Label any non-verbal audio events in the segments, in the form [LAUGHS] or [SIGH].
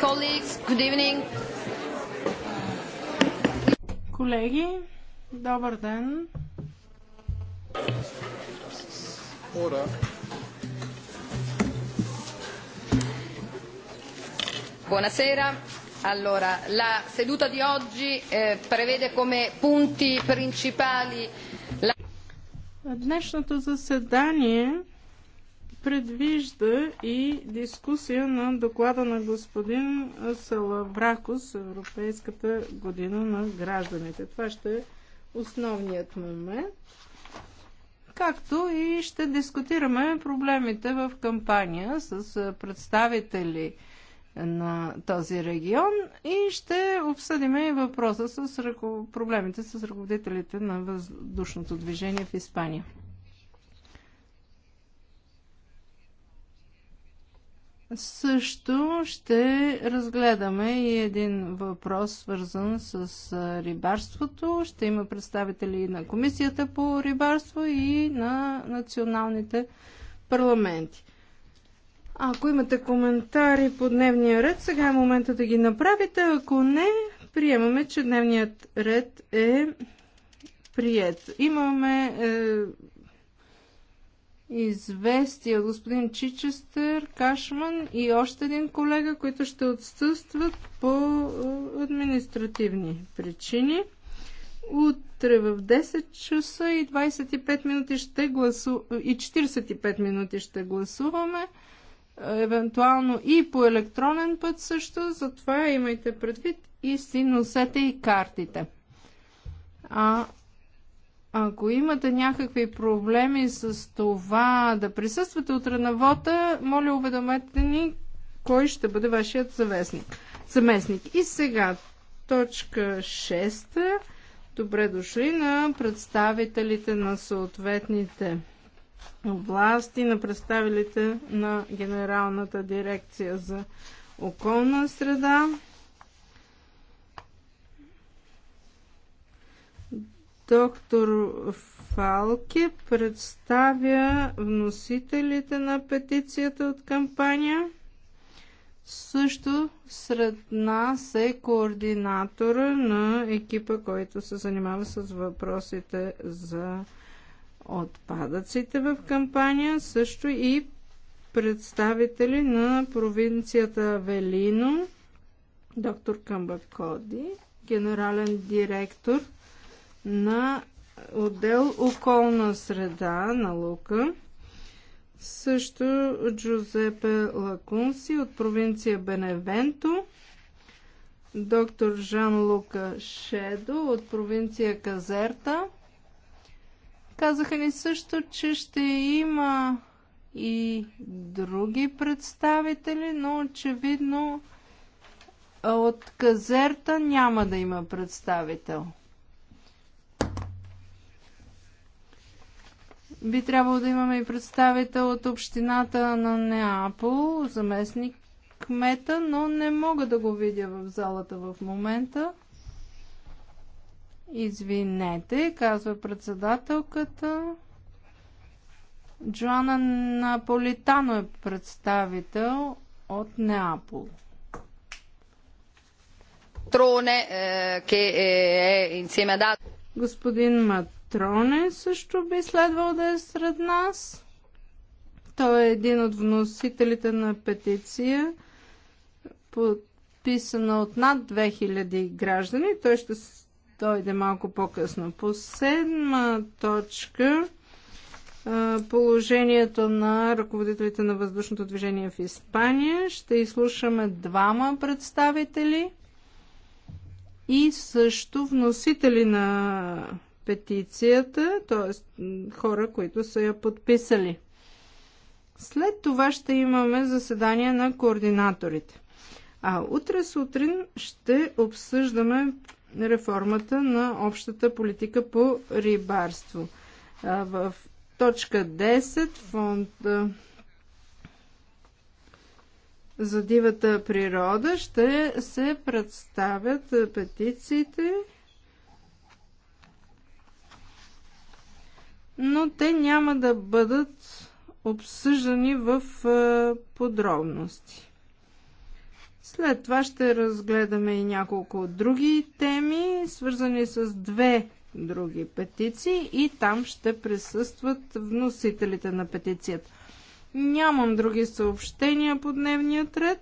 Colleagues, good evening. Колеги, добър ден. Ora. Buonasera. Allora, la seduta di oggi eh, prevede come punti principali la... Днешното заседание предвижда и дискусия на доклада на господин Салавракос Европейската година на гражданите. Това ще е основният момент. Както и ще дискутираме проблемите в кампания с представители на този регион и ще обсъдим и въпроса с ръко... проблемите с ръководителите на въздушното движение в Испания. Също ще разгледаме и един въпрос, свързан с рибарството. Ще има представители на Комисията по рибарство и на националните парламенти. Ако имате коментари по дневния ред, сега е момента да ги направите. Ако не, приемаме, че дневният ред е прият. Имаме е, известия господин Чичестър, Кашман и още един колега, които ще отсъстват по е, административни причини. Утре в 10 часа и 25 минути ще гласу... и 45 минути ще гласуваме евентуално и по електронен път също, затова имайте предвид и си носете и картите. А ако имате някакви проблеми с това да присъствате утре на вота, моля уведомете ни кой ще бъде вашият завестник. заместник. И сега, точка 6. Добре дошли на представителите на съответните власти, на представилите на Генералната дирекция за околна среда. Доктор Фалке представя вносителите на петицията от кампания. Също сред нас е координатора на екипа, който се занимава с въпросите за отпадъците в кампания, също и представители на провинцията Велино, доктор Камбакоди, генерален директор на отдел околна среда на Лука, също Джузепе Лакунси от провинция Беневенто, доктор Жан Лука Шедо от провинция Казерта – Казаха ни също, че ще има и други представители, но очевидно от казерта няма да има представител. Би трябвало да имаме и представител от общината на Неапол, заместник кмета, но не мога да го видя в залата в момента. Извинете, казва председателката. Джоана Наполитано е представител от Неапол. Троне, che е, insieme е, е, Господин Матроне също би следвал да е сред нас. Той е един от вносителите на петиция, подписана от над 2000 граждани. Той ще дойде малко по-късно. По седма точка положението на ръководителите на въздушното движение в Испания. Ще изслушаме двама представители и също вносители на петицията, т.е. хора, които са я подписали. След това ще имаме заседание на координаторите. А утре сутрин ще обсъждаме реформата на общата политика по рибарство. В точка 10 фонд за дивата природа ще се представят петициите, но те няма да бъдат обсъждани в подробности. След това ще разгледаме и няколко други теми, свързани с две други петиции и там ще присъстват вносителите на петицията. Нямам други съобщения по дневния ред,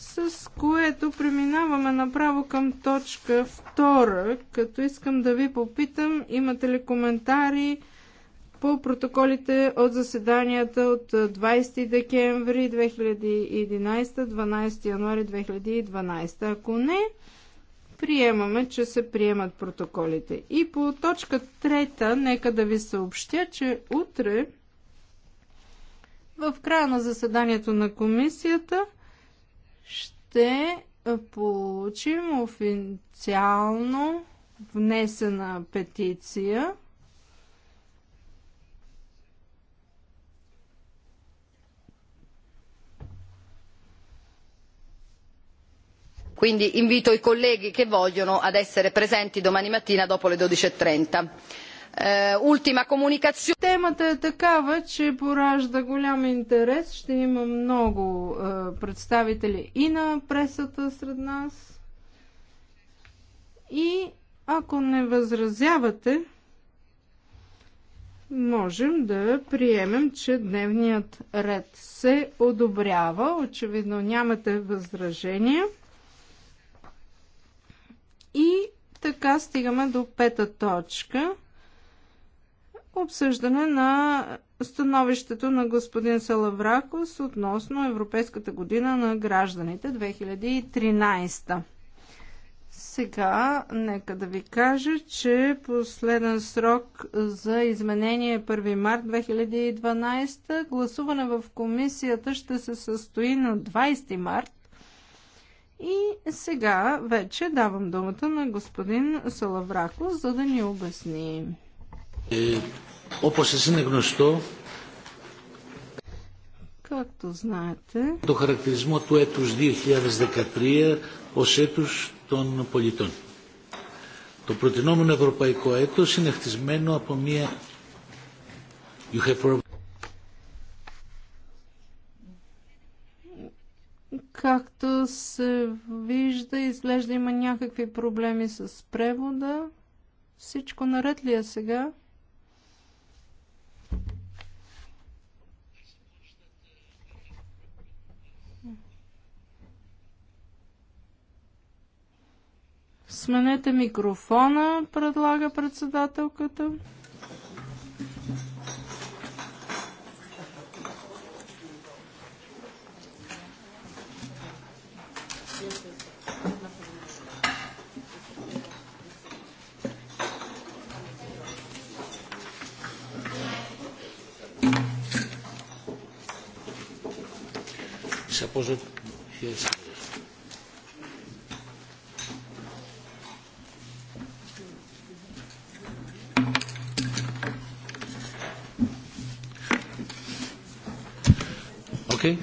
с което преминаваме направо към точка 2, като искам да ви попитам, имате ли коментари, по протоколите от заседанията от 20 декември 2011, 12 януари 2012. Ако не, приемаме, че се приемат протоколите. И по точка 3, нека да ви съобщя, че утре в края на заседанието на комисията ще получим официално внесена петиция – quindi invito i colleghi che vogliono ad essere presenti domani mattina dopo le. dodici e trenta eh, Темата е такава, че поражда голям интерес. Ще има много е, представители и на пресата сред нас. И ако не възразявате, можем да приемем, че дневният ред се одобрява. Очевидно нямате възражения. И така стигаме до пета точка. Обсъждане на становището на господин Салавракос относно Европейската година на гражданите 2013. Сега нека да ви кажа, че последен срок за изменение е 1 март 2012. Гласуване в комисията ще се състои на 20 март и сега вече давам думата на господин Салаврако, за да ни обясни. И, όπως εσύ είναι γνωστό, Както знаете, το χαρακτηρισμό του έτους 2013 ως έτους των πολιτών. Το προτινόμενο ευρωπαϊκό έτος είναι χτισμένο από μια... You have Както се вижда, изглежда има някакви проблеми с превода. Всичко наред ли е сега? Сменете микрофона, предлага председателката. suppose that is. Okay.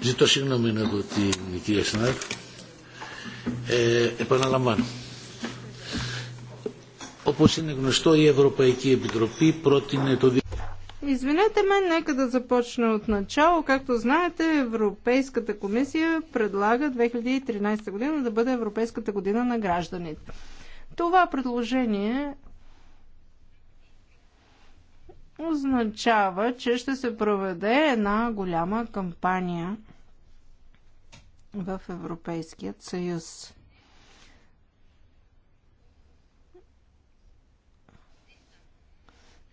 Ζητώ συγγνώμη από την κυρία Σνάρφ. Ε, επαναλαμβάνω. Όπως είναι γνωστό η Ευρωπαϊκή Επιτροπή πρότεινε το Извинете ме, нека да започна от начало. Както знаете, Европейската комисия предлага 2013 година да бъде Европейската година на гражданите. Това предложение означава, че ще се проведе една голяма кампания в Европейският съюз.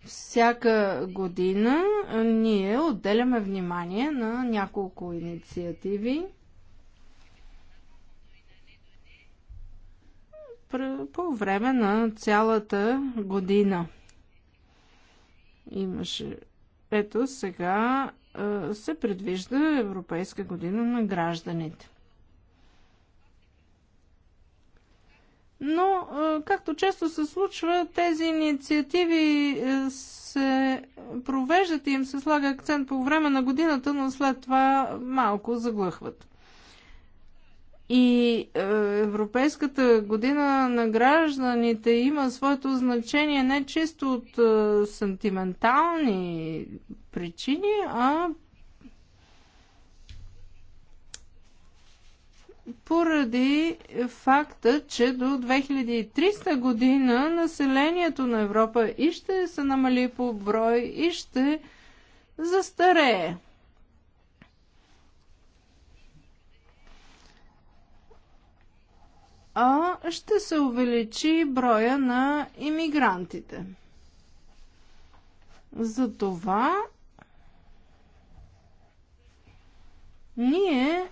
Всяка година ние отделяме внимание на няколко инициативи. по време на цялата година. Имаше. Ето сега се предвижда Европейска година на гражданите. Но, както често се случва, тези инициативи е, се провеждат и им се слага акцент по време на годината, но след това малко заглъхват. И е, Европейската година на гражданите има своето значение не чисто от е, сантиментални причини, а поради факта, че до 2300 година населението на Европа и ще се намали по брой, и ще застарее. А ще се увеличи броя на иммигрантите. Затова ние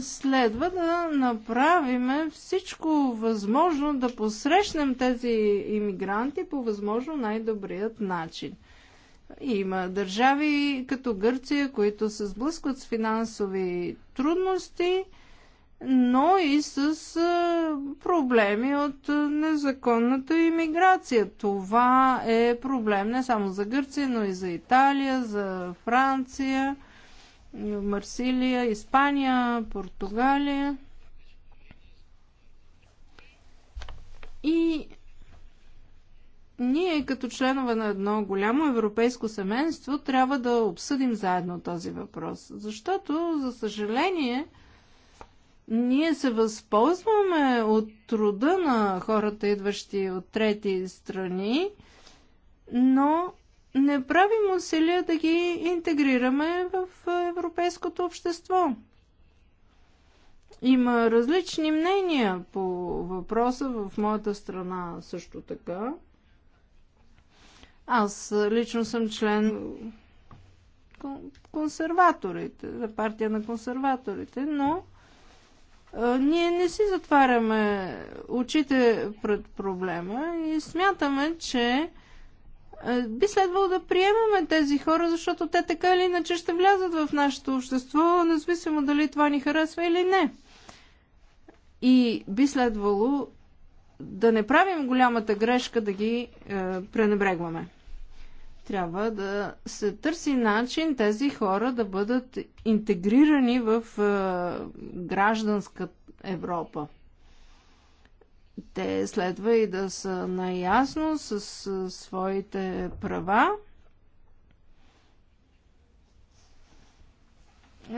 следва да направим всичко възможно да посрещнем тези иммигранти по възможно най-добрият начин. Има държави като Гърция, които се сблъскват с финансови трудности, но и с проблеми от незаконната иммиграция. Това е проблем не само за Гърция, но и за Италия, за Франция – Марсилия, Испания, Португалия. И ние като членове на едно голямо европейско семейство трябва да обсъдим заедно този въпрос. Защото, за съжаление, ние се възползваме от труда на хората, идващи от трети страни, но не правим усилия да ги интегрираме в европейското общество. Има различни мнения по въпроса в моята страна също така. Аз лично съм член консерваторите, на партия на консерваторите, но а, ние не си затваряме очите пред проблема и смятаме, че е, би следвало да приемаме тези хора, защото те така или иначе ще влязат в нашето общество, независимо дали това ни харесва или не. И би следвало да не правим голямата грешка да ги е, пренебрегваме. Трябва да се търси начин тези хора да бъдат интегрирани в е, гражданска Европа те следва и да са наясно с своите права,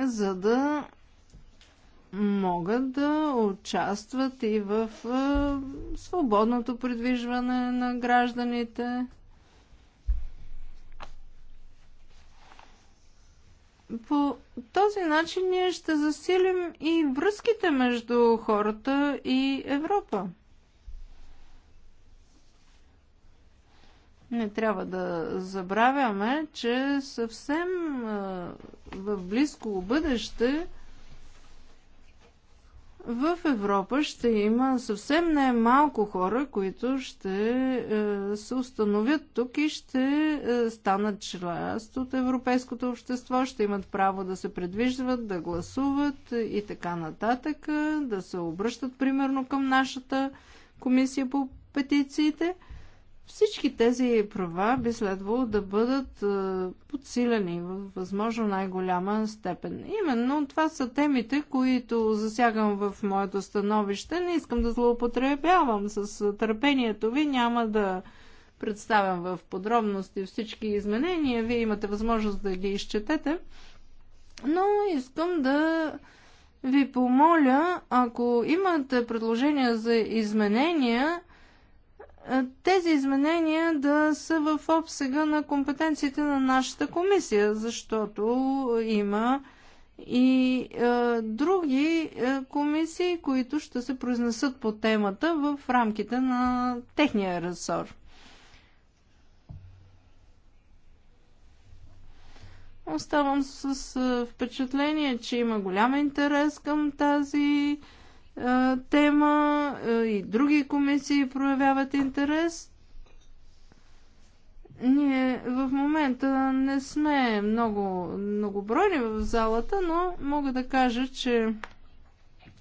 за да могат да участват и в свободното придвижване на гражданите. По този начин ние ще засилим и връзките между хората и Европа. Не трябва да забравяме, че съвсем в близко бъдеще в Европа ще има съвсем не малко хора, които ще се установят тук и ще станат част от европейското общество, ще имат право да се предвиждат, да гласуват и така нататък, да се обръщат примерно към нашата комисия по петициите – всички тези права би следвало да бъдат е, подсилени в възможно най-голяма степен. Именно това са темите, които засягам в моето становище. Не искам да злоупотребявам с е, търпението ви. Няма да представям в подробности всички изменения. Вие имате възможност да ги изчетете. Но искам да ви помоля, ако имате предложения за изменения, е, тези изменения да са в обсега на компетенциите на нашата комисия, защото има и е, други е, комисии, които ще се произнесат по темата в рамките на техния ресор. Оставам с е, впечатление, че има голям интерес към тази е, тема е, и други комисии проявяват интерес. Ние в момента не сме много бройни в залата, но мога да кажа, че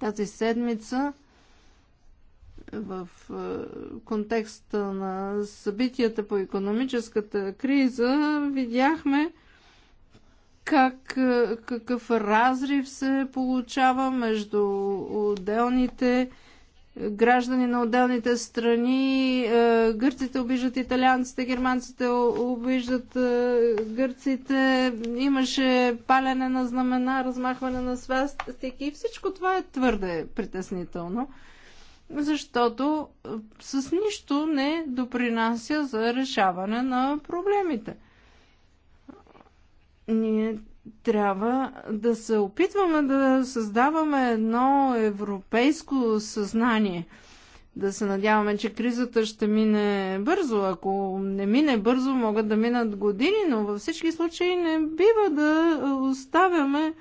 тази седмица в е, контекста на събитията по економическата криза видяхме, как, е, какъв разрив се получава между отделните граждани на отделните страни. Е, гърците обиждат италианците, германците обиждат е, гърците. Имаше палене на знамена, размахване на свастики и всичко това е твърде притеснително, защото с нищо не допринася за решаване на проблемите – ние трябва да се опитваме да създаваме едно европейско съзнание. Да се надяваме, че кризата ще мине бързо. Ако не мине бързо, могат да минат години, но във всички случаи не бива да е, оставяме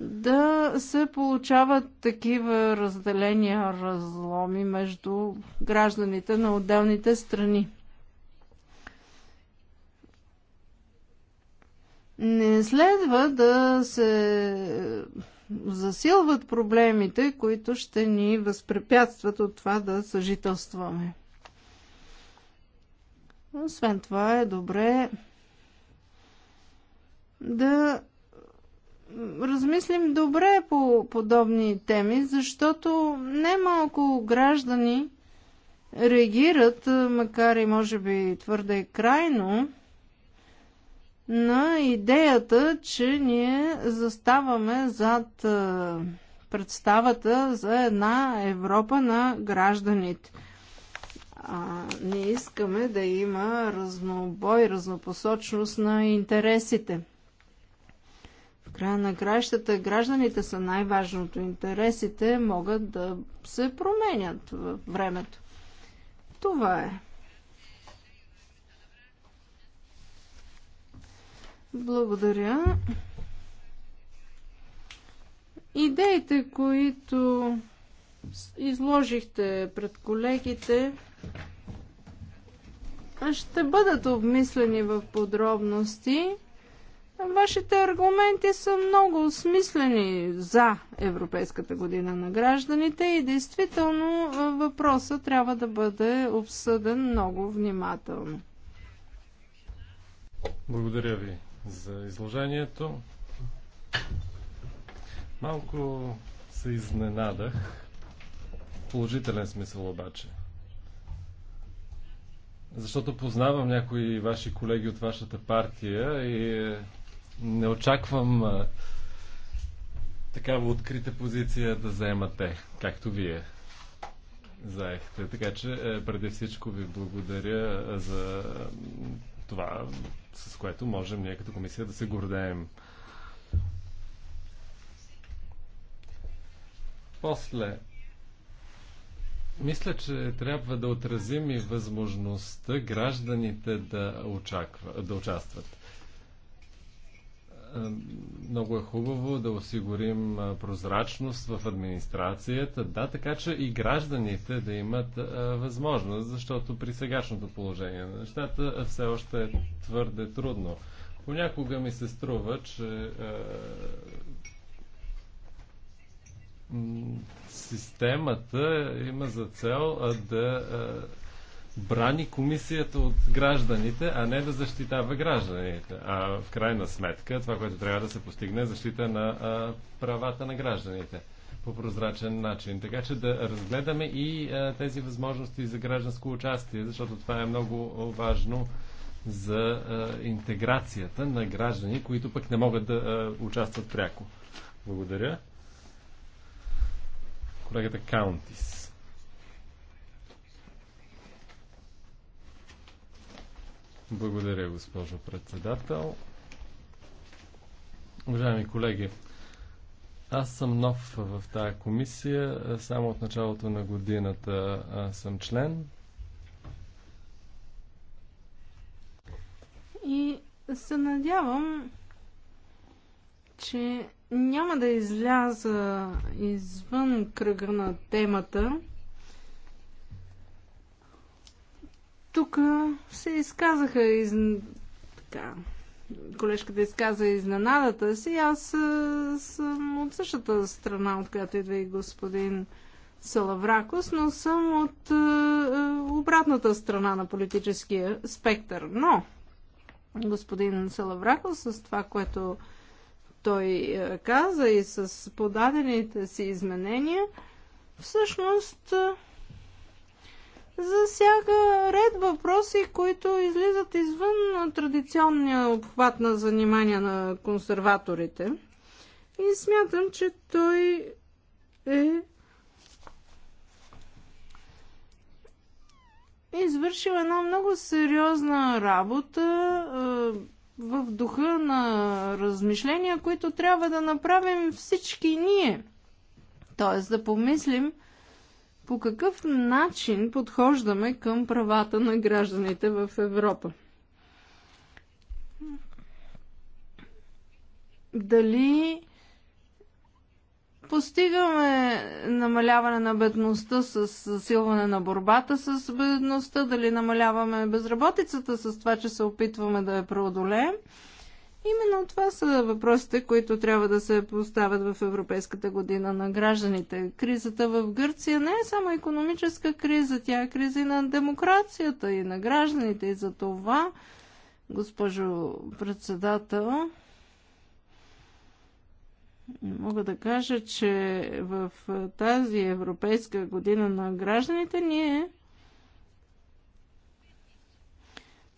да се получават такива разделения, разломи между гражданите на отделните страни. Не следва да се засилват проблемите, които ще ни възпрепятстват от това да съжителстваме. Освен това е добре да размислим добре по подобни теми, защото немалко граждани реагират, макар и може би твърде крайно, на идеята, че ние заставаме зад е, представата за една Европа на гражданите. А, не искаме да има разнобой, разнопосочност на интересите. В края на краищата гражданите са най-важното. Интересите могат да се променят във времето. Това е. Благодаря. Идеите, които изложихте пред колегите, ще бъдат обмислени в подробности. Вашите аргументи са много осмислени за Европейската година на гражданите и действително въпросът трябва да бъде обсъден много внимателно. Благодаря ви, за изложението. Малко се изненадах. В положителен смисъл обаче. Защото познавам някои ваши колеги от вашата партия и не очаквам такава открита позиция да заемате, както вие заехте. Така че е, преди всичко ви благодаря за това, с което можем ние като комисия да се гордеем. После, мисля, че трябва да отразим и възможността гражданите да, очаква, да участват. Е, много е хубаво да осигурим е, прозрачност в администрацията, да, така че и гражданите да имат е, възможност, защото при сегашното положение на нещата все още е твърде трудно. Понякога ми се струва, че системата има за цел да брани комисията от гражданите, а не да защитава гражданите. А в крайна сметка това, което трябва да се постигне е защита на а, правата на гражданите по прозрачен начин. Така че да разгледаме и а, тези възможности за гражданско участие, защото това е много важно за а, интеграцията на граждани, които пък не могат да а, участват пряко. Благодаря. Колегата Каунтис. Благодаря, госпожо председател. Уважаеми колеги, аз съм нов в тая комисия. Само от началото на годината съм член. И се надявам, че няма да изляза извън кръга на темата Тук се изказаха из... така, колежката изказа изненадата си. Аз е, съм от същата страна, от която идва и господин Салавракос, но съм от е, е, обратната страна на политическия спектър. Но господин Салавракос с това, което той каза и с подадените си изменения, всъщност засяга ред въпроси, които излизат извън традиционния обхват на занимания на консерваторите. И смятам, че той е извършил една много сериозна работа в духа на размишления, които трябва да направим всички ние. Тоест да помислим – по какъв начин подхождаме към правата на гражданите в Европа. Дали постигаме намаляване на бедността с засилване на борбата с бедността, дали намаляваме безработицата с това, че се опитваме да я преодолеем – Именно това са въпросите, които трябва да се поставят в Европейската година на гражданите. Кризата в Гърция не е само економическа криза, тя е криза и на демокрацията и на гражданите. И за това, госпожо председател, мога да кажа, че в тази Европейска година на гражданите ние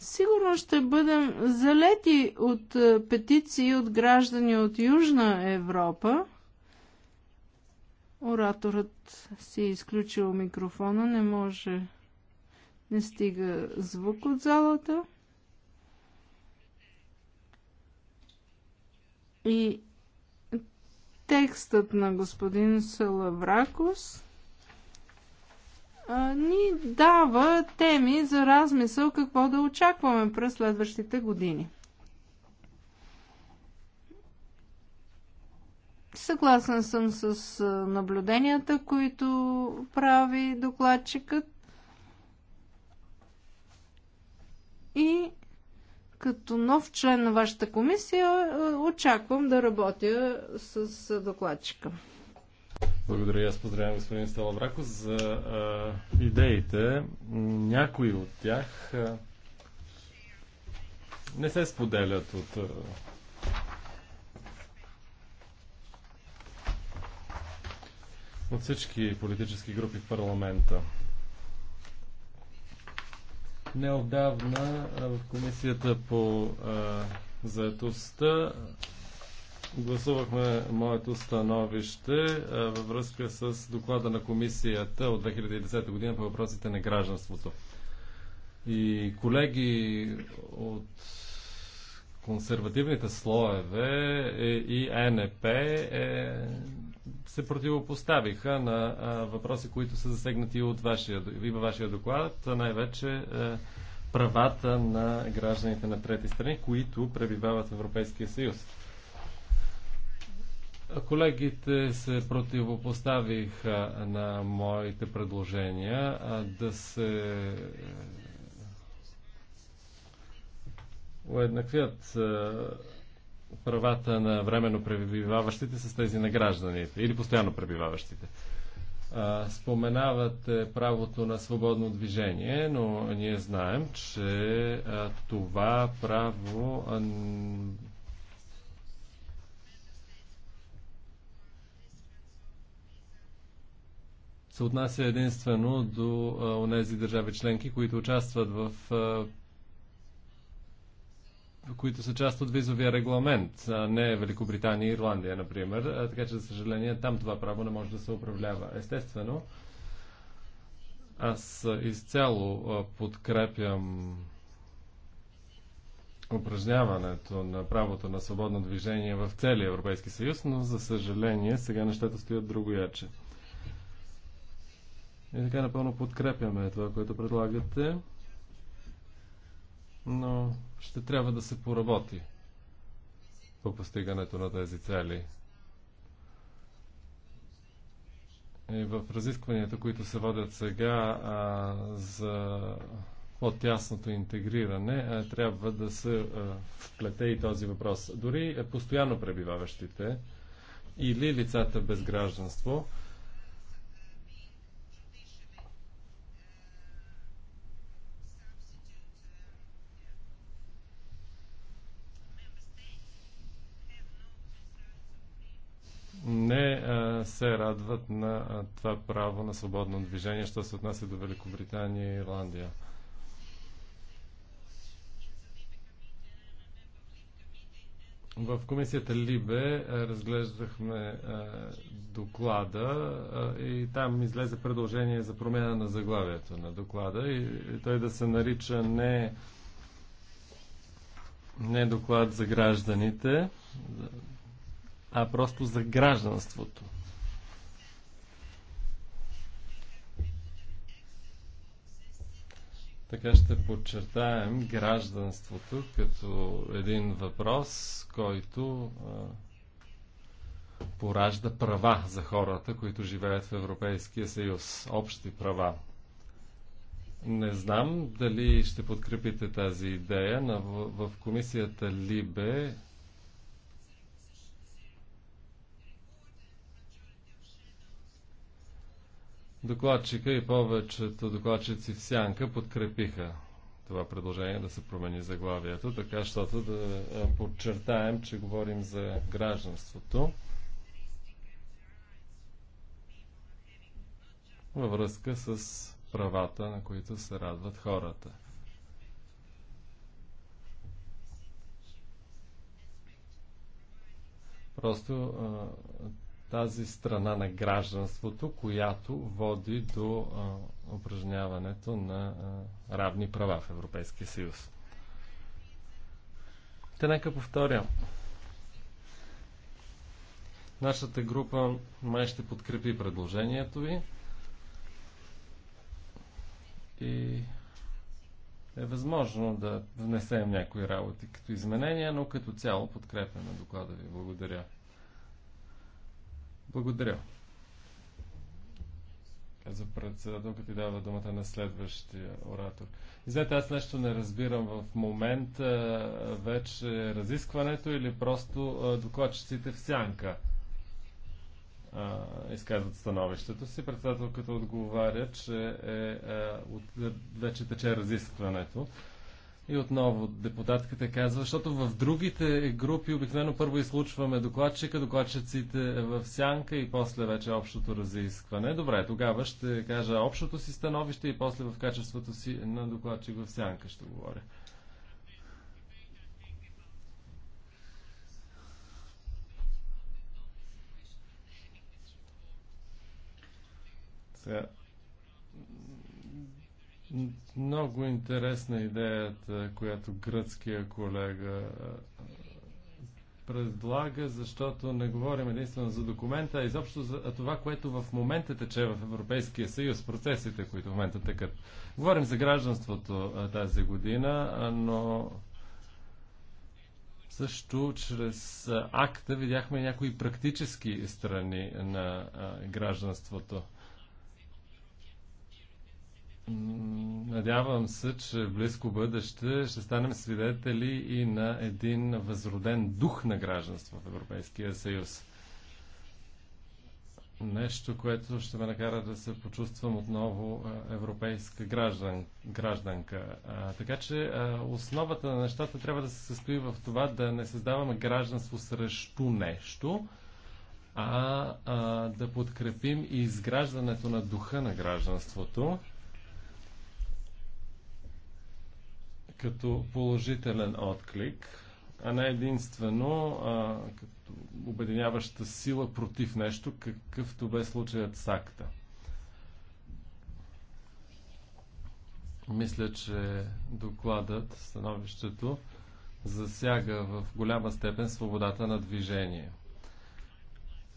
сигурно ще бъдем залети от е, петиции от граждани от Южна Европа. Ораторът си е изключил микрофона, не може, не стига звук от залата. И текстът на господин Салавракос ни дава теми за размисъл какво да очакваме през следващите години. Съгласен съм с наблюденията, които прави докладчикът. И като нов член на вашата комисия очаквам да работя с докладчика. Благодаря. Аз поздравям господин Сталавраков за а, идеите. Някои от тях а, не се споделят от. А, от всички политически групи в парламента. Неодавна в комисията по а, заедостта гласувахме моето становище във връзка с доклада на комисията от 2010 година по въпросите на гражданството. И колеги от консервативните слоеве е, и е НП е, се противопоставиха на а, въпроси, които са засегнати от вашия, и във вашия доклад, най-вече е, правата на гражданите на трети страни, които пребивават в Европейския съюз. Колегите се противопоставиха на моите предложения да се е, уеднаквят правата на временно пребиваващите с тези на гражданите или постоянно пребиваващите. Споменавате правото на свободно движение, но ние знаем, че това право се отнася единствено до тези държави членки, които участват в а, които са част от визовия регламент, а не Великобритания и Ирландия, например. А, така че, за съжаление, там това право не може да се управлява. Естествено, аз изцяло подкрепям упражняването на правото на свободно движение в целия Европейски съюз, но за съжаление сега нещата стоят другояче. И така напълно подкрепяме това, което предлагате, но ще трябва да се поработи по постигането на тези цели. И в разискванията, които се водят сега а, за по-тясното интегриране, а, трябва да се а, вплете и този въпрос. Дори е, постоянно пребиваващите или лицата без гражданство, се радват на това право на свободно движение, що се отнася до Великобритания и Ирландия. В комисията Либе разглеждахме доклада и там излезе предложение за промяна на заглавието на доклада и той да се нарича не, не доклад за гражданите, а просто за гражданството. Така ще подчертаем гражданството като един въпрос, който а, поражда права за хората, които живеят в Европейския съюз. Общи права. Не знам дали ще подкрепите тази идея, но в, в комисията Либе Докладчика и повечето докладчици в Сянка подкрепиха това предложение да се промени заглавието, така щото да е, подчертаем, че говорим за гражданството във връзка с правата, на които се радват хората. Просто тази страна на гражданството, която води до а, упражняването на а, равни права в Европейския съюз. Те нека повторя. Нашата група май ще подкрепи предложението ви и е възможно да внесем някои работи като изменения, но като цяло подкрепяме доклада ви. Благодаря. Благодаря. Казва председателката и дава думата на следващия оратор. И знаете, аз нещо не разбирам в момента вече разискването или просто докладчиците в сянка изказват становището си. Председателката отговаря, че е, е, от, вече тече разискването. И отново депутатката казва, защото в другите групи обикновено първо изслучваме докладчика, докладчиците е в сянка и после вече общото разискване. Добре, тогава ще кажа общото си становище и после в качеството си на докладчик в сянка ще говоря. Сега, много интересна идеята, която гръцкия колега предлага, защото не говорим единствено за документа, а изобщо за това, което в момента тече в Европейския съюз, процесите, които в момента текат. Говорим за гражданството тази година, но също чрез акта видяхме някои практически страни на гражданството. Надявам се, че в близко бъдеще ще станем свидетели и на един възроден дух на гражданство в Европейския съюз. Нещо, което ще ме накара да се почувствам отново европейска граждан, гражданка. А, така че а, основата на нещата трябва да се състои в това да не създаваме гражданство срещу нещо, а, а да подкрепим изграждането на духа на гражданството като положителен отклик, а не единствено а, като обединяваща сила против нещо, какъвто бе случаят с акта. Мисля, че докладът, становището, засяга в голяма степен свободата на движение.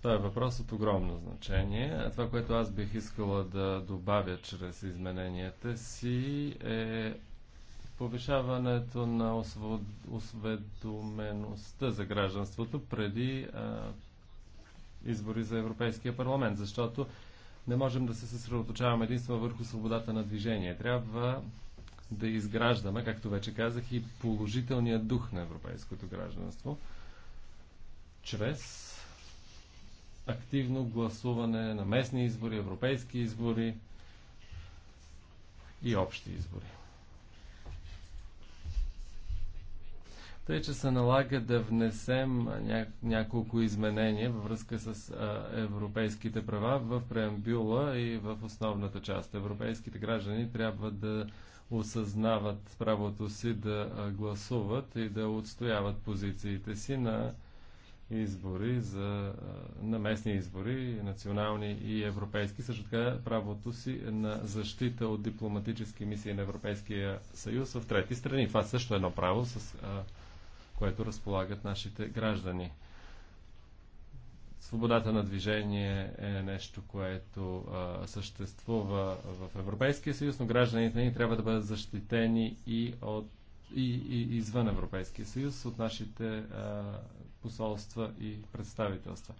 Това е въпрос от огромно значение. А това, което аз бих искала да добавя чрез измененията си е повишаването на осведомеността за гражданството преди а, избори за Европейския парламент, защото не можем да се съсредоточаваме единствено върху свободата на движение. Трябва да изграждаме, както вече казах, и положителния дух на европейското гражданство чрез активно гласуване на местни избори, европейски избори и общи избори. Тъй, че се налага да внесем няколко изменения във връзка с европейските права в преамбюла и в основната част. Европейските граждани трябва да осъзнават правото си да гласуват и да отстояват позициите си на избори за, на местни избори, национални и европейски. Също така правото си на защита от дипломатически мисии на Европейския съюз в трети страни. Това също е едно право, с което разполагат нашите граждани. Свободата на движение е нещо, което а, съществува в Европейския съюз, но гражданите ни трябва да бъдат защитени и, от, и, и извън Европейския съюз от нашите а, посолства и представителства.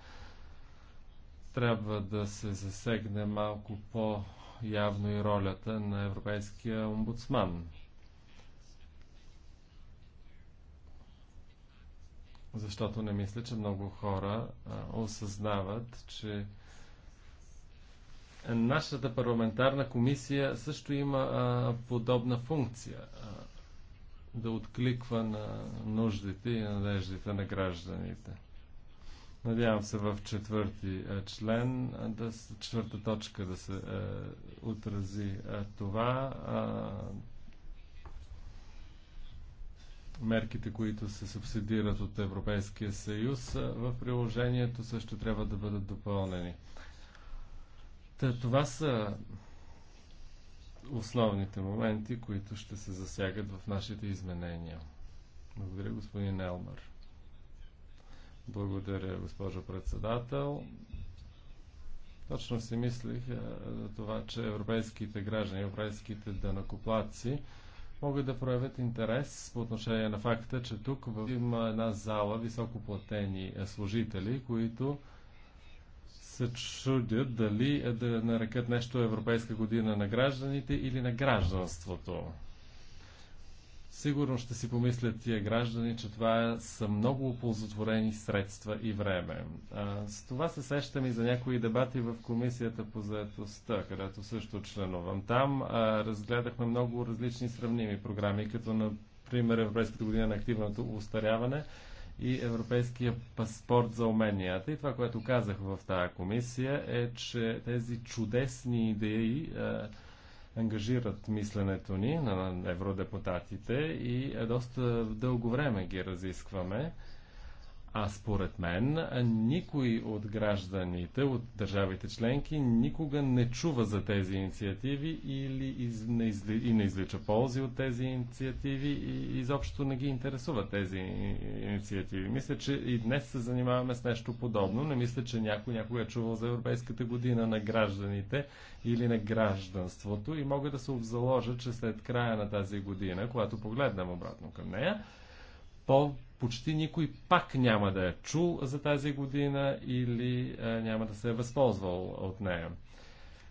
Трябва да се засегне малко по-явно и ролята на Европейския омбудсман защото не мисля, че много хора а, осъзнават, че нашата парламентарна комисия също има а, подобна функция а, да откликва на нуждите и надеждите на гражданите. Надявам се в четвърти член, да, четвърта точка да се а, е, отрази а, това. А, мерките, които се субсидират от Европейския съюз, в приложението също трябва да бъдат допълнени. Та, това са основните моменти, които ще се засягат в нашите изменения. Благодаря, господин Елмар. Благодаря, госпожо председател. Точно си мислих за това, че европейските граждани, европейските данакоплаци, могат да проявят интерес по отношение на факта, че тук има една зала високоплатени е, служители, които се чудят дали е да нарекат нещо Европейска година на гражданите или на гражданството. Сигурно ще си помислят тия граждани, че това е- са много оползотворени средства и време. А, с това се сещам и за някои дебати в Комисията по заедостта, където също членувам. Там а, разгледахме много различни сравними програми, като например Европейската година на активното устаряване и Европейския паспорт за уменията. И това, което казах в тази комисия е, че тези чудесни идеи а, ангажират мисленето ни на евродепутатите и е доста дълго време ги разискваме. А според мен никой от гражданите, от държавите членки, никога не чува за тези инициативи или из, не изли, и не излича ползи от тези инициативи и изобщо не ги интересуват тези инициативи. Мисля, че и днес се занимаваме с нещо подобно. Не мисля, че някой някога е чувал за Европейската година на гражданите или на гражданството и мога да се обзаложа, че след края на тази година, когато погледнем обратно към нея, по почти никой пак няма да е чул за тази година или е, няма да се е възползвал от нея.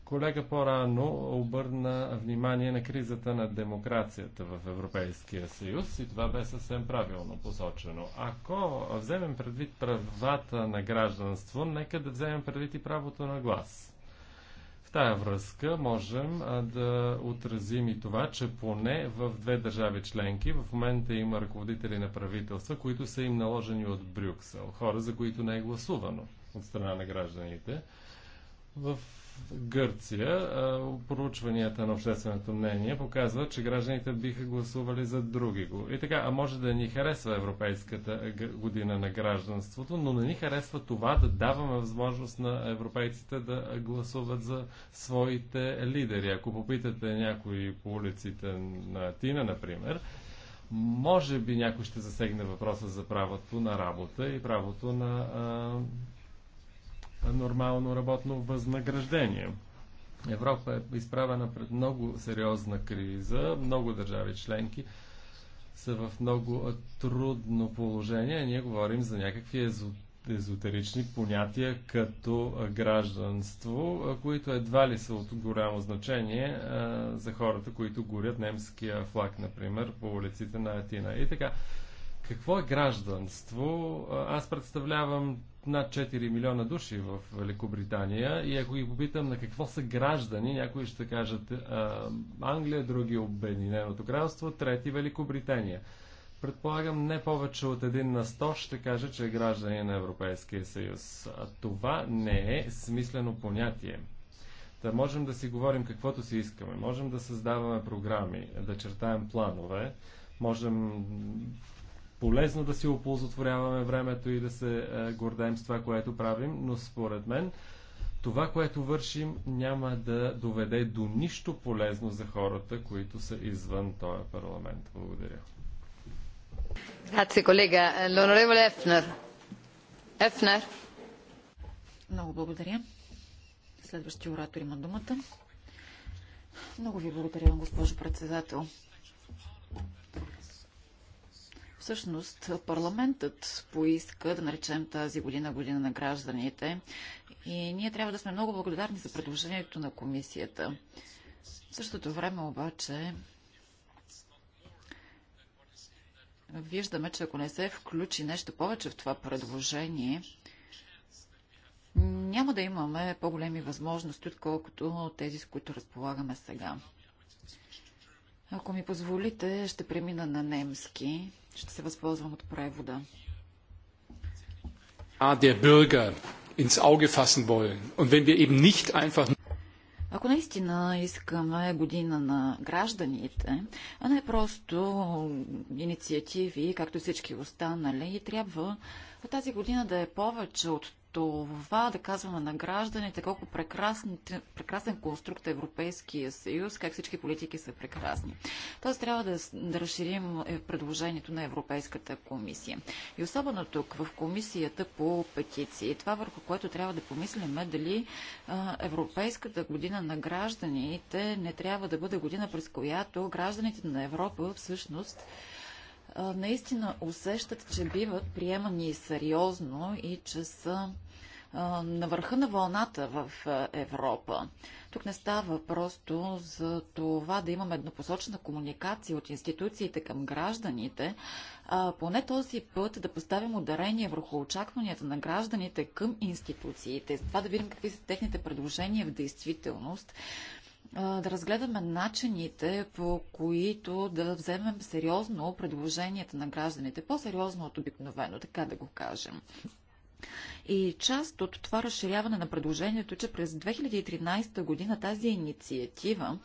Колега по-рано обърна внимание на кризата на демокрацията в Европейския съюз и това бе съвсем правилно посочено. Ако вземем предвид правата на гражданство, нека да вземем предвид и правото на глас в тая връзка можем да отразим и това, че поне в две държави членки в момента има ръководители на правителства, които са им наложени от Брюксел, хора, за които не е гласувано от страна на гражданите. В Гърция проучванията на общественото мнение показват, че гражданите биха гласували за други го. И така, а може да ни харесва Европейската година на гражданството, но не ни харесва това да даваме възможност на европейците да гласуват за своите лидери. Ако попитате някои по улиците на Тина, например, може би някой ще засегне въпроса за правото на работа и правото на нормално работно възнаграждение. Европа е изправена пред много сериозна криза. Много държави членки са в много трудно положение. Ние говорим за някакви езотерични понятия като гражданство, които едва ли са от голямо значение за хората, които горят немския флаг, например, по улиците на Атина. И така, какво е гражданство? Аз представлявам над 4 милиона души в Великобритания и ако ги попитам на какво са граждани, някои ще кажат а, Англия, други Обединеното кралство, трети Великобритания. Предполагам, не повече от един на 100 ще каже, че е граждани на Европейския съюз. А това не е смислено понятие. Да можем да си говорим каквото си искаме, можем да създаваме програми, да чертаем планове, можем полезно да си оползотворяваме времето и да се е, гордеем с това, което правим, но според мен това, което вършим, няма да доведе до нищо полезно за хората, които са извън този парламент. Благодаря. Grazie колега. Е, лонореволе Ефнер. Ефнер. Много благодаря. Следващия оратор има думата. Много ви благодаря, госпожо председател. Всъщност парламентът поиска да наречем тази година година на гражданите и ние трябва да сме много благодарни за предложението на комисията. В същото време обаче виждаме, че ако не се включи нещо повече в това предложение, няма да имаме по-големи възможности, отколкото тези, с които разполагаме сега. Ако ми позволите, ще премина на немски. Ще се възползвам от превода. Der Bürger ins Auge fassen wollen. Und wenn wir eben nicht einfach ако наистина искаме година на гражданите, а не просто инициативи, както всички останали, трябва тази година да е повече от това да казваме на гражданите колко прекрасен, прекрасен конструкт е Европейския съюз, как всички политики са прекрасни. Тоест трябва да, да разширим е, предложението на Европейската комисия. И особено тук, в комисията по петиции, това върху което трябва да помислим е дали Европейската година на гражданите не трябва да бъде година, през която гражданите на Европа всъщност наистина усещат, че биват приемани сериозно и че са на върха на вълната в Европа. Тук не става просто за това да имаме еднопосочна комуникация от институциите към гражданите, а поне този път да поставим ударение върху очакванията на гражданите към институциите, за това да видим какви са техните предложения в действителност да разгледаме начините, по които да вземем сериозно предложенията на гражданите, по-сериозно от обикновено, така да го кажем. И част от това разширяване на предложението, че през 2013 година тази инициатива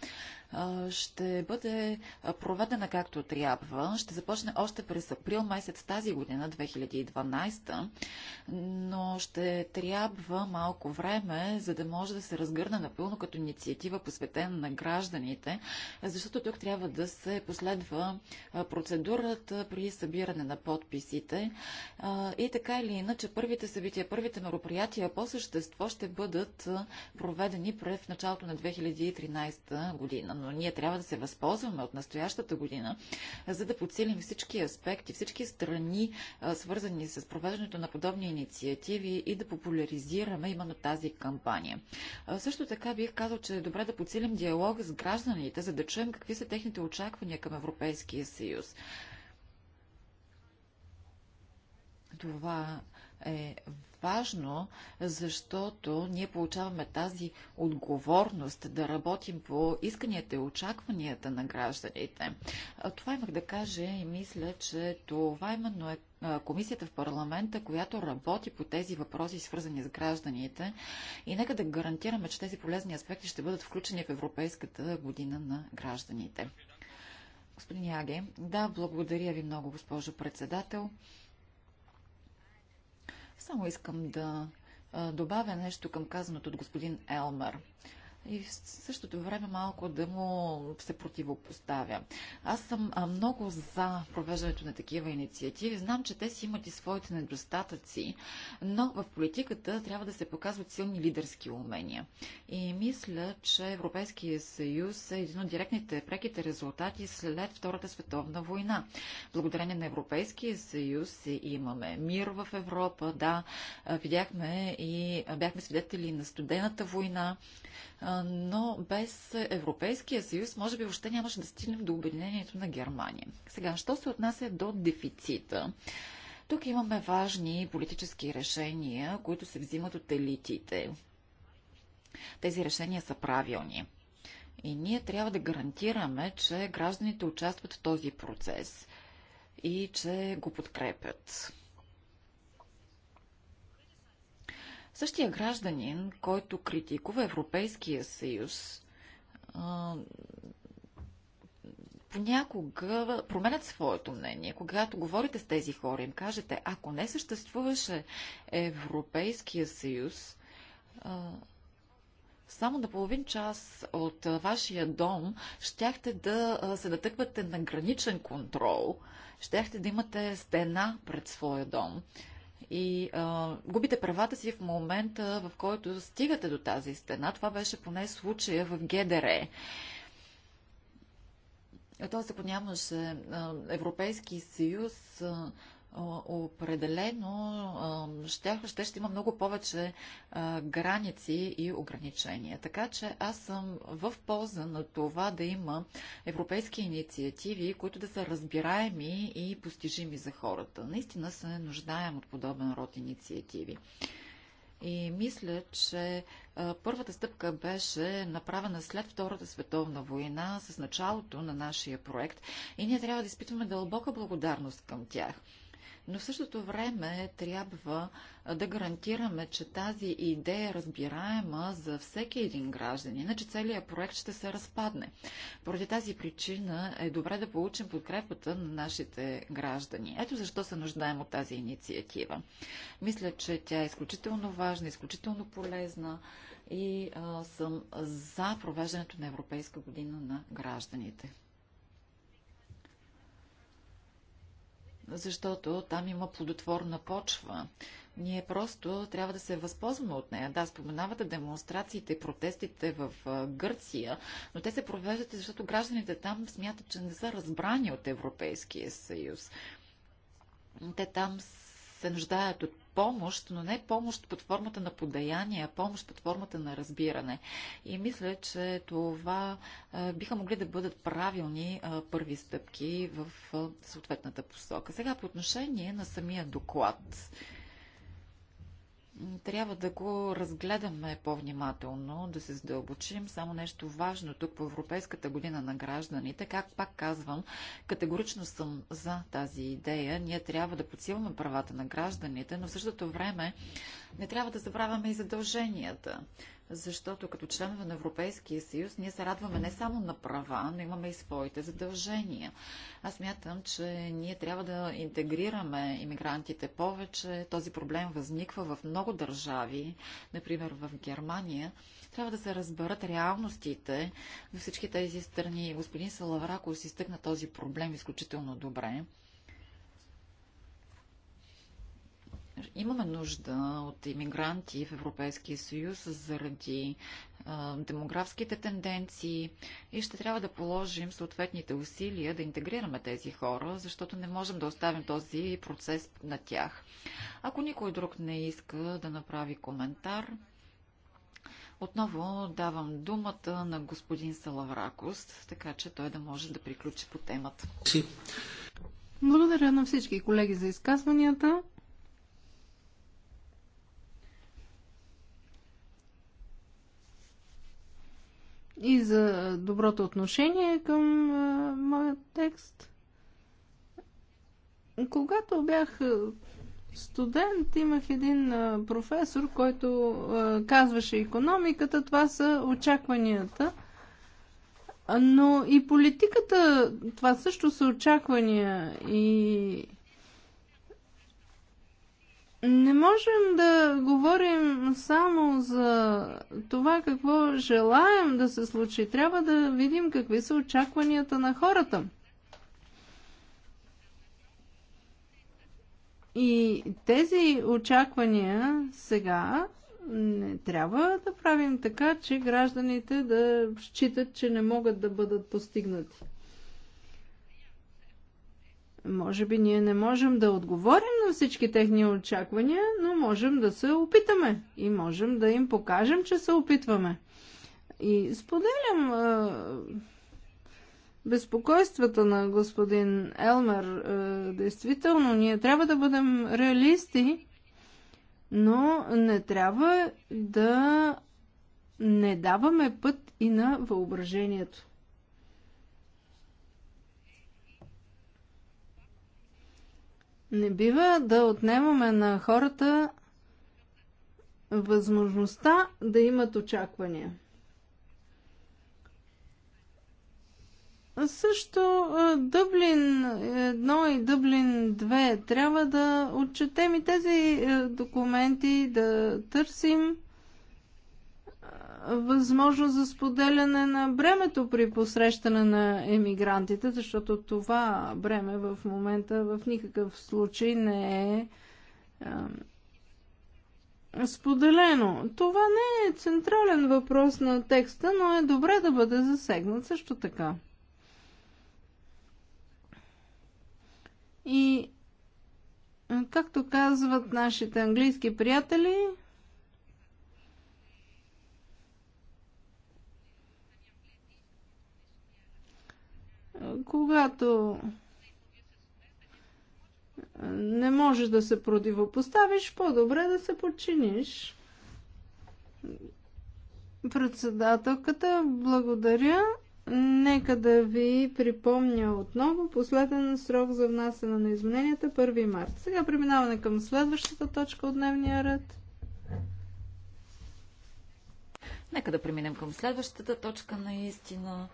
ще бъде проведена както трябва. Ще започне още през април месец тази година, 2012, но ще трябва малко време, за да може да се разгърне напълно като инициатива, посветена на гражданите, защото тук трябва да се последва процедурата при събиране на подписите. И така или иначе, първите събития, първите мероприятия по същество ще бъдат проведени в началото на 2013 година но ние трябва да се възползваме от настоящата година, за да подсилим всички аспекти, всички страни, свързани с провеждането на подобни инициативи и да популяризираме именно тази кампания. Също така бих казал, че е добре да подсилим диалог с гражданите, за да чуем какви са техните очаквания към Европейския съюз. Това е важно, защото ние получаваме тази отговорност да работим по исканията и очакванията на гражданите. Това имах да кажа и мисля, че това именно е комисията в парламента, която работи по тези въпроси, свързани с гражданите. И нека да гарантираме, че тези полезни аспекти ще бъдат включени в Европейската година на гражданите. Господин Яге, да, благодаря ви много, госпожо председател. Само искам да добавя нещо към казаното от господин Елмер и в същото време малко да му се противопоставя. Аз съм много за провеждането на такива инициативи. Знам, че те си имат и своите недостатъци, но в политиката трябва да се показват силни лидерски умения. И мисля, че Европейския съюз е един от директните преките резултати след Втората световна война. Благодарение на Европейския съюз имаме мир в Европа, да, видяхме и бяхме свидетели на студената война, но без Европейския съюз може би въобще нямаше да стигнем до обединението на Германия. Сега, що се отнася до дефицита? Тук имаме важни политически решения, които се взимат от елитите. Тези решения са правилни. И ние трябва да гарантираме, че гражданите участват в този процес и че го подкрепят. Същия гражданин, който критикува Европейския съюз, понякога променят своето мнение. Когато говорите с тези хора, им кажете, ако не съществуваше Европейския съюз, само на половин час от вашия дом щяхте да се натъквате на граничен контрол, щяхте да имате стена пред своя дом и а, губите правата си в момента, в който стигате до тази стена. Това беше поне случая в ГДР. Тоест, ако нямаше Европейски съюз, определено ще, ще, ще има много повече граници и ограничения. Така че аз съм в полза на това да има европейски инициативи, които да са разбираеми и постижими за хората. Наистина се нуждаем от подобен род инициативи. И мисля, че първата стъпка беше направена след Втората световна война с началото на нашия проект и ние трябва да изпитваме дълбока благодарност към тях но в същото време трябва да гарантираме, че тази идея е разбираема за всеки един граждан, иначе целият проект ще се разпадне. Поради тази причина е добре да получим подкрепата на нашите граждани. Ето защо се нуждаем от тази инициатива. Мисля, че тя е изключително важна, изключително полезна и а, съм за провеждането на Европейска година на гражданите. защото там има плодотворна почва. Ние просто трябва да се възползваме от нея. Да, споменавате демонстрациите и протестите в Гърция, но те се провеждат, защото гражданите там смятат, че не са разбрани от Европейския съюз. Те там се нуждаят от помощ, но не помощ под формата на подаяние, а помощ под формата на разбиране. И мисля, че това биха могли да бъдат правилни първи стъпки в съответната посока. Сега по отношение на самия доклад. Трябва да го разгледаме по-внимателно, да се задълбочим. Само нещо важно тук по Европейската година на гражданите. Как пак казвам, категорично съм за тази идея. Ние трябва да подсилваме правата на гражданите, но в същото време не трябва да забравяме и задълженията защото като членове на Европейския съюз ние се радваме не само на права, но имаме и своите задължения. Аз мятам, че ние трябва да интегрираме иммигрантите повече. Този проблем възниква в много държави, например в Германия. Трябва да се разберат реалностите във всички тези страни. Господин Салавраков си стъкна този проблем изключително добре. Имаме нужда от иммигранти в Европейския съюз заради а, демографските тенденции и ще трябва да положим съответните усилия да интегрираме тези хора, защото не можем да оставим този процес на тях. Ако никой друг не иска да направи коментар, отново давам думата на господин Салавракос, така че той да може да приключи по темата. Благодаря на всички колеги за изказванията. и за доброто отношение към а, моят текст. Когато бях студент, имах един а, професор, който а, казваше економиката, това са очакванията. Но и политиката, това също са очаквания. И не можем да говорим само за това какво желаем да се случи. Трябва да видим какви са очакванията на хората. И тези очаквания сега не трябва да правим така, че гражданите да считат, че не могат да бъдат постигнати. Може би ние не можем да отговорим на всички техни очаквания, но можем да се опитаме и можем да им покажем, че се опитваме. И споделям е, безпокойствата на господин Елмер. Е, действително, ние трябва да бъдем реалисти, но не трябва да не даваме път и на въображението. Не бива да отнемаме на хората възможността да имат очаквания. Също Дъблин 1 и Дъблин 2 трябва да отчетем и тези документи, да търсим възможност за споделяне на бремето при посрещане на емигрантите, защото това бреме в момента в никакъв случай не е споделено. Това не е централен въпрос на текста, но е добре да бъде засегнат също така. И както казват нашите английски приятели, Когато не можеш да се противопоставиш, по-добре да се подчиниш. Председателката, благодаря. Нека да ви припомня отново последен срок за внасяне на измененията 1 март. Сега преминаваме към следващата точка от дневния ред. Нека да преминем към следващата точка наистина.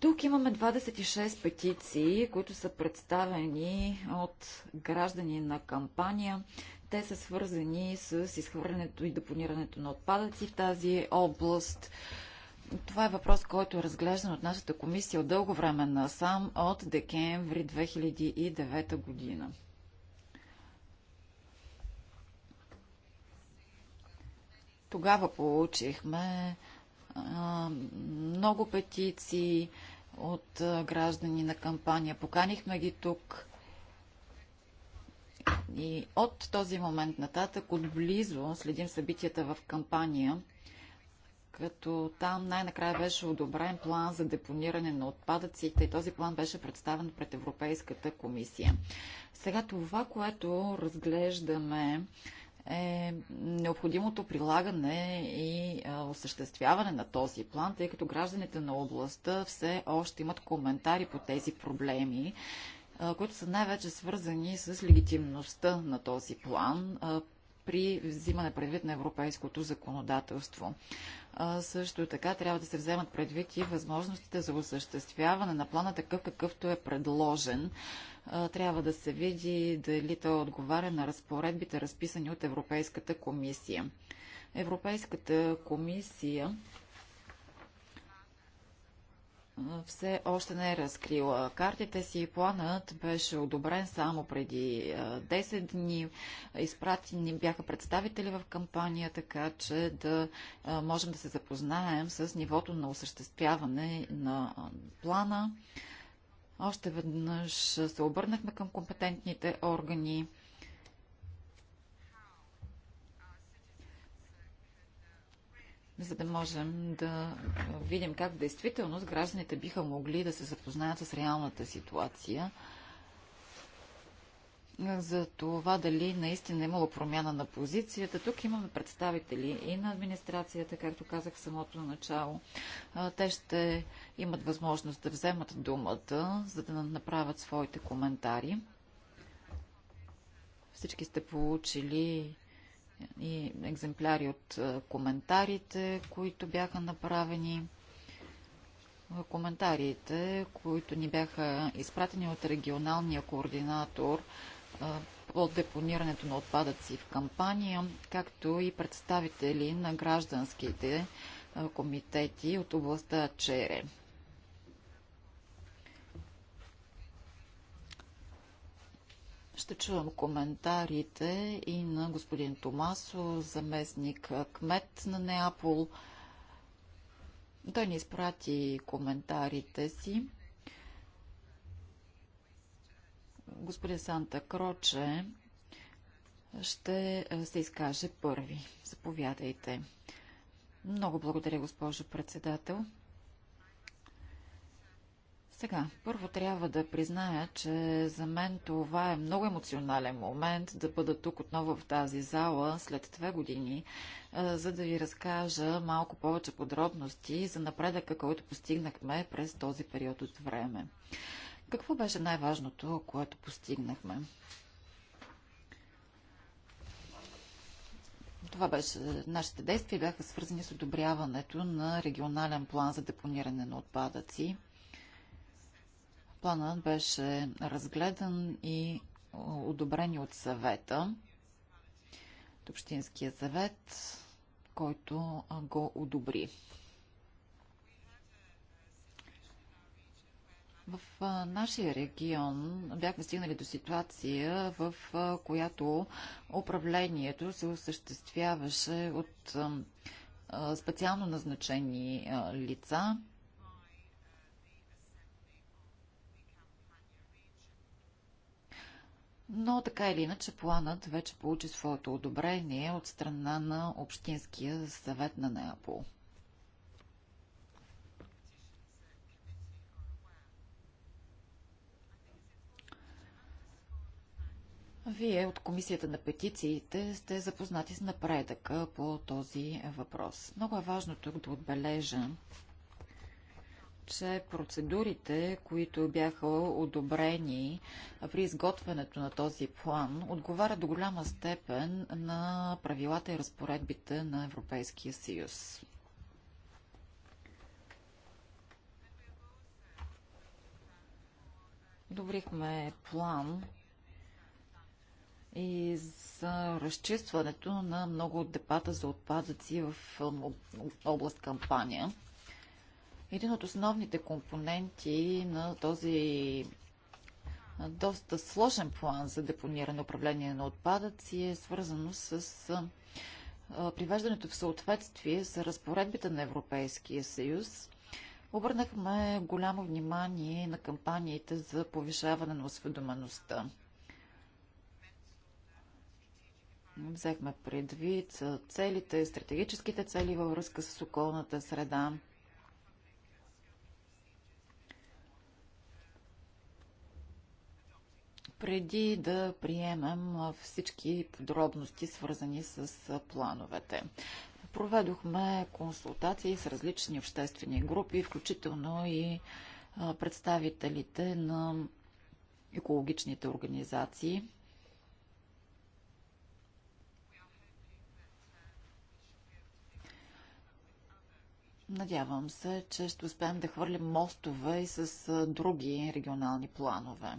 Тук имаме 26 петиции, които са представени от граждани на кампания. Те са свързани с изхвърлянето и депонирането на отпадъци в тази област. Това е въпрос, който е разглеждан от нашата комисия от дълго време насам, от декември 2009 година. Тогава получихме а, много петиции, от граждани на кампания. Поканихме ги тук. И от този момент нататък отблизо следим събитията в кампания, като там най-накрая беше одобрен план за депониране на отпадъците и този план беше представен пред Европейската комисия. Сега това, което разглеждаме е необходимото прилагане и а, осъществяване на този план, тъй като гражданите на областта все още имат коментари по тези проблеми, а, които са най-вече свързани с легитимността на този план а, при взимане предвид на европейското законодателство. Също така трябва да се вземат предвид и възможностите за осъществяване на плана такъв какъвто е предложен трябва да се види дали той отговаря на разпоредбите, разписани от Европейската комисия. Европейската комисия все още не е разкрила картите си. Планът беше одобрен само преди 10 дни. Изпратени бяха представители в кампания, така че да можем да се запознаем с нивото на осъществяване на плана. Още веднъж се обърнахме към компетентните органи. за да можем да видим как действителност гражданите биха могли да се запознаят с реалната ситуация за това дали наистина е имало промяна на позицията. Тук имаме представители и на администрацията, както казах в самото начало. Те ще имат възможност да вземат думата, за да направят своите коментари. Всички сте получили и екземпляри от коментарите, които бяха направени коментарите, които ни бяха изпратени от регионалния координатор от депонирането на отпадъци в кампания, както и представители на гражданските комитети от областта Чере. Ще чувам коментарите и на господин Томасо, заместник кмет на Неапол. Той ни изпрати коментарите си. господин Санта Кроче ще е, се изкаже първи. Заповядайте. Много благодаря, госпожо председател. Сега, първо трябва да призная, че за мен това е много емоционален момент да бъда тук отново в тази зала след две години, е, за да ви разкажа малко повече подробности за напредъка, който постигнахме през този период от време. Какво беше най-важното, което постигнахме? Това беше. Нашите действия бяха свързани с одобряването на регионален план за депониране на отпадъци. Планът беше разгледан и одобрен от съвета, от Общинския съвет, който го одобри. В нашия регион бяхме стигнали до ситуация, в която управлението се осъществяваше от специално назначени лица. Но така или иначе планът вече получи своето одобрение от страна на Общинския съвет на Неапол. Вие от Комисията на петициите сте запознати с напредъка по този въпрос. Много е важно тук да отбележа, че процедурите, които бяха одобрени при изготвянето на този план, отговарят до голяма степен на правилата и разпоредбите на Европейския съюз. Добрихме план и за разчистването на много от депата за отпадъци в област Кампания. Един от основните компоненти на този доста сложен план за депониране управление на отпадъци е свързано с привеждането в съответствие с разпоредбите на Европейския съюз. Обърнахме голямо внимание на кампаниите за повишаване на осведомеността. Взехме предвид целите, стратегическите цели във връзка с околната среда. преди да приемем всички подробности, свързани с плановете. Проведохме консултации с различни обществени групи, включително и представителите на екологичните организации – Надявам се, че ще успеем да хвърлим мостове и с други регионални планове.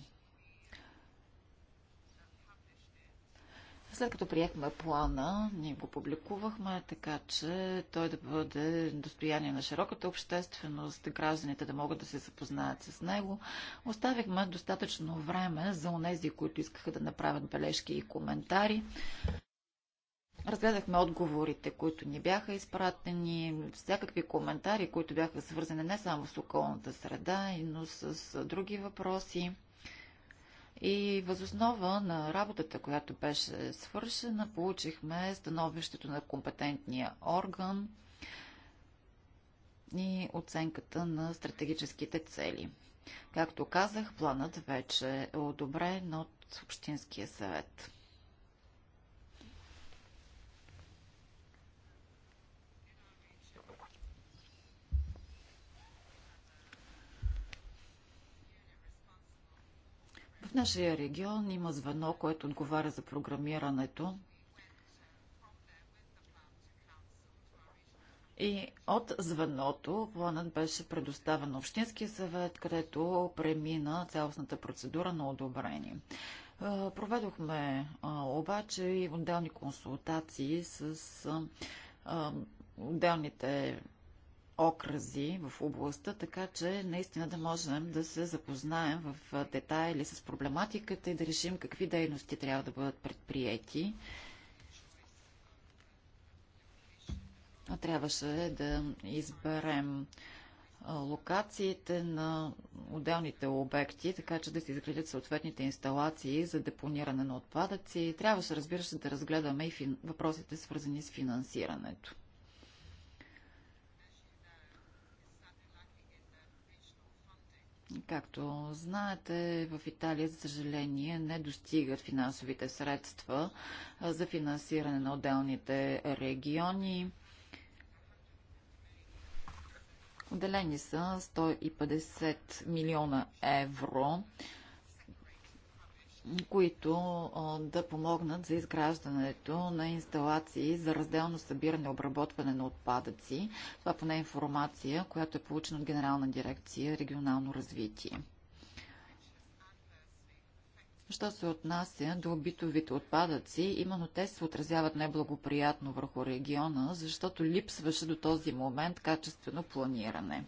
След като приехме плана, ние го публикувахме, така че той да бъде достояние на широката общественост, гражданите да могат да се запознаят с него. Оставихме достатъчно време за онези, които искаха да направят бележки и коментари. Разгледахме отговорите, които ни бяха изпратени, всякакви коментари, които бяха свързани не само с околната среда, но с други въпроси. И възоснова на работата, която беше свършена, получихме становището на компетентния орган и оценката на стратегическите цели. Както казах, планът вече е одобрен от Общинския съвет. В нашия регион има звено, което отговаря за програмирането. И от звеното планът беше предоставен на Общинския съвет, където премина цялостната процедура на одобрение. Проведохме обаче и отделни консултации с отделните окръзи в областта, така че наистина да можем да се запознаем в детайли с проблематиката и да решим какви дейности трябва да бъдат предприяти. Трябваше да изберем локациите на отделните обекти, така че да се изградят съответните инсталации за депониране на отпадъци. Трябваше, разбира се, да разгледаме и въпросите, свързани с финансирането. Както знаете, в Италия, за съжаление, не достигат финансовите средства за финансиране на отделните региони. Отделени са 150 милиона евро които да помогнат за изграждането на инсталации за разделно събиране и обработване на отпадъци. Това поне е информация, която е получена от Генерална дирекция регионално развитие. Що се отнася до битовите отпадъци, именно те се отразяват неблагоприятно върху региона, защото липсваше до този момент качествено планиране.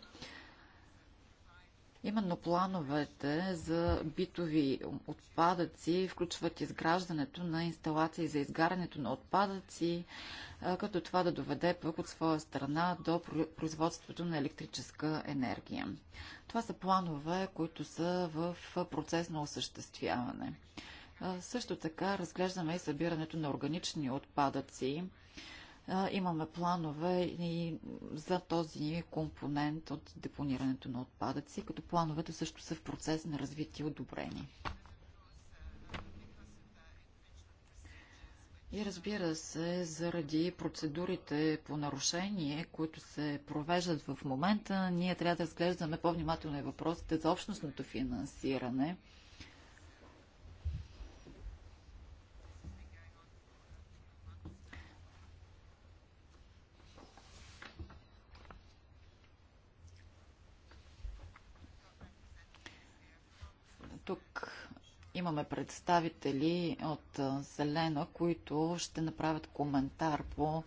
Именно плановете за битови отпадъци включват изграждането на инсталации за изгарянето на отпадъци, като това да доведе пък от своя страна до производството на електрическа енергия. Това са планове, които са в процес на осъществяване. Също така разглеждаме и събирането на органични отпадъци имаме планове и за този компонент от депонирането на отпадъци, като плановете също са в процес на развитие и одобрение. И разбира се, заради процедурите по нарушение, които се провеждат в момента, ние трябва да разглеждаме по-внимателно и въпросите за общностното финансиране – имаме представители от Зелена, които ще направят коментар по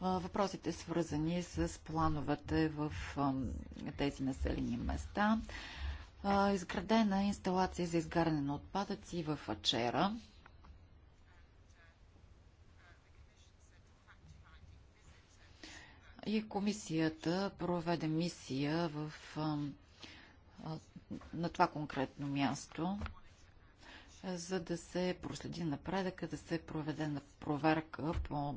въпросите свързани с плановете в тези населени места. Изградена е инсталация за изгаряне на отпадъци в Ачера. И комисията проведе мисия в, на това конкретно място за да се проследи напредъка, да се проведе на проверка по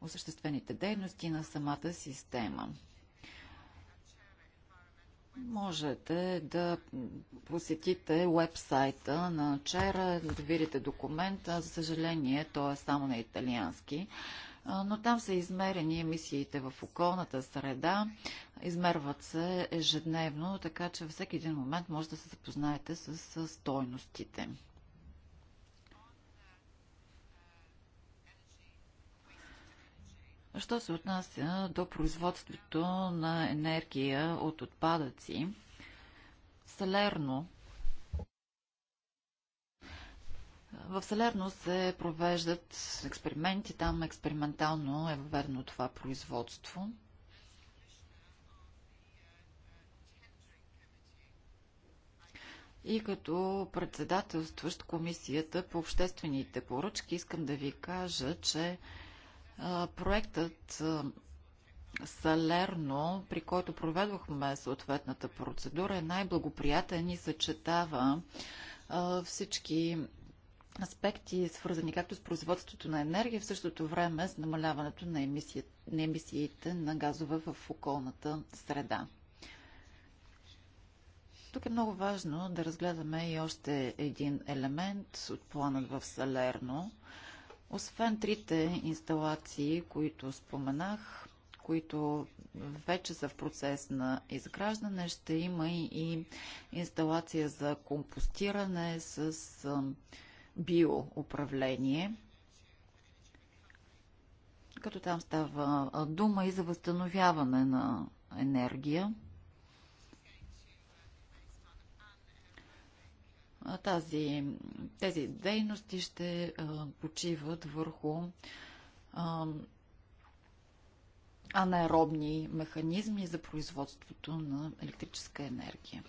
осъществените дейности на самата система. Можете да посетите вебсайта на Чера, да видите документа. За съжаление, той е само на италиански но там са измерени емисиите в околната среда, измерват се ежедневно, така че във всеки един момент може да се запознаете с стойностите. Що се отнася до производството на енергия от отпадъци, Салерно В Салерно се провеждат експерименти, там експериментално е въведено това производство. И като председателстващ комисията по обществените поръчки искам да ви кажа, че проектът Салерно, при който проведохме съответната процедура, е най-благоприятен и съчетава всички аспекти, свързани както с производството на енергия, в същото време с намаляването на, емисия, на емисиите на газове в околната среда. Тук е много важно да разгледаме и още един елемент от планът в Салерно. Освен трите инсталации, които споменах, които вече са в процес на изграждане, ще има и инсталация за компостиране с биоуправление, като там става дума и за възстановяване на енергия. Тази, тези дейности ще почиват върху анаеробни механизми за производството на електрическа енергия.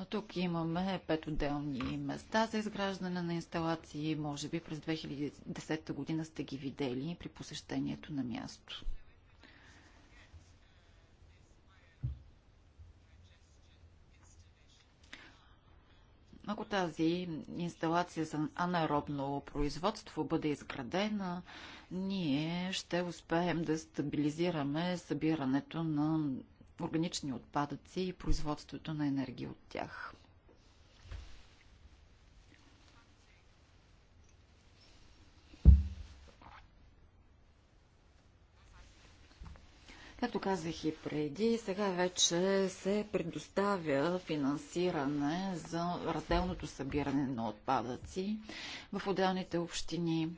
Но тук имаме пет отделни места за изграждане на инсталации. Може би през 2010 година сте ги видели при посещението на място. Ако тази инсталация за анаеробно производство бъде изградена, ние ще успеем да стабилизираме събирането на органични отпадъци и производството на енергия от тях. Както казах и преди, сега вече се предоставя финансиране за разделното събиране на отпадъци в отделните общини.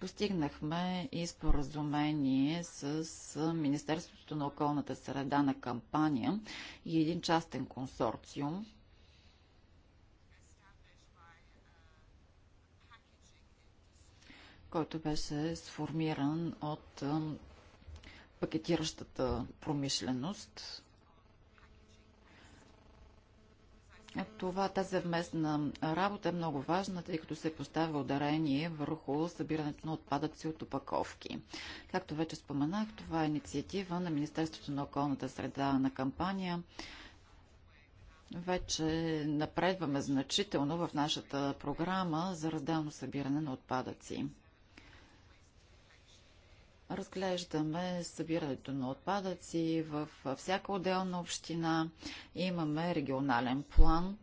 Постигнахме и споразумение с Министерството на околната среда на кампания и един частен консорциум, който беше сформиран от пакетиращата промишленост. Това, тази съвместна работа е много важна, тъй като се поставя ударение върху събирането на отпадъци от опаковки. Както вече споменах, това е инициатива на Министерството на околната среда на кампания. Вече напредваме значително в нашата програма за разделно събиране на отпадъци разглеждаме събирането на отпадъци в всяка отделна община. Имаме регионален план.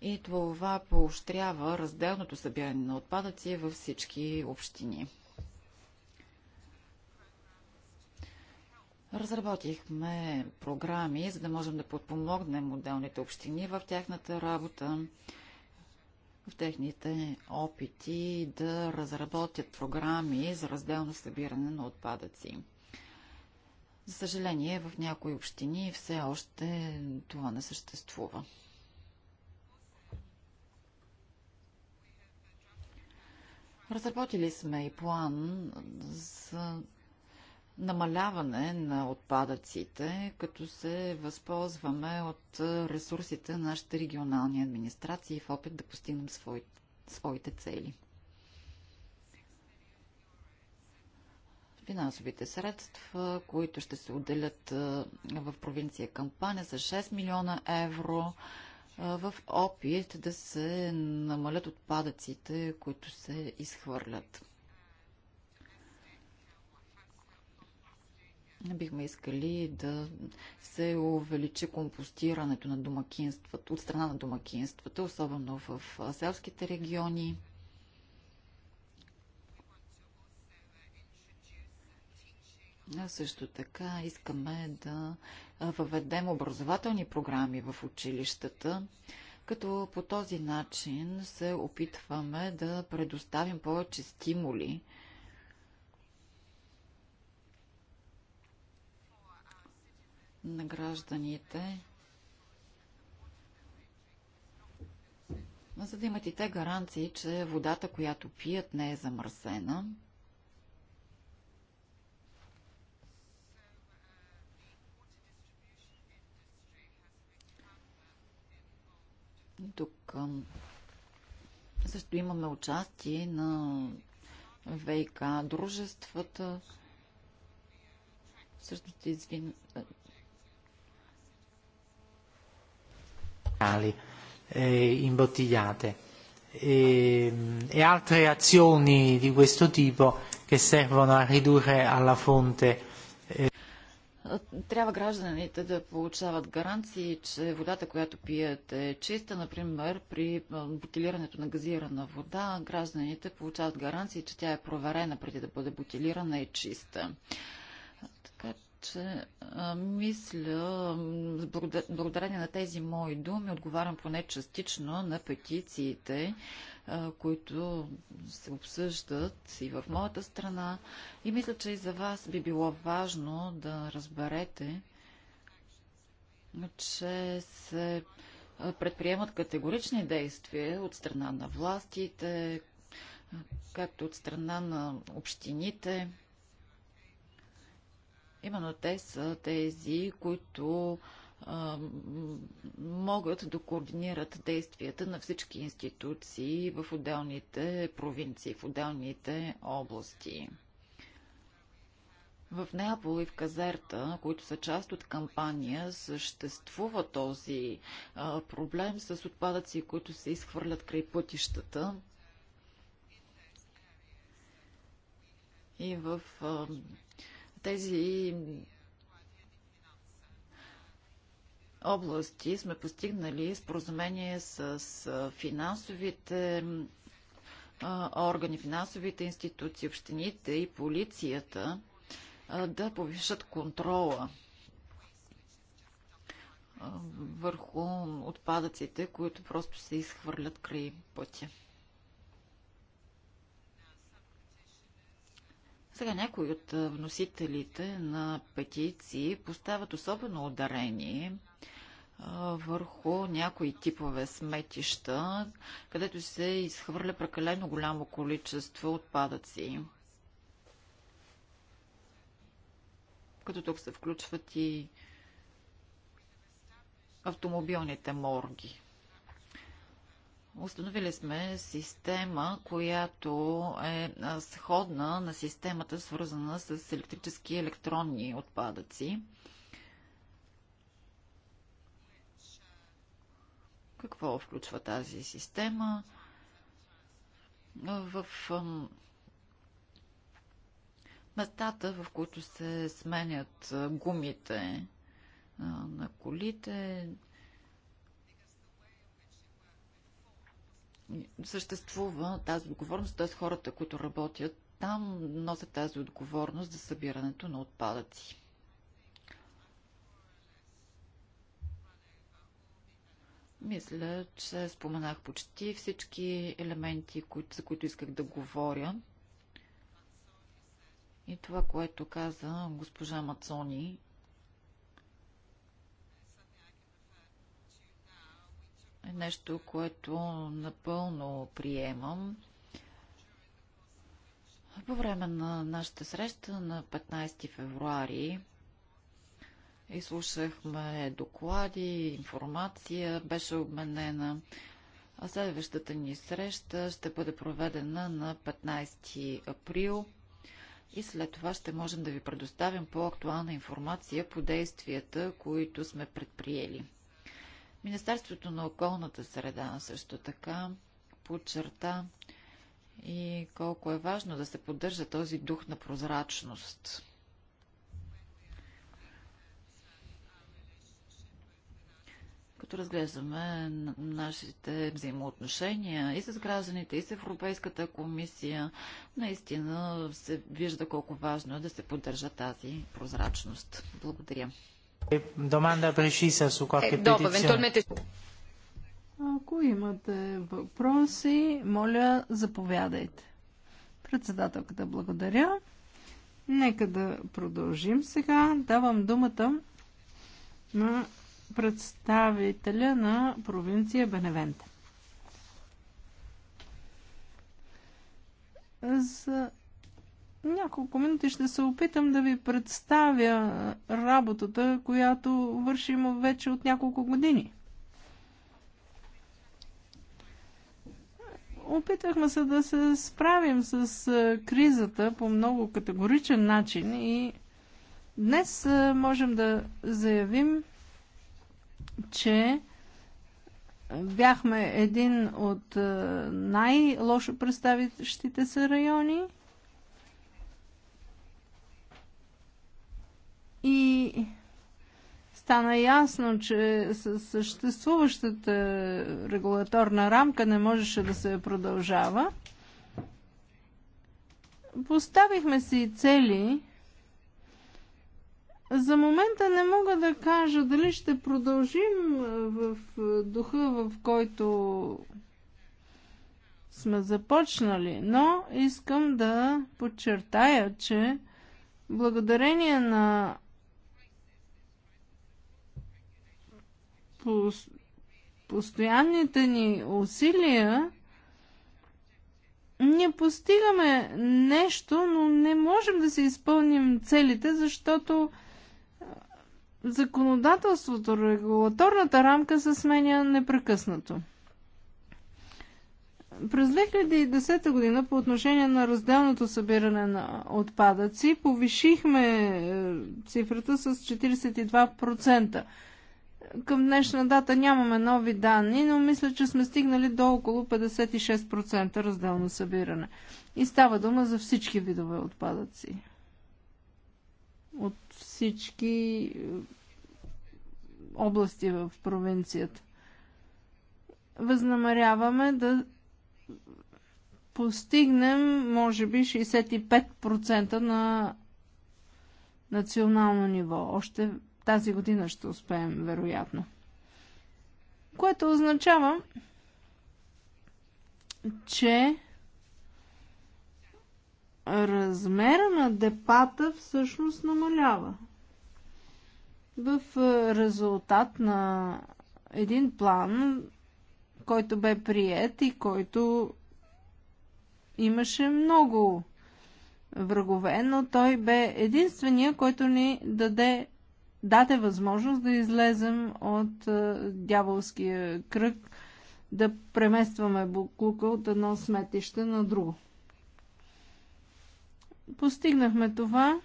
И това поощрява разделното събиране на отпадъци във всички общини. Разработихме програми, за да можем да подпомогнем отделните общини в тяхната работа в техните опити да разработят програми за разделно събиране на отпадъци. За съжаление, в някои общини все още това не съществува. Разработили сме и план за намаляване на отпадъците, като се възползваме от ресурсите на нашите регионални администрации в опит да постигнем своите цели. Финансовите средства, които ще се отделят в провинция Кампания са 6 милиона евро в опит да се намалят отпадъците, които се изхвърлят. Не бихме искали да се увеличи компостирането на домакинствата, от страна на домакинствата, особено в селските региони. А също така искаме да въведем образователни програми в училищата, като по този начин се опитваме да предоставим повече стимули на гражданите, за да имат и те гаранции, че водата, която пият, не е замърсена. Тук също имаме участие на ВИК дружествата. Също извин, locali eh, imbottigliate e, e altre azioni di questo tipo che servono a ridurre alla fonte eh. трябва гражданите да получават гаранции, че водата, която пият е чиста. Например, при бутилирането на газирана вода, гражданите получават гаранции, че тя е проверена преди да бъде бутилирана и чиста че а, мисля, благодарение на тези мои думи, отговарям поне частично на петициите, а, които се обсъждат и в моята страна. И мисля, че и за вас би било важно да разберете, че се предприемат категорични действия от страна на властите, както от страна на общините. Именно те са тези, които а, могат да координират действията на всички институции в отделните провинции, в отделните области. В Неапол и в Казерта, които са част от кампания, съществува този а, проблем с отпадъци, които се изхвърлят край пътищата. И в а, тези области сме постигнали споразумение с финансовите органи, финансовите институции, общините и полицията да повишат контрола върху отпадъците, които просто се изхвърлят край пътя. Сега някои от вносителите на петиции поставят особено ударение върху някои типове сметища, където се изхвърля прекалено голямо количество отпадъци. Като тук се включват и автомобилните морги. Установили сме система, която е сходна на системата, свързана с електрически и електронни отпадъци. Какво включва тази система? В местата, в които се сменят гумите на колите, съществува тази отговорност, т.е. хората, които работят там, носят тази отговорност за събирането на отпадъци. Мисля, че споменах почти всички елементи, за които исках да говоря. И това, което каза госпожа Мацони, е нещо, което напълно приемам. По време на нашата среща на 15 февруари изслушахме доклади, информация беше обменена, а следващата ни среща ще бъде проведена на 15 април и след това ще можем да ви предоставим по-актуална информация по действията, които сме предприели. Министерството на околната среда също така подчерта и колко е важно да се поддържа този дух на прозрачност. Като разглеждаме нашите взаимоотношения и с гражданите, и с Европейската комисия, наистина се вижда колко важно е да се поддържа тази прозрачност. Благодаря qualche е, е, petizione. Ако имате въпроси, моля, заповядайте. Председателката благодаря. Нека да продължим сега. Давам думата на представителя на провинция Беневента. За няколко минути ще се опитам да ви представя работата, която вършим вече от няколко години. Опитахме се да се справим с кризата по много категоричен начин и днес можем да заявим, че бяхме един от най-лошо представящите се райони – И стана ясно, че съществуващата регулаторна рамка не можеше да се продължава. Поставихме си цели. За момента не мога да кажа дали ще продължим в духа, в който сме започнали, но искам да подчертая, че благодарение на по постоянните ни усилия ние постигаме нещо, но не можем да се изпълним целите, защото законодателството, регулаторната рамка се сменя непрекъснато. През 2010 година по отношение на разделното събиране на отпадъци повишихме е, цифрата с 42%. Към днешна дата нямаме нови данни, но мисля, че сме стигнали до около 56% разделно събиране. И става дума за всички видове отпадъци. От всички е, области в провинцията. Възнамеряваме да постигнем, може би, 65% на национално ниво. Още тази година ще успеем, вероятно. Което означава, че размера на депата всъщност намалява. В е, резултат на един план, който бе прият и който имаше много врагове, но той бе единствения, който ни даде даде възможност да излезем от е, дяволския кръг, да преместваме буклука от едно сметище на друго. Постигнахме това,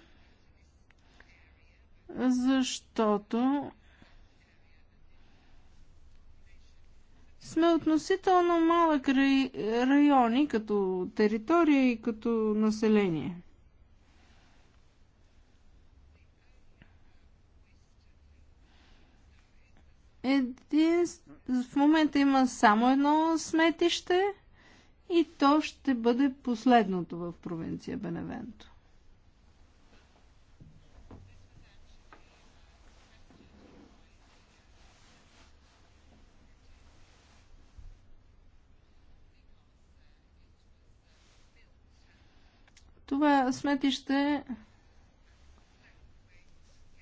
защото сме относително малък райони като територия и като население – Един, в момента има само едно сметище и то ще бъде последното в провинция Беневенто. Това сметище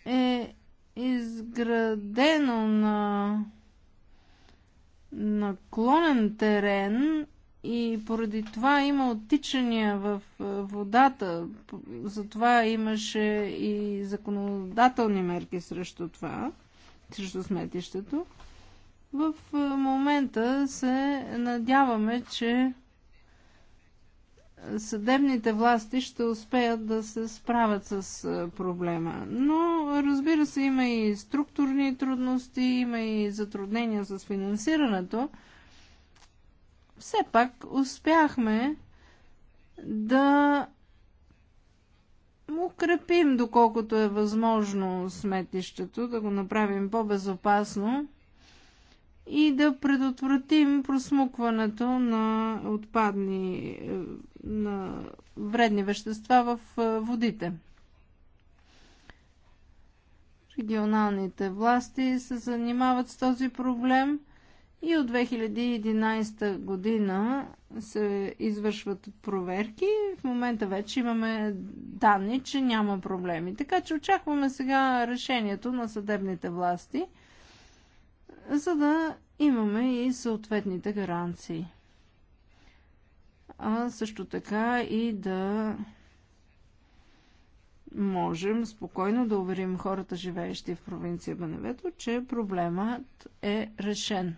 е изградено на наклонен терен и поради това има оттичания в е, водата. Затова имаше и законодателни мерки срещу това, срещу сметището. В е, момента се надяваме, че съдебните власти ще успеят да се справят с проблема. Но, разбира се, има и структурни трудности, има и затруднения с финансирането. Все пак успяхме да укрепим, доколкото е възможно, сметището, да го направим по-безопасно и да предотвратим просмукването на отпадни, е, на вредни вещества в е, водите. Регионалните власти се занимават с този проблем и от 2011 година се извършват проверки. В момента вече имаме данни, че няма проблеми. Така че очакваме сега решението на съдебните власти – за да имаме и съответните гаранции. А също така и да можем спокойно да уверим хората, живеещи в провинция Баневето, че проблемът е решен.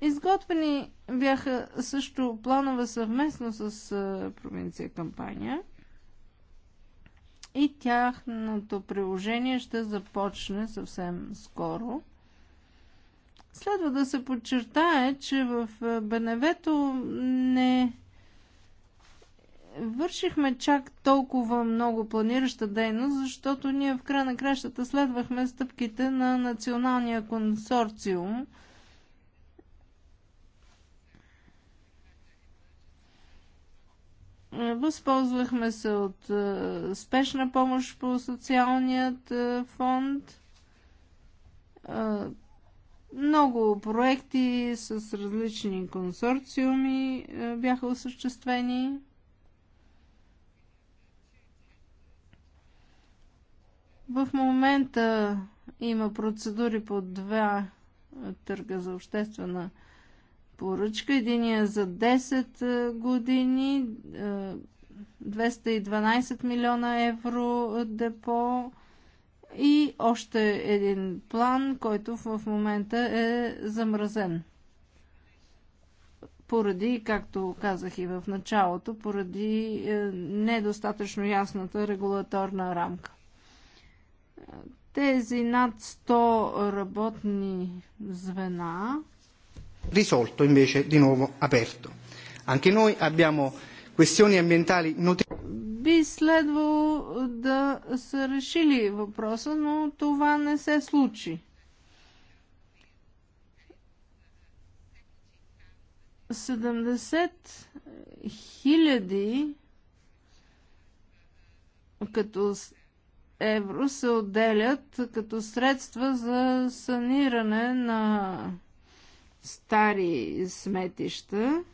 Изготвени бяха също планове съвместно с провинция Кампания и тяхното приложение ще започне съвсем скоро – Следва да се подчертае, че в е, Беневето не вършихме чак толкова много планираща дейност, защото ние в края на кращата следвахме стъпките на националния консорциум. Възползвахме се от е, спешна помощ по социалният е, фонд много проекти с различни консорциуми е, бяха осъществени. В момента има процедури по два търга за обществена поръчка. Единия за 10 е, години, 212 е, милиона евро депо и още един план, който в момента е замразен. Поради, както казах и в началото, поради е, недостатъчно ясната регулаторна рамка. Тези над 100 работни звена. Risolto invece di nuovo aperto. Anche noi abbiamo questioni ambientali notevoli би следвало да са решили въпроса, но това не се случи. Седемдесет хиляди като евро се отделят като средства за саниране на стари сметища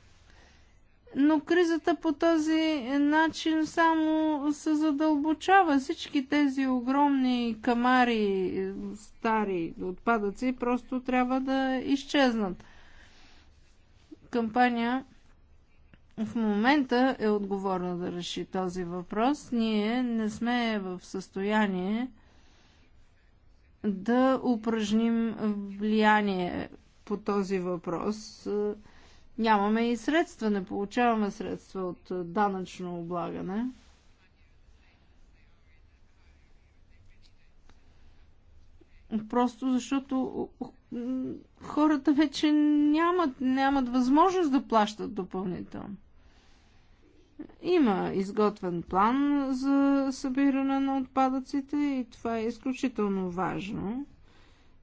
но кризата по този начин само се задълбочава. Всички тези огромни камари, стари отпадъци, просто трябва да изчезнат. Кампания в момента е отговорна да реши този въпрос. Ние не сме в състояние да упражним влияние по този въпрос. Нямаме и средства, не получаваме средства от е, данъчно облагане. Просто защото хората вече нямат, нямат възможност да плащат допълнително. Има изготвен план за събиране на отпадъците и това е изключително важно.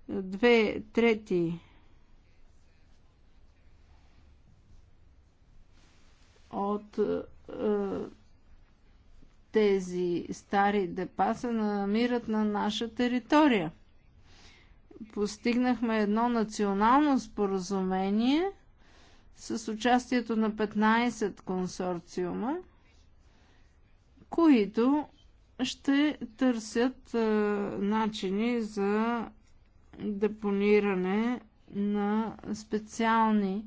Две трети от е, тези стари депа се намират на наша територия. Постигнахме едно национално споразумение с участието на 15 консорциума, които ще търсят е, начини за депониране на специални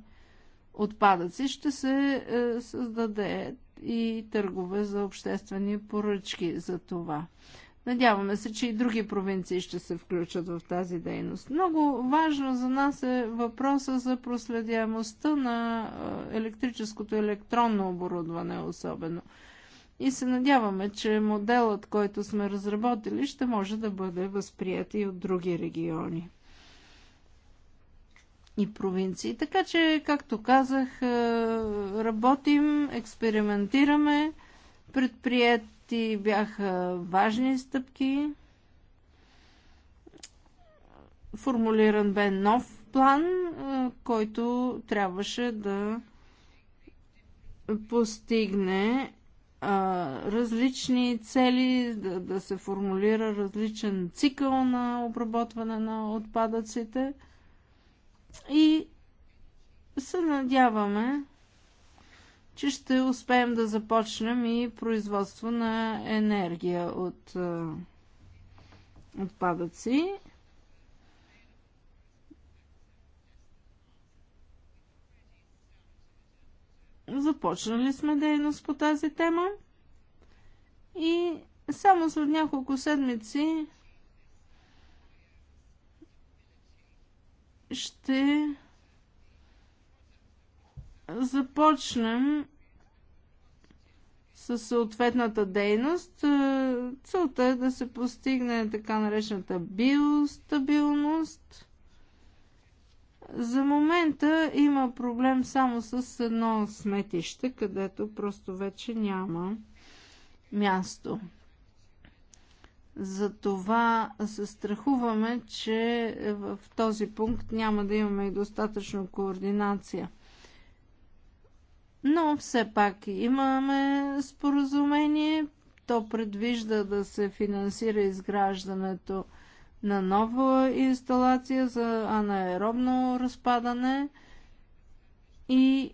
отпадъци ще се е, създаде и търгове за обществени поръчки за това. Надяваме се, че и други провинции ще се включат в тази дейност. Много важно за нас е въпроса за проследяемостта на е, електрическото електронно оборудване особено. И се надяваме, че моделът, който сме разработили, ще може да бъде възприят и от други региони и провинции. Така че, както казах, е, работим, експериментираме, предприяти бяха важни стъпки, формулиран бе нов план, е, който трябваше да постигне е, различни цели, да, да се формулира различен цикъл на обработване на отпадъците – и се надяваме, че ще успеем да започнем и производство на енергия от е, отпадъци. Започнали сме дейност по тази тема и само след няколко седмици ще започнем със съответната дейност. Е, целта е да се постигне така наречената биостабилност. За момента има проблем само с едно сметище, където просто вече няма място. Затова се страхуваме, че в този пункт няма да имаме и достатъчно координация. Но все пак имаме споразумение. То предвижда да се финансира изграждането на нова инсталация за анаеробно разпадане и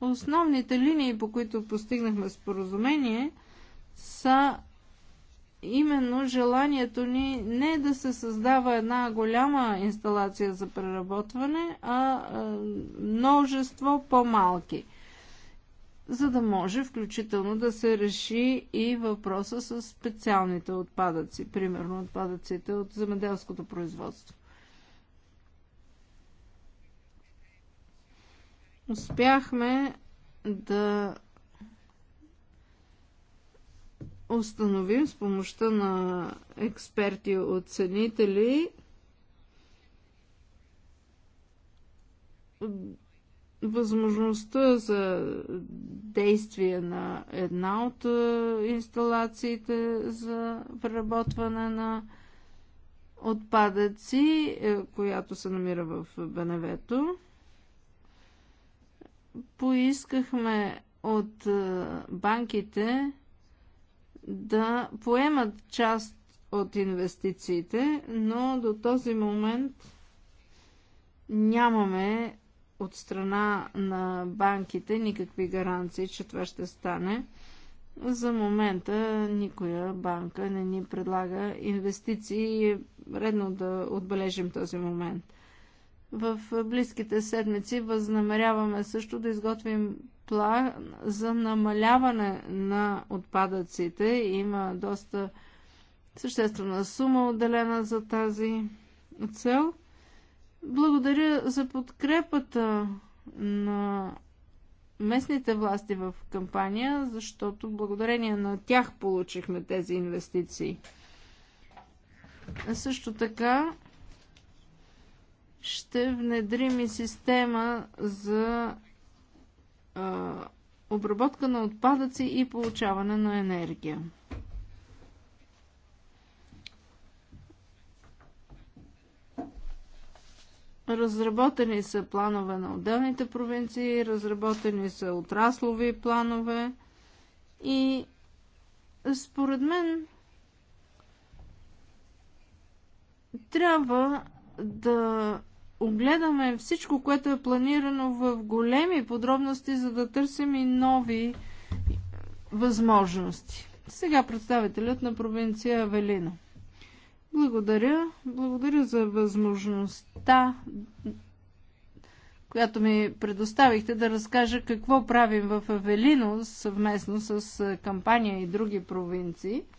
основните линии, по които постигнахме споразумение – са именно желанието ни не да се създава една голяма инсталация за преработване, а множество по-малки, за да може включително да се реши и въпроса с специалните отпадъци, примерно отпадъците от земеделското производство. Успяхме да установим с помощта на експерти оценители възможността за действие на една от инсталациите за преработване на отпадъци, е, която се намира в Беневето. Поискахме от банките да поемат част от инвестициите, но до този момент нямаме от страна на банките никакви гаранции, че това ще стане. За момента никоя банка не ни предлага инвестиции и е редно да отбележим този момент. В близките седмици възнамеряваме също да изготвим план за намаляване на отпадъците. Има доста съществена сума отделена за тази цел. Благодаря за подкрепата на местните власти в кампания, защото благодарение на тях получихме тези инвестиции. също така ще внедрим и система за а, обработка на отпадъци и получаване на енергия. Разработени са планове на отделните провинции, разработени са отраслови планове и според мен трябва да огледаме всичко, което е планирано в големи подробности, за да търсим и нови възможности. Сега представителят на провинция Велина. Благодаря. Благодаря за възможността, която ми предоставихте да разкажа какво правим в Авелино съвместно с кампания и други провинции –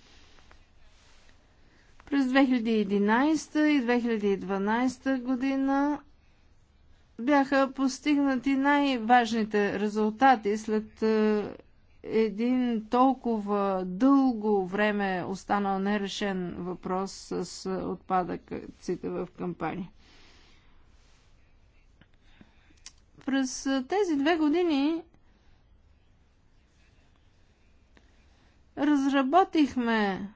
през 2011 и 2012 година бяха постигнати най-важните резултати след е, един толкова дълго време останал нерешен въпрос с е, отпадъците в кампания. През е, тези две години разработихме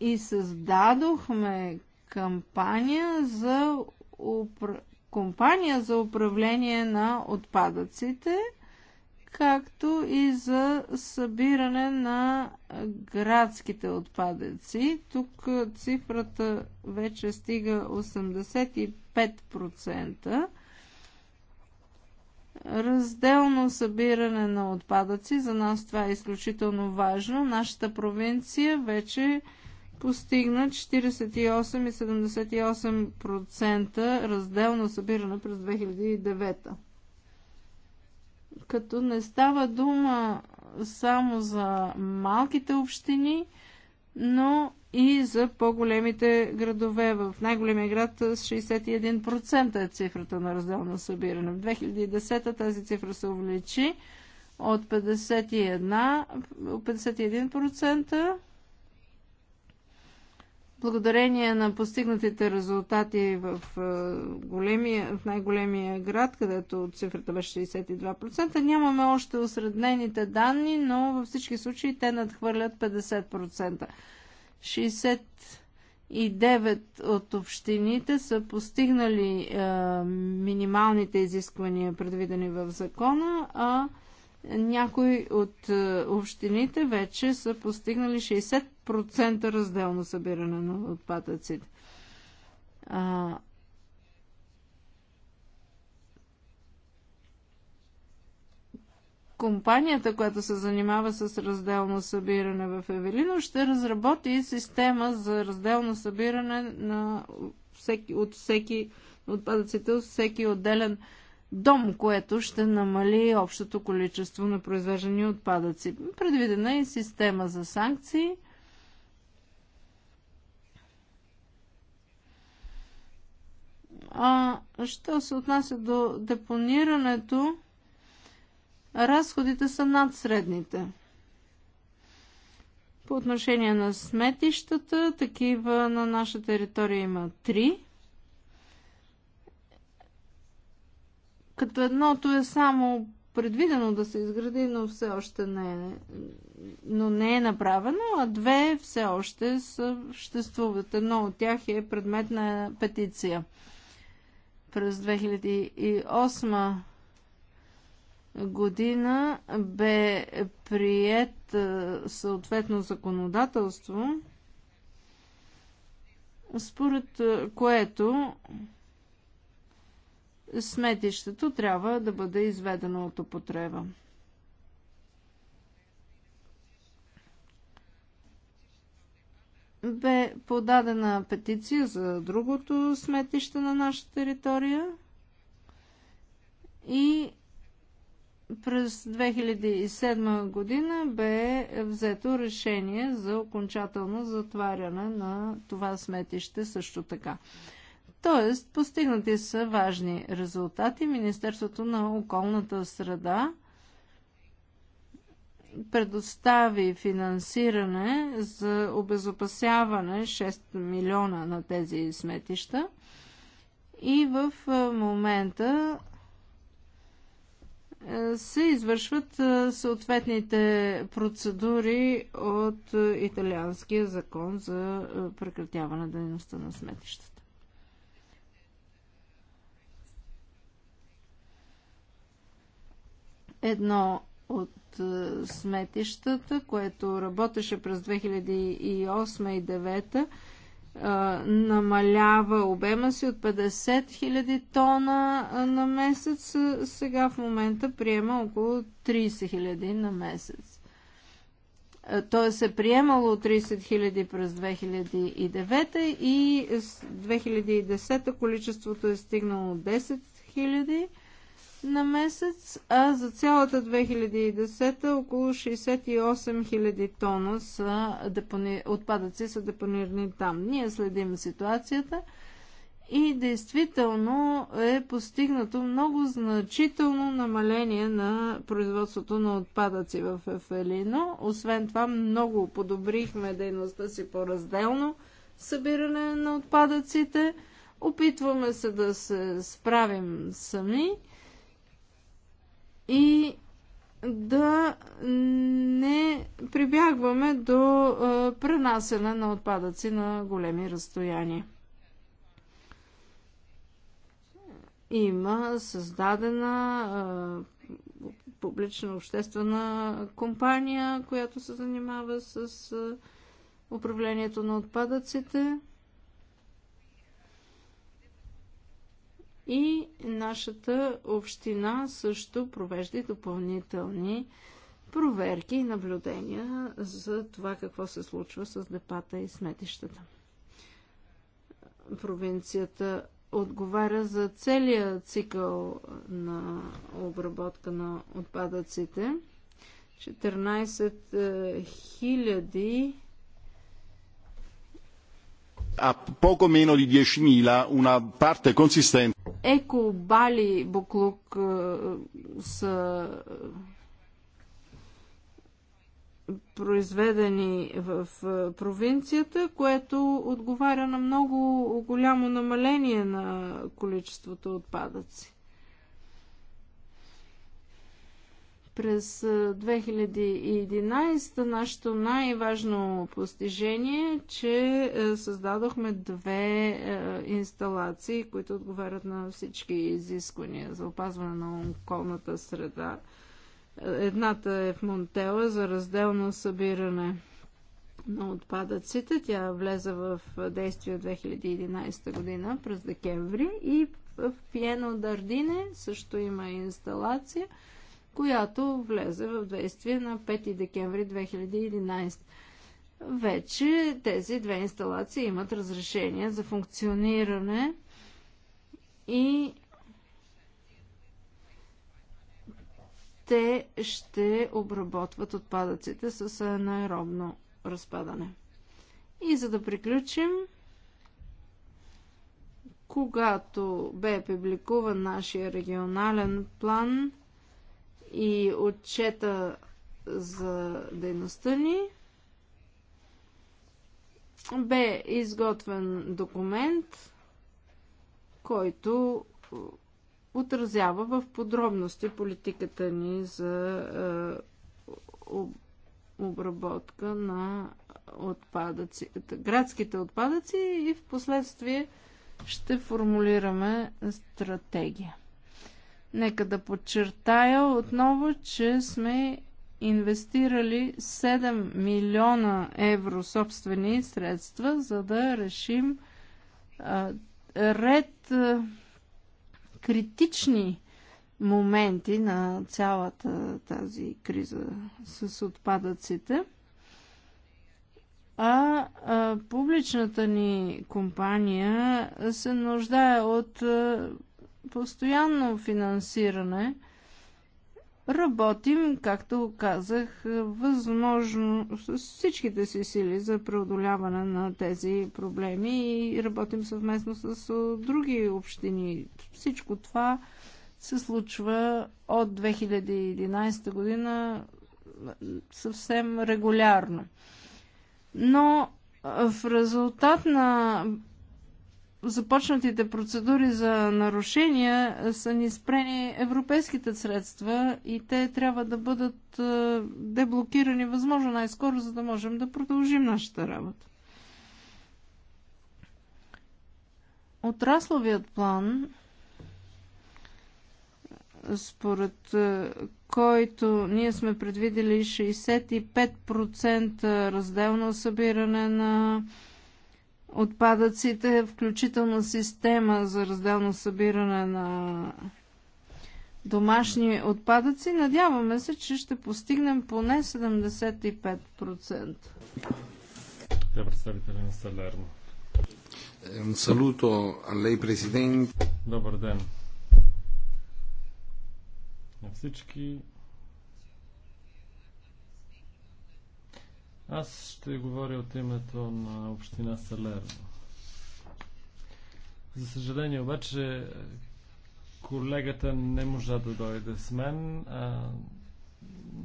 и създадохме кампания за, упр... компания за управление на отпадъците, както и за събиране на градските отпадъци. Тук цифрата вече стига 85%. Разделно събиране на отпадъци, за нас това е изключително важно. Нашата провинция вече е постигна 48,78% разделно събиране през 2009. Като не става дума само за малките общини, но и за по-големите градове. В най-големия град с 61% е цифрата на разделно събиране. В 2010 тази цифра се увеличи от 51, 51% благодарение на постигнатите резултати в, е, големия, в най-големия град, където цифрата беше 62%, нямаме още осреднените данни, но във всички случаи те надхвърлят 50%. 69 от общините са постигнали е, минималните изисквания, предвидени в закона, а някои от е, общините вече са постигнали 60% разделно събиране на отпадъците. А, компанията, която се занимава с разделно събиране в Евелино, ще разработи система за разделно събиране на всеки, от всеки отпадъците от всеки отделен дом, което ще намали общото количество на произвеждани отпадъци. Предвидена е система за санкции. А, що се отнася до депонирането, разходите са над средните. По отношение на сметищата, такива на наша територия има три. като едното е само предвидено да се изгради, но все още не е, но не е направено, а две все още съществуват. Едно от тях е предмет на петиция. През 2008 година бе прият е, съответно законодателство, според е, което сметището трябва да бъде изведено от употреба. Бе подадена петиция за другото сметище на нашата територия и през 2007 година бе взето решение за окончателно затваряне на това сметище също така. Тоест, постигнати са важни резултати. Министерството на околната среда предостави финансиране за обезопасяване 6 милиона на тези сметища и в момента се извършват съответните процедури от италианския закон за прекратяване дейността на сметищата. Едно от е, сметищата, което работеше през 2008 и 2009, е, намалява обема си от 50 000 тона е, на месец. Сега в момента приема около 30 000 на месец. Тоест е приемало 30 000 през 2009 и 2010 количеството е стигнало 10 000 на месец, а за цялата 2010 около 68 000 тона са депони... отпадъци са депонирани там. Ние следим ситуацията и действително е постигнато много значително намаление на производството на отпадъци в Ефелино. Освен това много подобрихме дейността си по-разделно събиране на отпадъците. Опитваме се да се справим сами и да не прибягваме до пренасене на отпадъци на големи разстояния. Има създадена публична обществена компания, която се занимава с управлението на отпадъците. И нашата община също провежда допълнителни проверки и наблюдения за това какво се случва с депата и сметищата. Провинцията отговаря за целия цикъл на обработка на отпадъците. 14 000 е, a poco meno di 10.000 una parte consistente. Bali буклук са eh, eh, произведени в провинцията, което отговаря на много голямо намаление на количеството отпадъци. През 2011 нашето най-важно постижение е, че създадохме две инсталации, които отговарят на всички изисквания за опазване на околната среда. Едната е в Монтела за разделно събиране на отпадъците. Тя влезе в действие 2011 година през декември и в Пиено Дардине също има инсталация – която влезе в действие на 5 декември 2011. Вече тези две инсталации имат разрешение за функциониране и те ще обработват отпадъците с анаеробно разпадане. И за да приключим, когато бе публикуван нашия регионален план, и отчета за дейността ни бе изготвен документ, който отразява в подробности политиката ни за е, обработка на отпадъци, градските отпадъци и в последствие ще формулираме стратегия. Нека да подчертая отново, че сме инвестирали 7 милиона евро собствени средства, за да решим а, ред а, критични моменти на цялата тази криза с отпадъците. А, а публичната ни компания се нуждае от а, постоянно финансиране. Работим, както казах, възможно с всичките си сили за преодоляване на тези проблеми и работим съвместно с други общини. Всичко това се случва от 2011 година съвсем регулярно. Но в резултат на започнатите процедури за нарушения са ни спрени европейските средства и те трябва да бъдат е, деблокирани възможно най-скоро, за да можем да продължим нашата работа. Отрасловият план, според е, който ние сме предвидели 65% разделно събиране на отпадъците, включително система за разделно събиране на домашни отпадъци. Надяваме се, че ще постигнем поне 75%. Да, на Салерно. Е, салуто, лей президент. Добър ден на всички. Аз ще говоря от името на община Салерно. За съжаление обаче колегата не можа да дойде с мен, а,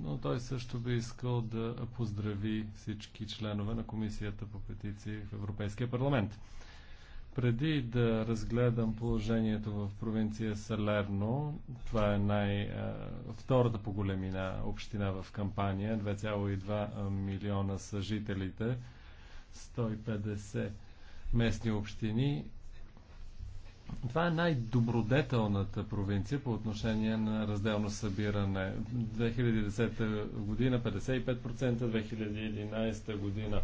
но той също би искал да поздрави всички членове на Комисията по петиции в Европейския парламент. Преди да разгледам положението в провинция Салерно, това е най, втората по големина община в кампания, 2,2 милиона са жителите, 150 местни общини. Това е най-добродетелната провинция по отношение на разделно събиране. 2010 година 55%, 2011 година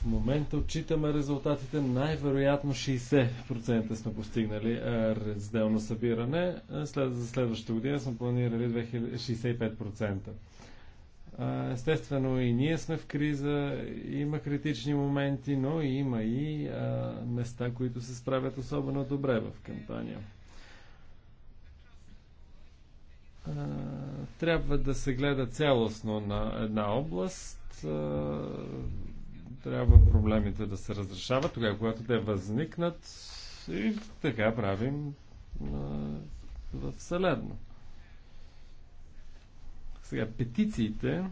в момента отчитаме резултатите. Най-вероятно 60% сме постигнали разделно събиране. След, за следващата година сме планирали 65%. Естествено и ние сме в криза, има критични моменти, но има и а, места, които се справят особено добре в кампания. А, трябва да се гледа цялостно на една област трябва проблемите да се разрешават тогава, когато те възникнат и така правим в Вселено. Сега, петициите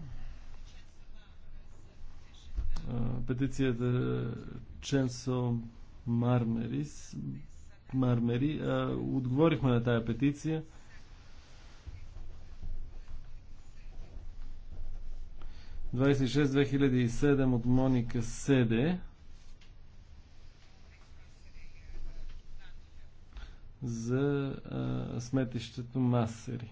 петицията Ченсо Мармерис Мармери. Отговорихме на тая петиция. 26-2007 от Моника Седе за а, сметището Масери.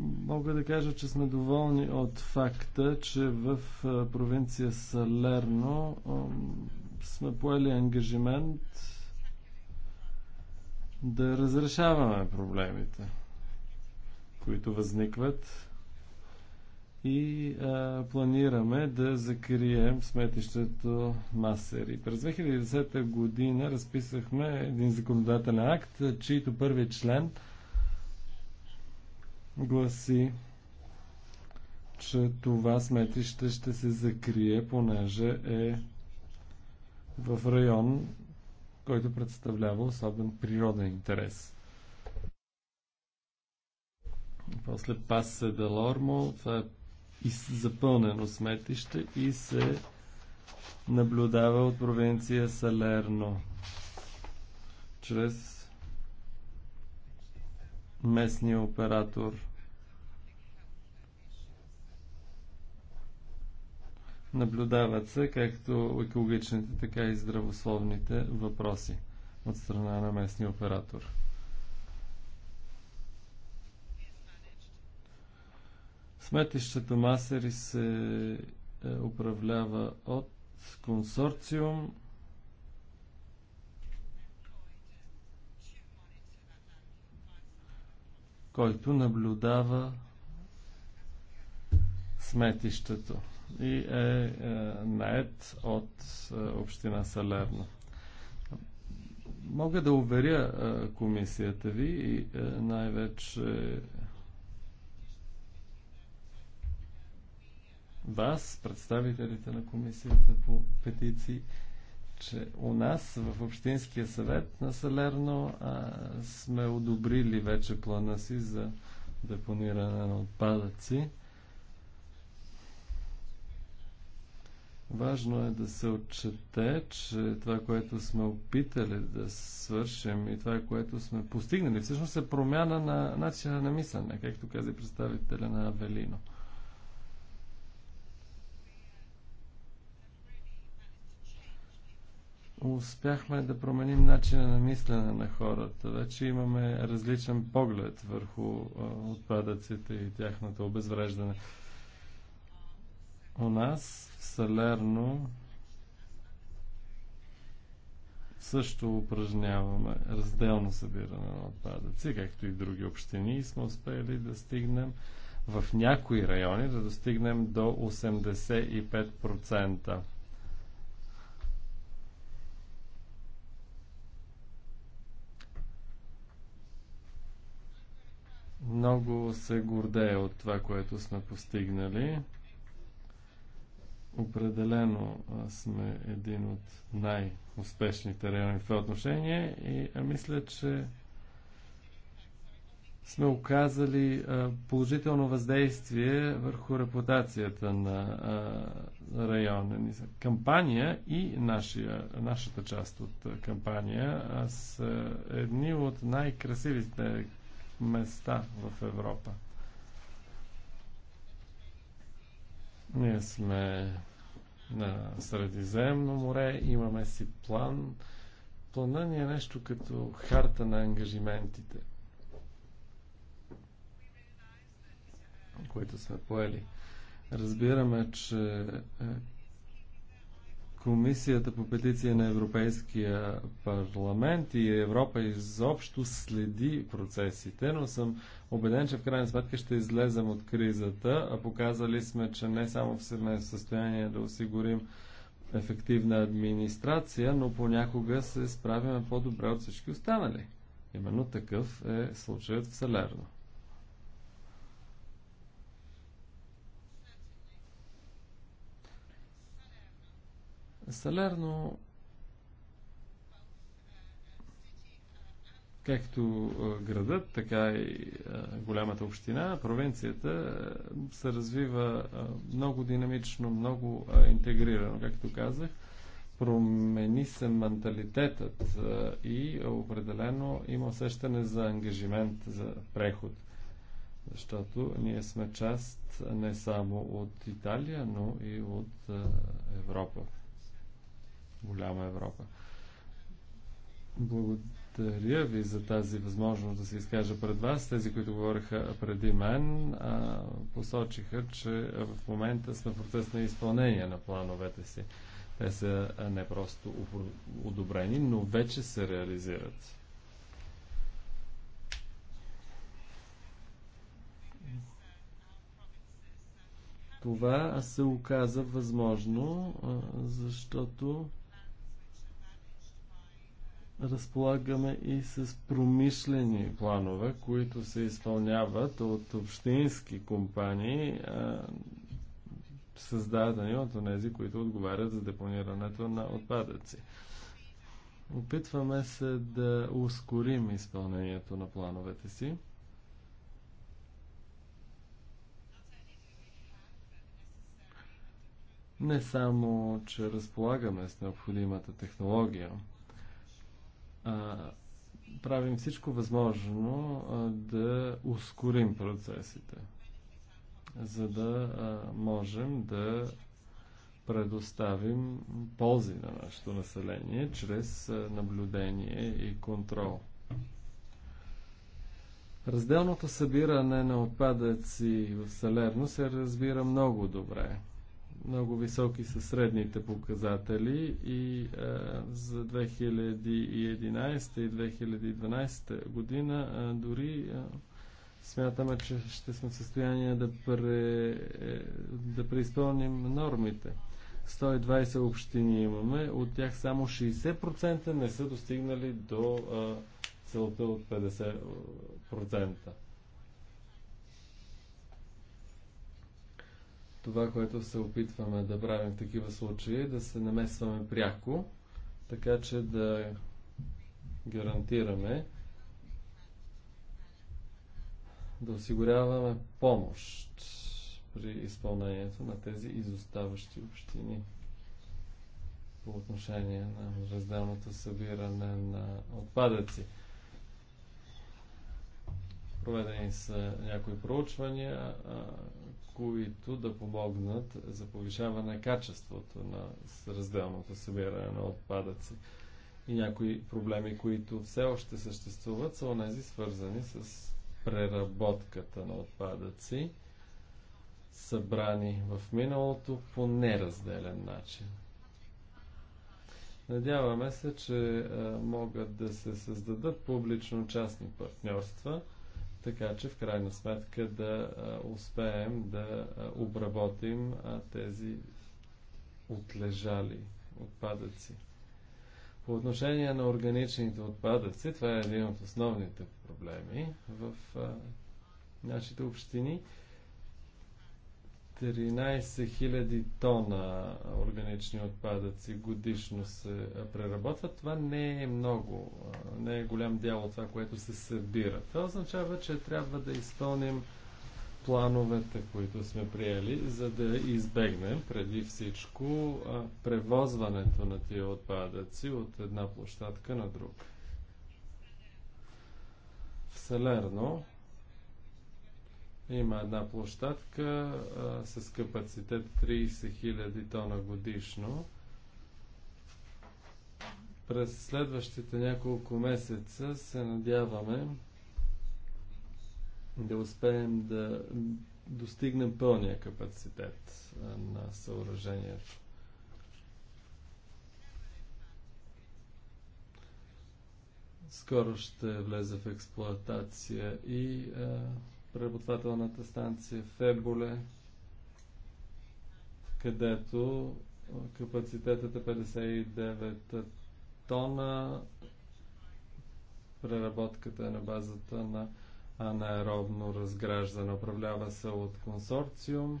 Мога да кажа, че сме доволни от факта, че в а, провинция Салерно а, сме поели ангажимент да разрешаваме проблемите които възникват и а, планираме да закрием сметището Масери. През 2010 година разписахме един законодателен акт, чийто първи член гласи, че това сметище ще се закрие, понеже е в район, който представлява особен природен интерес. После Пасе Делормо, това е запълнено сметище и се наблюдава от провинция Салерно чрез местния оператор. Наблюдават се както екологичните, така и здравословните въпроси от страна на местния оператор. Сметището Масери се е, управлява от консорциум. който наблюдава сметището и е, е наед от е, община Салерна. Мога да уверя е, комисията ви и е, най-вече вас, представителите на комисията по петиции, че у нас в Общинския съвет на Салерно а, сме одобрили вече плана си за депониране на отпадъци. Важно е да се отчете, че това, което сме опитали да свършим и това, което сме постигнали, всъщност е промяна на начина на мислене, както каза представителя на Авелино. успяхме да променим начина на мислене на хората. Вече имаме различен поглед върху отпадъците и тяхното обезвреждане. У нас в Салерно също упражняваме разделно събиране на отпадъци, както и други общини, и сме успели да стигнем в някои райони да достигнем до 85%. Много се гордея от това, което сме постигнали. Определено сме един от най-успешните райони в това отношение и мисля, че сме оказали положително въздействие върху репутацията на района ни. Кампания и нашия, нашата част от кампания са едни от най-красивите места в Европа. Ние сме на Средиземно море, имаме си план. Плана ни е нещо като харта на ангажиментите, които сме поели. Разбираме, че е, Комисията по петиция на Европейския парламент и Европа изобщо следи процесите, но съм убеден, че в крайна сметка ще излезем от кризата. А показали сме, че не само сме в състояние да осигурим ефективна администрация, но понякога се справяме по-добре от всички останали. Именно такъв е случаят в Салерно. Салерно, както градът, така и голямата община, провинцията се развива много динамично, много интегрирано, както казах. Промени се менталитетът и определено има усещане за ангажимент, за преход. Защото ние сме част не само от Италия, но и от Европа голяма Европа. Благодаря ви за тази възможност да се изкажа пред вас. Тези, които говориха преди мен, посочиха, че в момента сме в процес на изпълнение на плановете си. Те са не просто одобрени, но вече се реализират. Това се оказа възможно, защото разполагаме и с промишлени планове, които се изпълняват от общински компании, създадени от тези, които отговарят за депонирането на отпадъци. Опитваме се да ускорим изпълнението на плановете си. Не само, че разполагаме с необходимата технология, а, правим всичко възможно а, да ускорим процесите, за да а, можем да предоставим ползи на нашето население чрез наблюдение и контрол. Разделното събиране на отпадъци в Салерно се разбира много добре. Много високи са средните показатели и а, е, за 2011 и 2012 година а, е, дори а, е, смятаме, че ще сме в състояние да, пре, да преизпълним нормите. 120 общини имаме, от тях само 60% не са достигнали до а, целта от 50%. Това, което се опитваме да правим в такива случаи, е да се намесваме пряко, така че да гарантираме да осигуряваме помощ при изпълнението на тези изоставащи общини по отношение на разделното събиране на отпадъци. Проведени са някои проучвания, които да помогнат за повишаване качеството на разделното събиране на отпадъци. И някои проблеми, които все още съществуват, са онези свързани с преработката на отпадъци, събрани в миналото по неразделен начин. Надяваме се, че могат да се създадат публично-частни партньорства – така че в крайна сметка да успеем да обработим тези отлежали отпадъци. По отношение на органичните отпадъци, това е един от основните проблеми в нашите общини. 13 000 тона органични отпадъци годишно се преработват. Това не е много, не е голям дял от това, което се събира. Това означава, че трябва да изпълним плановете, които сме приели, за да избегнем преди всичко превозването на тия отпадъци от една площадка на друга. В Салерно има една площадка а, с капацитет 30 000 тона годишно. През следващите няколко месеца се надяваме да успеем да достигнем пълния капацитет на съоръжението. Скоро ще влезе в експлоатация и а, преработвателната станция в Еболе, където капацитетът е 59 тона, преработката е на базата на анаеробно разграждане. Управлява се от консорциум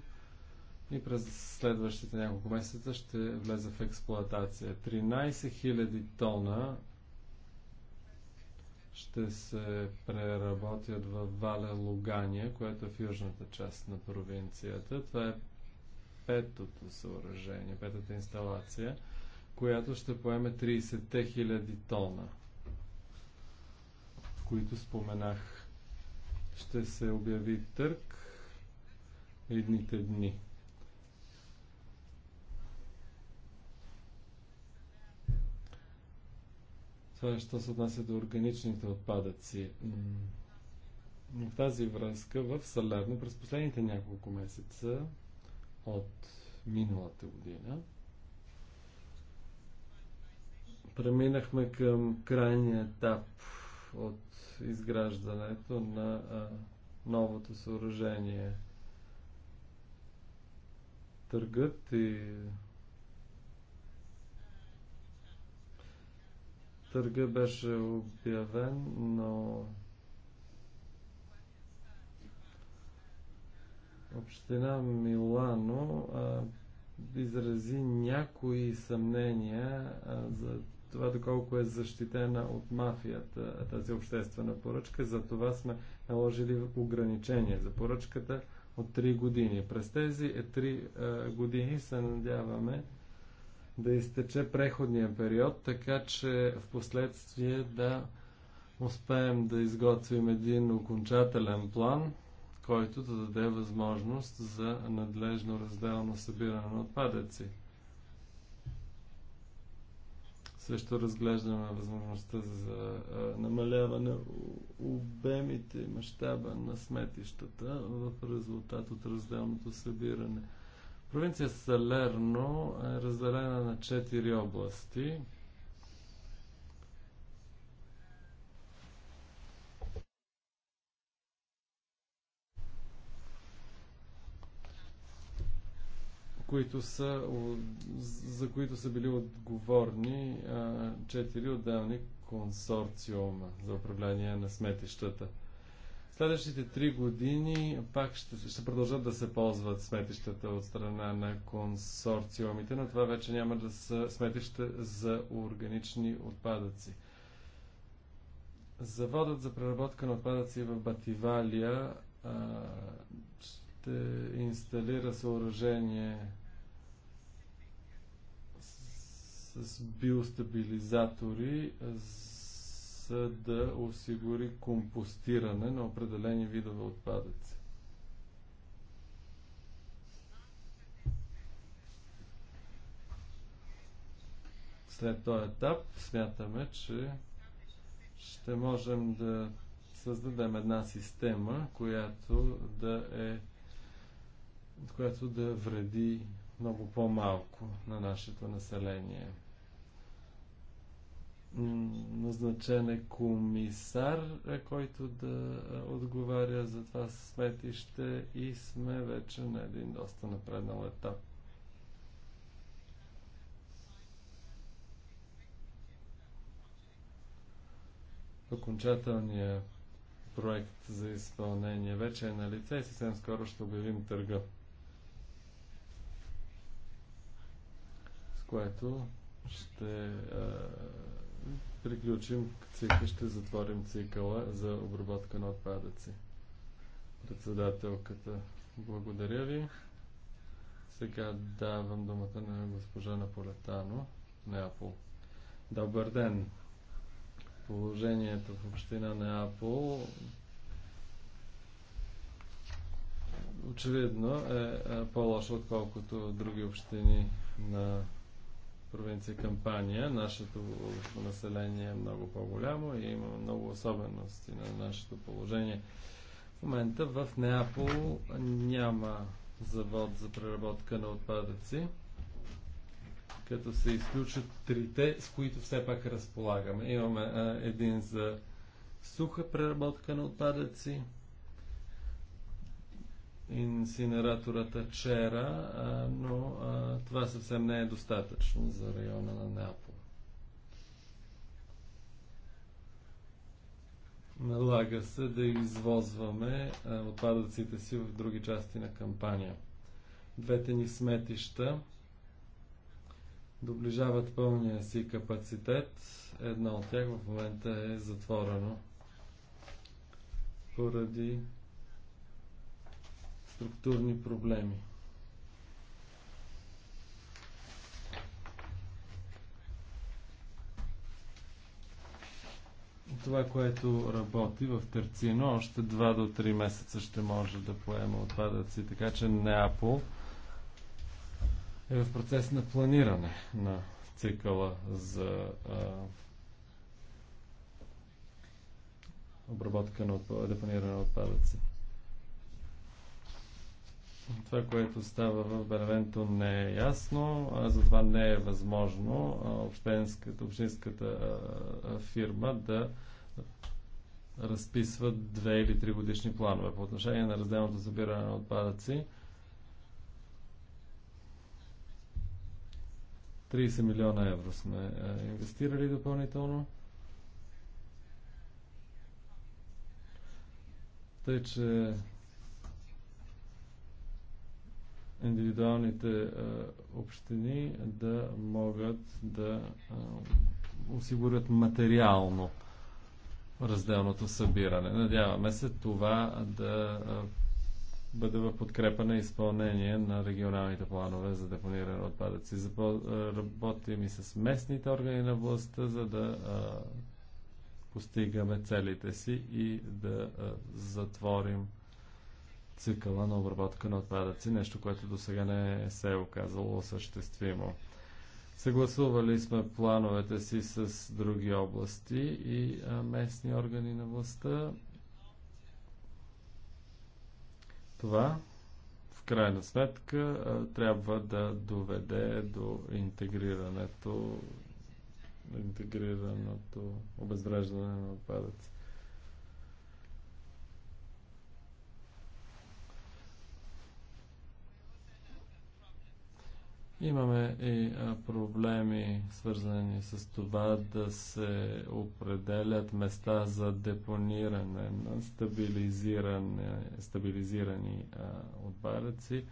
и през следващите няколко месеца ще влезе в експлоатация. 13 000 тона ще се преработят в Вале Лугания, което е в южната част на провинцията. Това е петото съоръжение, петата инсталация, която ще поеме 30 000 тона, които споменах. Ще се обяви търк едните дни. Това, е, що се отнася до органичните отпадъци. В тази връзка в Салерно през последните няколко месеца от миналата година преминахме към крайния етап от изграждането на а, новото съоръжение. Търгът и Търга беше обявен, но община Милано а, изрази някои съмнения а, за това доколко е защитена от мафията тази обществена поръчка. За това сме наложили ограничение за поръчката от 3 години. През тези 3 е, години се надяваме да изтече преходния период, така че в последствие да успеем да изготвим един окончателен план, който да даде възможност за надлежно разделно събиране на отпадъци. Също разглеждаме възможността за намаляване обемите и мащаба на сметищата в резултат от разделното събиране – Провинция Салерно е разделена на четири области. които са, за които са били отговорни четири отделни консорциума за управление на сметищата – Следващите три години пак ще, ще продължат да се ползват сметищата от страна на консорциумите, но това вече няма да са сметища за органични отпадъци. Заводът за преработка на отпадъци в Бативалия а, ще инсталира съоръжение с, с биостабилизатори за да осигури компостиране на определени видове отпадъци. След този етап смятаме, че ще можем да създадем една система, която да е която да вреди много по-малко на нашето население назначен е комисар, е, който да е, отговаря за това сметище и сме вече на един доста напреднал етап. Окончателният проект за изпълнение вече е на лице и съвсем скоро ще обявим търга. С което ще е, приключим цикъл, ще затворим цикъла за обработка на отпадъци. Председателката, благодаря ви. Сега давам думата на госпожа Наполетано, Неапол. Добър ден! Положението в община Неапол очевидно е, е по-лошо, отколкото други общини на провинция Кампания. Нашето население е много по-голямо и има много особености на нашето положение. В момента в Неапол няма завод за преработка на отпадъци, като се изключат трите, с които все пак разполагаме. Имаме а, един за суха преработка на отпадъци, инсинератората е Чера, но това съвсем не е достатъчно за района на Неапол. Налага се да извозваме отпадъците си в други части на кампания. Двете ни сметища доближават пълния си капацитет. Едно от тях в момента е затворено поради структурни проблеми. Това, което работи в Търцино, още 2 до 3 месеца ще може да поема отпадъци, така че Неапол е в процес на планиране на цикъла за а, обработка на отпадъци, депониране на отпадъци. Това, което става в Бервенто не е ясно, а затова не е възможно общинската, общинската фирма да разписва две или три годишни планове. По отношение на разделното събиране на отпадъци, 30 милиона евро сме инвестирали допълнително. Тъй, че индивидуалните общини да могат да осигурят материално разделното събиране. Надяваме се това да бъде в подкрепа на изпълнение на регионалните планове за депониране на отпадъци. Запо... Работим и с местните органи на властта, за да а, постигаме целите си и да а, затворим цикъла на обработка на отпадъци, нещо, което до сега не се е оказало осъществимо. Съгласували сме плановете си с други области и местни органи на властта. Това в крайна сметка трябва да доведе до интегрирането интегрираното обезвреждане на отпадъци. Имаме и проблеми, свързани с това да се определят места за депониране на стабилизирани а, отпадъци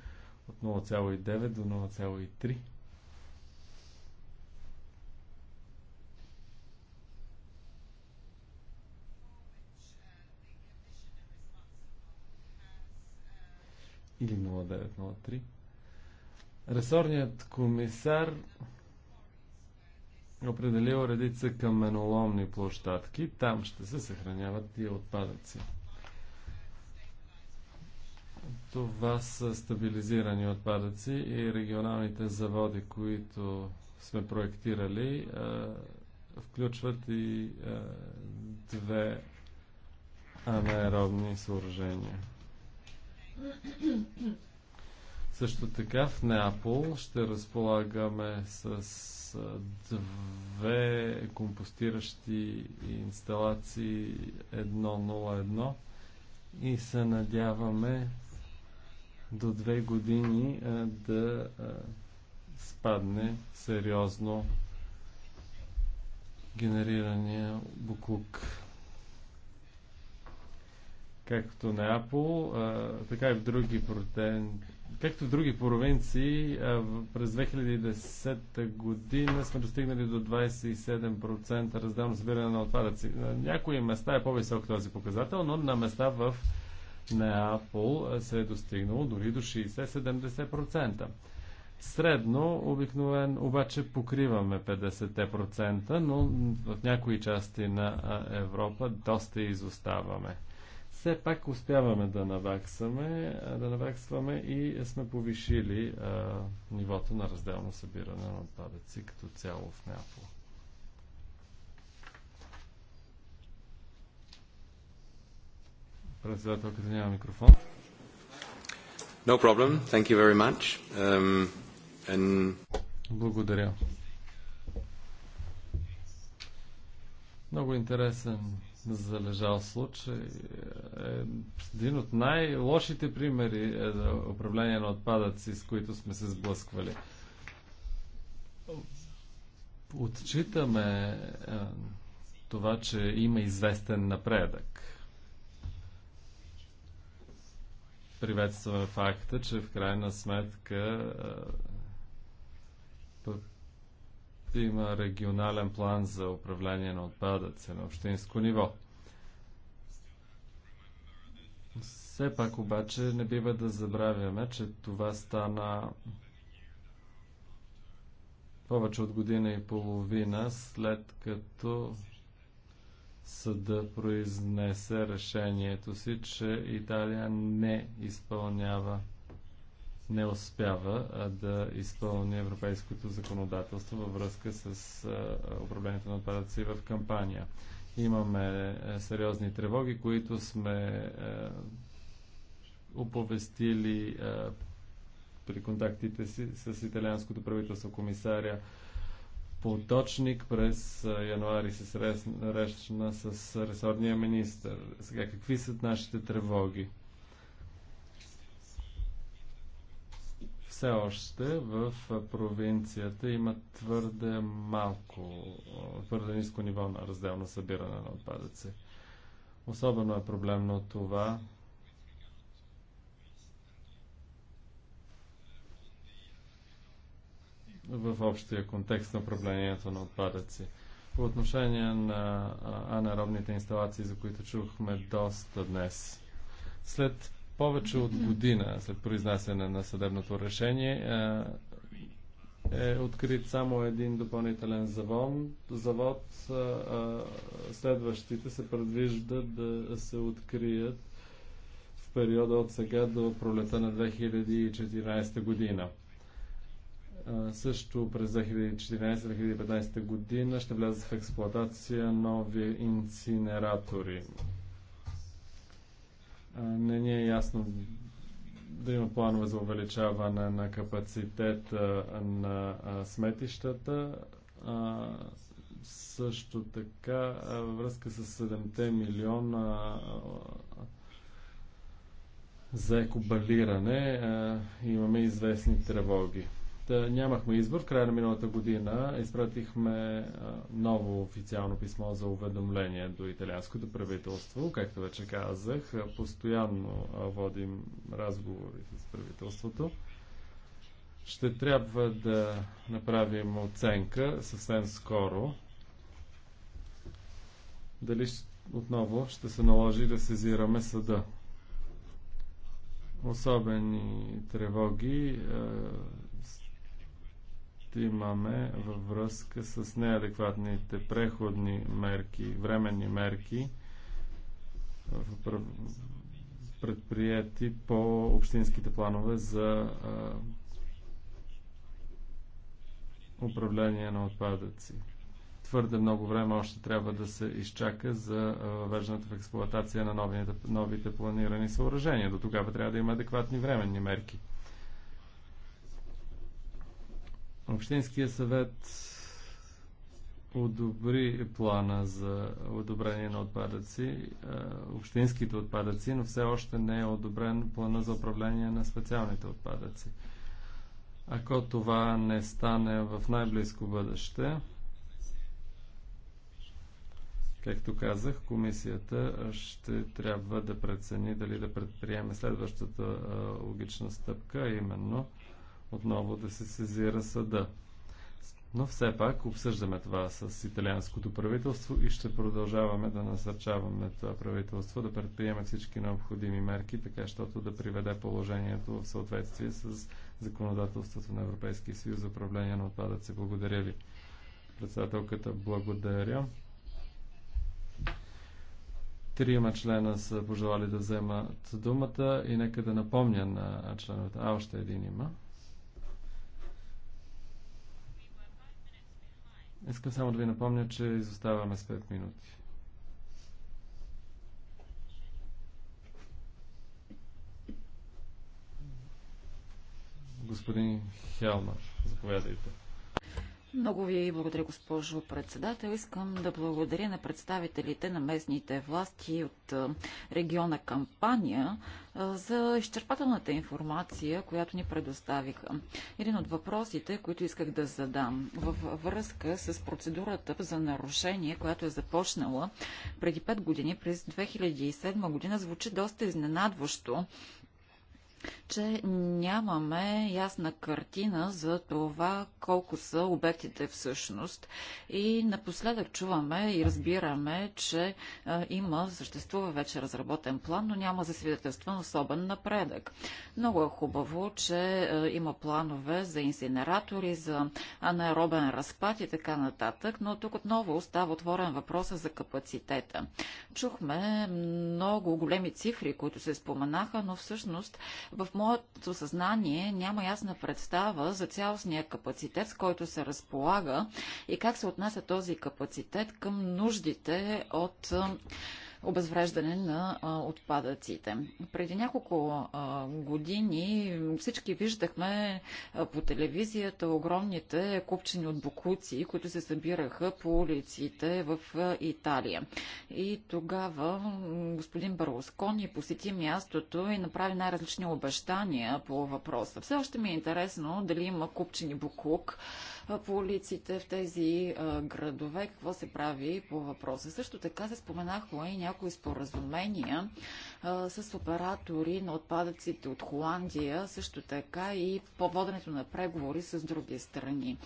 от 0,9 до 0,3. или 0903. Ресорният комисар определил редица каменоломни площадки. Там ще се съхраняват и отпадъци. Това са стабилизирани отпадъци и регионалните заводи, които сме проектирали, е, включват и е, две анаеробни съоръжения. Също така в Неапол ще разполагаме с две компостиращи инсталации 101 и се надяваме до две години да спадне сериозно генерирания буклук. Както Неапол, а, така и в други протенти както в други провинции, през 2010 година сме достигнали до 27% разделно събиране на отпадъци. На някои места е по-висок този показател, но на места в Неапол се е достигнало дори до 60-70%. Средно, обикновен, обаче покриваме 50%, но в някои части на Европа доста изоставаме все пак успяваме да наваксаме, да наваксваме и сме повишили а, нивото на разделно събиране на отпадъци като цяло в Неапол. Председателката няма микрофон. No problem. Thank you very much. Um, and... Благодаря. Много интересен залежал случай е, е един от най-лошите примери е за управление на отпадъци, с които сме се сблъсквали. Отчитаме е, това, че има известен напредък. Приветстваме факта, че в крайна сметка е, ще има регионален план за управление на отпадъци на общинско ниво. Все пак обаче не бива да забравяме, че това стана повече от година и половина след като съда произнесе решението си, че Италия не изпълнява не успява да изпълни европейското законодателство във връзка с управлението на отпадъци в кампания. Имаме сериозни тревоги, които сме оповестили при контактите си с италианското правителство комисаря Поточник през януари се срещна с ресорния министр. Сега, какви са нашите тревоги? все още в провинцията има твърде малко, твърде ниско ниво на разделно събиране на отпадъци. Особено е проблемно това в общия контекст на управлението на отпадъци. По отношение на анаеробните инсталации, за които чухме доста днес. След повече от година след произнасяне на съдебното решение е, е открит само един допълнителен завод. завод следващите се предвижда да се открият в периода от сега до пролета на 2014 година. Също през 2014-2015 година ще влязат в експлоатация нови инцинератори не ни е ясно да има планове за увеличаване на капацитета на сметищата. Също така, връзка с 7 милиона за екобалиране имаме известни тревоги. Та, е, нямахме избор. В края на миналата година изпратихме е, ново официално писмо за уведомление до италианското правителство. Както вече казах, е, постоянно водим разговори с правителството. Ще трябва да направим оценка съвсем скоро. Дали отново ще се наложи да сезираме съда. Особени тревоги ще имаме във връзка с неадекватните преходни мерки, временни мерки, предприяти по общинските планове за управление на отпадъци. Твърде много време още трябва да се изчака за въвеждането в експлуатация на новите, новите планирани съоръжения. До тогава трябва да има адекватни временни мерки. Общинския съвет одобри плана за одобрение на отпадъци, общинските отпадъци, но все още не е одобрен плана за управление на специалните отпадъци. Ако това не стане в най-близко бъдеще, както казах, комисията ще трябва да прецени дали да предприеме следващата логична стъпка, именно отново да се сезира съда. Но все пак обсъждаме това с италианското правителство и ще продължаваме да насърчаваме това правителство да предприеме всички необходими мерки, така щото да приведе положението в съответствие с законодателството на Европейския съюз за управление на отпадъци. Благодаря ви. Председателката, благодаря. Трима члена са пожелали да вземат думата и нека да напомня на членовете. А, още един има. Искам само да ви напомня, че изоставаме с 5 минути. Господин Хелмар, заповядайте. Много ви благодаря, госпожо председател. Искам да благодаря на представителите на местните власти от региона Кампания за изчерпателната информация, която ни предоставиха. Един от въпросите, които исках да задам във връзка с процедурата за нарушение, която е започнала преди 5 години, през 2007 година, звучи доста изненадващо че нямаме ясна картина за това колко са обектите всъщност. И напоследък чуваме и разбираме, че има, съществува вече разработен план, но няма засвидетелстван особен напредък. Много е хубаво, че има планове за инсинератори, за анаеробен разпад и така нататък, но тук отново остава отворен въпроса за капацитета. Чухме много големи цифри, които се споменаха, но всъщност в моето съзнание няма ясна представа за цялостния капацитет, с който се разполага и как се отнася този капацитет към нуждите от обезвреждане на а, отпадъците. Преди няколко а, години всички виждахме а, по телевизията огромните купчени от бокуци, които се събираха по улиците в Италия. И тогава господин Барлоскони посети мястото и направи най-различни обещания по въпроса. Все още ми е интересно дали има купчени буклук по улиците в тези градове, какво се прави по въпроса. Също така се споменаха и някои споразумения а, с оператори на отпадъците от Холандия, също така и по воденето на преговори с други страни.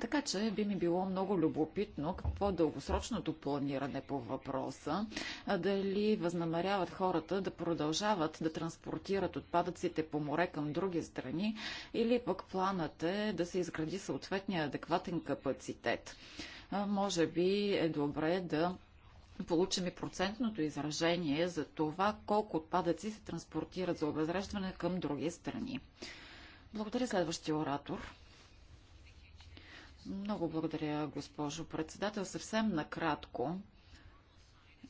Така че би ми било много любопитно какво е дългосрочното планиране по въпроса, а, дали възнамеряват хората да продължават да транспортират отпадъците по море към други страни или пък планът е да се изгради съответния адекватен капацитет. А, може би е добре да получим и процентното изражение за това колко отпадъци се транспортират за обезреждане към други страни. Благодаря следващия оратор. Много благодаря, госпожо председател. Съвсем накратко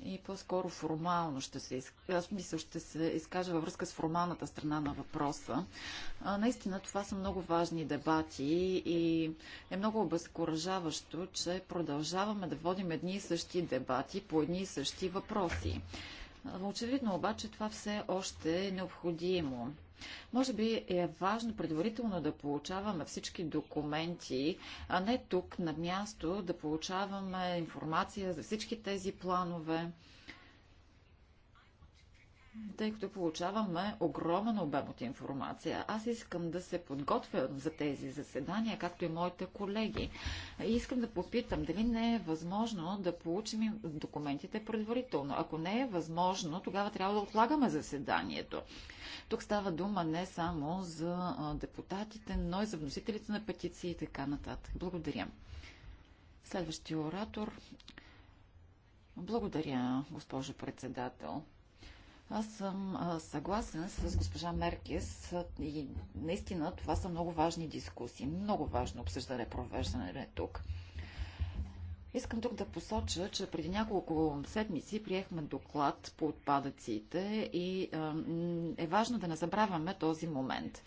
и по-скоро формално ще се, аз мисля, ще се изкажа във връзка с формалната страна на въпроса. А, наистина това са много важни дебати и е много обезкуражаващо, че продължаваме да водим едни и същи дебати по едни и същи въпроси. Очевидно обаче това все още е необходимо. Може би е важно предварително да получаваме всички документи, а не тук на място да получаваме информация за всички тези планове тъй като получаваме огромен обем от информация. Аз искам да се подготвя за тези заседания, както и моите колеги. И искам да попитам дали не е възможно да получим документите предварително. Ако не е възможно, тогава трябва да отлагаме заседанието. Тук става дума не само за депутатите, но и за вносителите на петиции и така нататък. Благодаря. Следващия оратор. Благодаря, госпожо председател. Аз съм съгласен с госпожа Меркес и наистина това са много важни дискусии. Много важно обсъждане провеждане тук. Искам тук да посоча, че преди няколко седмици приехме доклад по отпадъците и е важно да не забравяме този момент.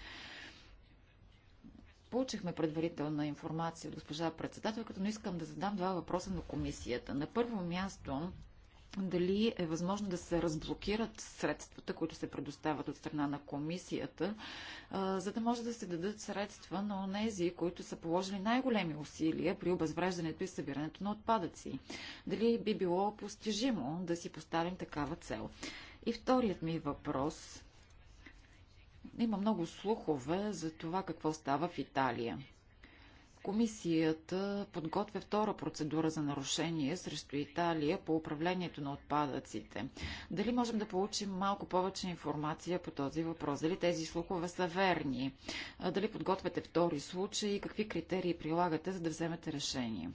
Получихме предварителна информация от госпожа председател, като не искам да задам два въпроса на комисията. На първо място, дали е възможно да се разблокират средствата, които се предоставят от страна на комисията, за да може да се дадат средства на онези, които са положили най-големи усилия при обезвреждането и събирането на отпадъци. Дали би било постижимо да си поставим такава цел? И вторият ми въпрос. Има много слухове за това какво става в Италия комисията подготвя втора процедура за нарушение срещу Италия по управлението на отпадъците. Дали можем да получим малко повече информация по този въпрос? Дали тези слухове са верни? Дали подготвяте втори случай и какви критерии прилагате, за да вземете решение?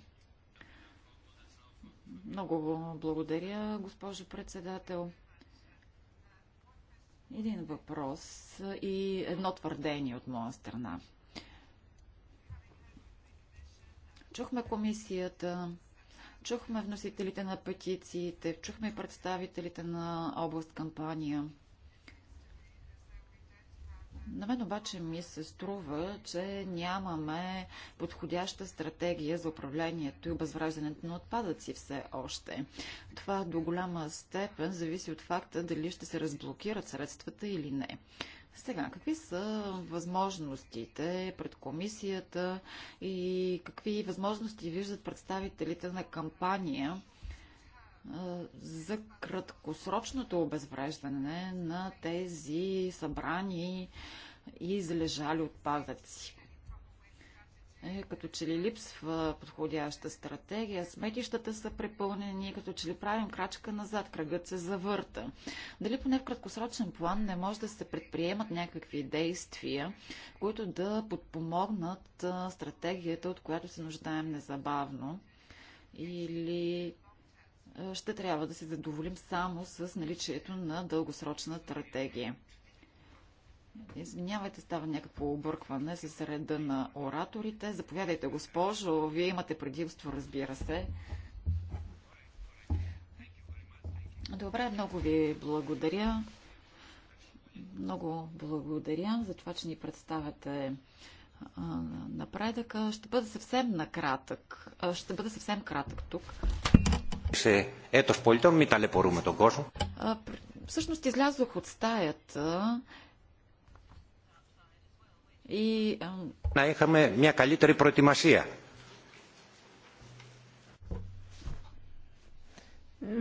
Много благодаря, госпожо председател. Един въпрос и едно твърдение от моя страна. Чухме комисията, чухме вносителите на петициите, чухме и представителите на област кампания. На мен обаче ми се струва, че нямаме подходяща стратегия за управлението и обезвраждането на отпадъци все още. Това до голяма степен зависи от факта дали ще се разблокират средствата или не. Сега, какви са възможностите пред комисията и какви възможности виждат представителите на кампания за краткосрочното обезвреждане на тези събрани и излежали отпадъци? е, като че ли липсва подходяща стратегия, сметищата са препълнени, като че ли правим крачка назад, кръгът се завърта. Дали поне в краткосрочен план не може да се предприемат някакви действия, които да подпомогнат стратегията, от която се нуждаем незабавно? Или ще трябва да се задоволим само с наличието на дългосрочна стратегия? Извинявайте, става някакво объркване с реда на ораторите. Заповядайте, госпожо. Вие имате предимство, разбира се. Добре, много ви благодаря. Много благодаря за това, че ни представяте напредъка. Ще бъда съвсем накратък. Ще бъда съвсем кратък тук. Ето в полето ми талепоруме то кожо. Всъщност излязох от стаята и... Να είχαμε μια καλύτερη προετοιμασία.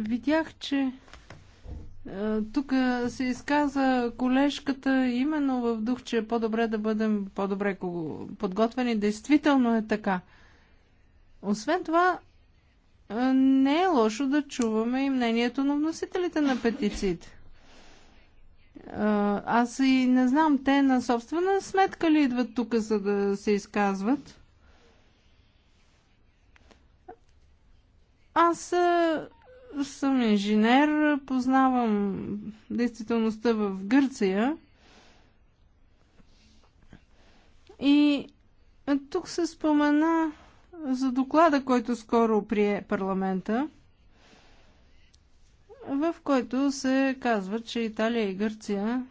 Видях, че тук се изказа колежката именно в дух, че е по-добре да бъдем по-добре подготвени. Действително е така. Освен това, не е лошо да чуваме и мнението на вносителите на петициите. Аз и не знам, те на собствена сметка ли идват тук, за да се изказват? Аз съм инженер, познавам действителността в Гърция. И тук се спомена за доклада, който скоро прие парламента – в който се казва, че Италия и Гърция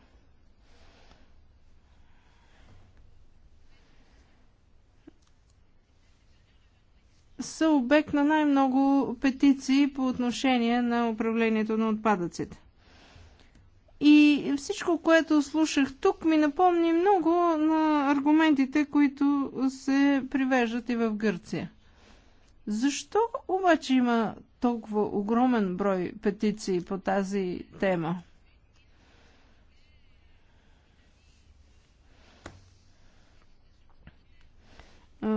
са обект на най-много петиции по отношение на управлението на отпадъците. И всичко, което слушах тук, ми напомни много на аргументите, които се привеждат и в Гърция. Защо обаче има толкова огромен брой петиции по тази тема?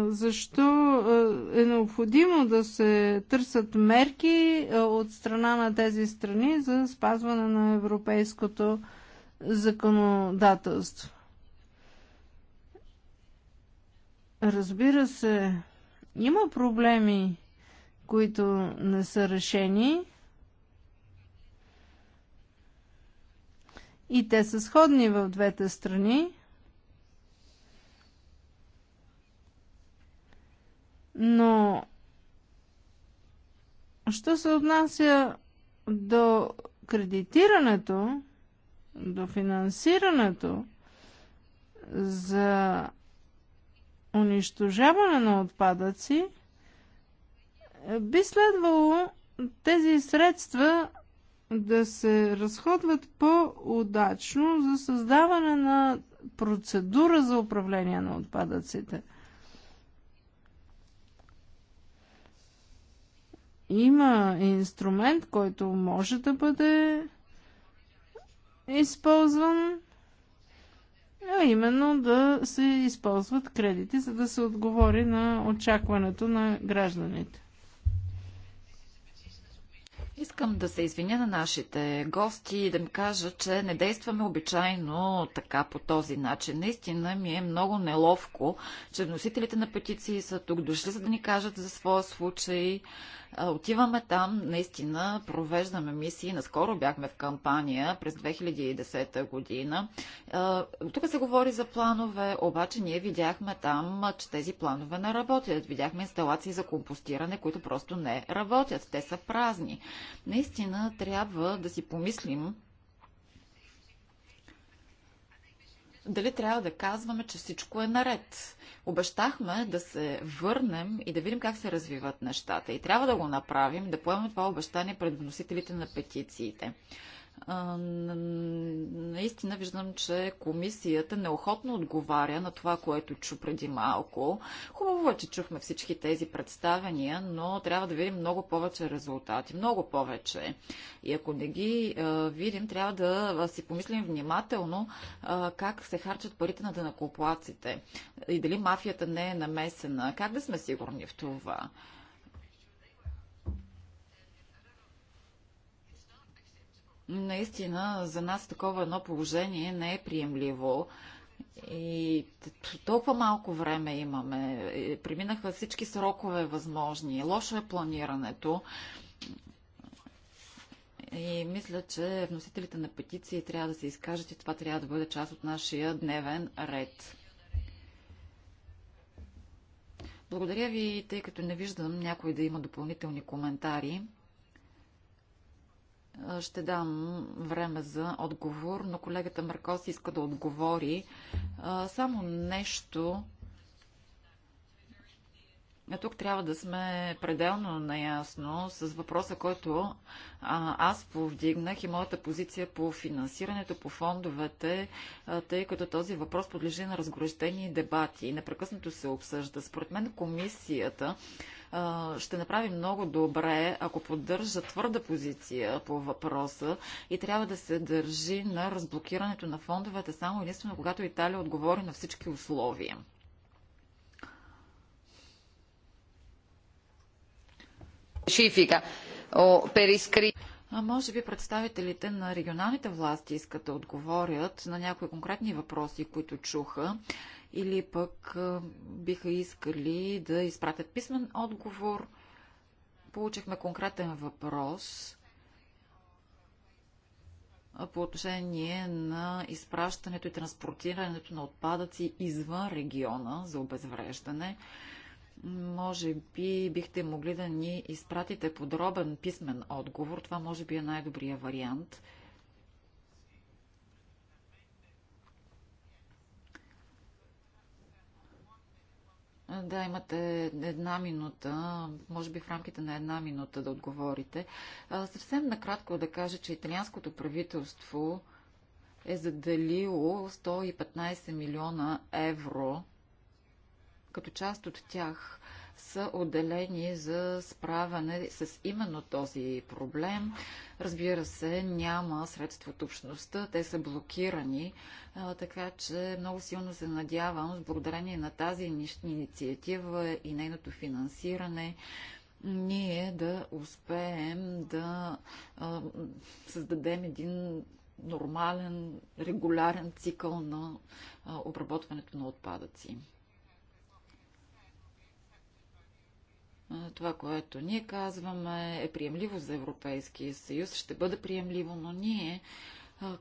Защо е необходимо да се търсят мерки от страна на тези страни за спазване на европейското законодателство? Разбира се, има проблеми, които не са решени. И те са сходни в двете страни. Но, що се отнася до кредитирането, до финансирането за унищожаване на отпадъци, е, би следвало тези средства да се разходват по-удачно за създаване на процедура за управление на отпадъците. Има инструмент, който може да бъде използван а именно да се използват кредити, за да се отговори на очакването на гражданите. Искам да се извиня на нашите гости и да им кажа, че не действаме обичайно така по този начин. Наистина ми е много неловко, че вносителите на петиции са тук дошли, за да ни кажат за своя случай, Отиваме там, наистина провеждаме мисии. Наскоро бяхме в кампания през 2010 година. Тук се говори за планове, обаче ние видяхме там, че тези планове не работят. Видяхме инсталации за компостиране, които просто не работят. Те са празни. Наистина трябва да си помислим дали трябва да казваме, че всичко е наред. Обещахме да се върнем и да видим как се развиват нещата. И трябва да го направим, да поемем това обещание пред вносителите на петициите наистина виждам, че комисията неохотно отговаря на това, което чу преди малко. Хубаво е, че чухме всички тези представения, но трябва да видим много повече резултати, много повече. И ако не ги видим, трябва да си помислим внимателно как се харчат парите на дънакоплаците. и дали мафията не е намесена. Как да сме сигурни в това? Наистина, за нас такова едно положение не е приемливо. И толкова малко време имаме. Е, преминаха всички срокове възможни. Лошо е планирането. И мисля, че вносителите на петиции трябва да се изкажат и това трябва да бъде част от нашия дневен ред. Благодаря ви, тъй като не виждам някой да има допълнителни коментари. Ще дам време за отговор, но колегата Маркос иска да отговори. Само нещо. А тук трябва да сме пределно наясно с въпроса, който а, аз повдигнах и моята позиция по финансирането, по фондовете, а, тъй като този въпрос подлежи на разгорещени дебати и непрекъснато се обсъжда. Според мен комисията ще направи много добре, ако поддържа твърда позиция по въпроса и трябва да се държи на разблокирането на фондовете само единствено, когато Италия отговори на всички условия. Шифика. О, перискри... А може би представителите на регионалните власти искат да отговорят на някои конкретни въпроси, които чуха или пък биха искали да изпратят писмен отговор. Получихме конкретен въпрос по отношение на изпращането и транспортирането на отпадъци извън региона за обезвреждане. Може би бихте могли да ни изпратите подробен писмен отговор. Това може би е най-добрият вариант. Да, имате една минута, може би в рамките на една минута да отговорите. Съвсем накратко да кажа, че италианското правителство е заделило 115 милиона евро, като част от тях – са отделени за справяне с именно този проблем. Разбира се, няма средства от общността, те са блокирани, така че много силно се надявам, с благодарение на тази инициатива и нейното финансиране, ние да успеем да създадем един нормален, регулярен цикъл на обработването на отпадъци. това, което ние казваме, е приемливо за Европейския съюз, ще бъде приемливо, но ние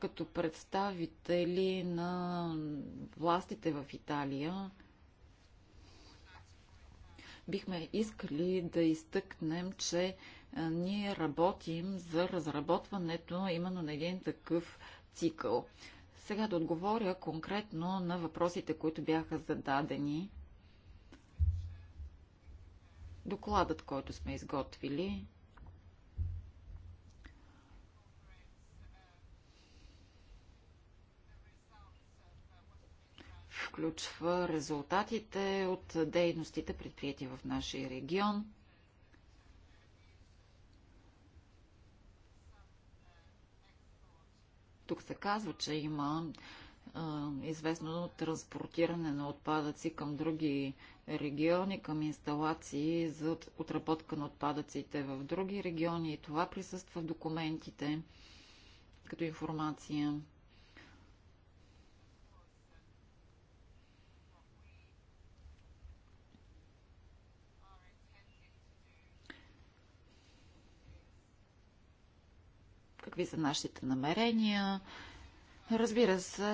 като представители на властите в Италия бихме искали да изтъкнем, че ние работим за разработването именно на един такъв цикъл. Сега да отговоря конкретно на въпросите, които бяха зададени. Докладът, който сме изготвили, включва резултатите от дейностите, предприяти в нашия регион. Тук се казва, че има известно транспортиране на отпадъци към други региони, към инсталации за отработка на отпадъците в други региони. И това присъства в документите като информация. Какви са нашите намерения? Разбира се,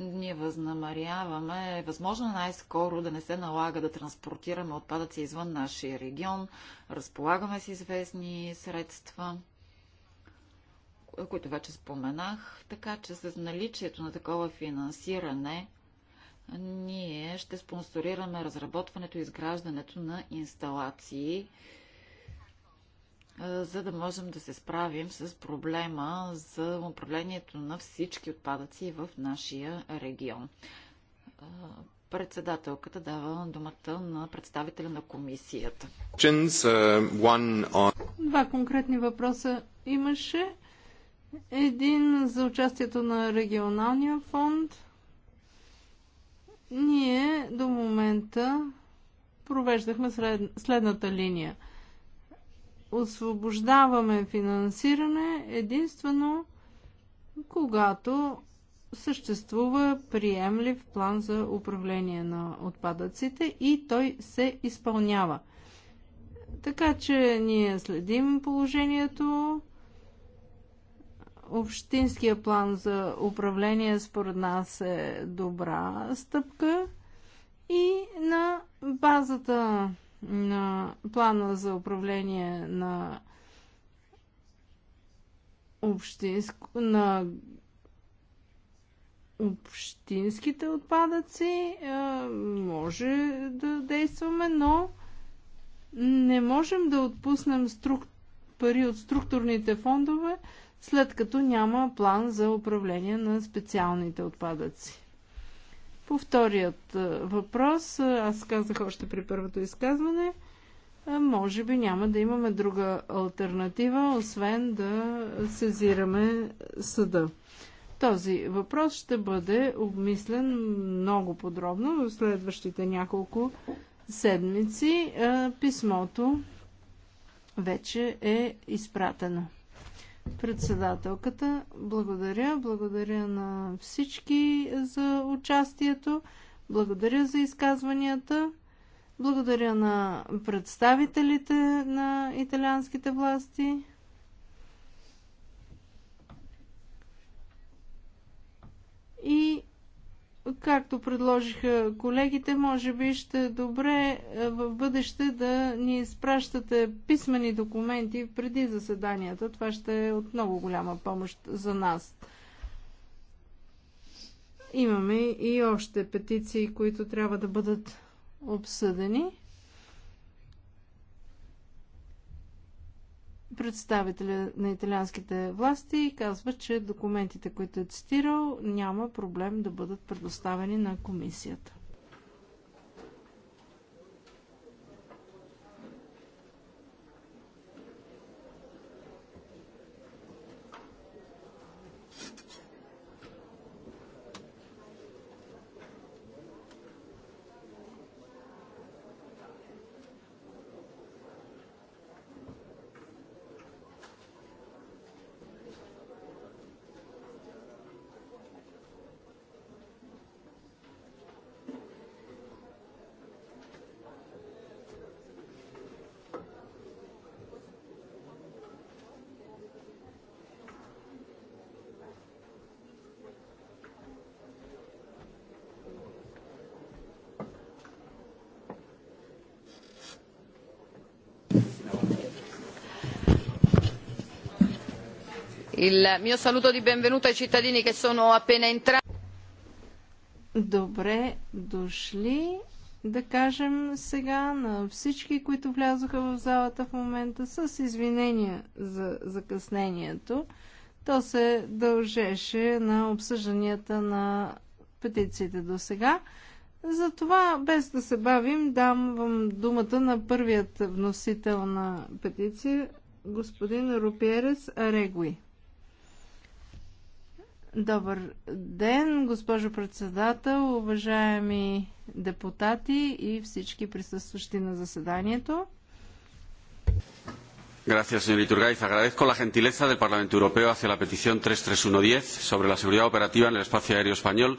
ние възнамаряваме е възможно най-скоро да не се налага да транспортираме отпадъци извън нашия регион. Разполагаме с известни средства, които вече споменах, така че с наличието на такова финансиране ние ще спонсорираме разработването и изграждането на инсталации, за да можем да се справим с проблема за управлението на всички отпадъци в нашия регион. Председателката дава думата на представителя на комисията. Uh, Два конкретни въпроса имаше. Един за участието на регионалния фонд. Ние до момента провеждахме следната линия – освобождаваме финансиране единствено когато съществува приемлив план за управление на отпадъците и той се изпълнява. Така че ние следим положението. Общинския план за управление според нас е добра стъпка и на базата на плана за управление на общинско, на общинските отпадъци може да действаме, но не можем да отпуснем струк... пари от структурните фондове, след като няма план за управление на специалните отпадъци. По вторият въпрос, аз казах още при първото изказване, може би няма да имаме друга альтернатива, освен да сезираме съда. Този въпрос ще бъде обмислен много подробно в следващите няколко седмици. Писмото вече е изпратено. Председателката, благодаря. Благодаря на всички за участието. Благодаря за изказванията. Благодаря на представителите на италианските власти. И както предложиха колегите, може би ще е добре е, в бъдеще да ни изпращате писмени документи преди заседанията. Това ще е от много голяма помощ за нас. Имаме и още петиции, които трябва да бъдат обсъдени. Представителя на италианските власти казва, че документите, които е цитирал, няма проблем да бъдат предоставени на комисията. Il mio saluto di benvenuto ai cittadini che sono appena entrati. Добре дошли, да кажем сега на всички, които влязоха в залата в момента с извинения за закъснението. То се дължеше на обсъжданията на петициите до сега. Затова, без да се бавим, дам вам думата на първият вносител на петиция, господин Рупиерес Арегуи. Добър ден, госпожо председател, уважаеми депутати и всички присъстващи на заседанието. Gracias, señor Iturgaiz. Agradezco la gentileza del Parlamento Europeo hacia la petición 33110 sobre la seguridad operativa en el espacio aéreo español.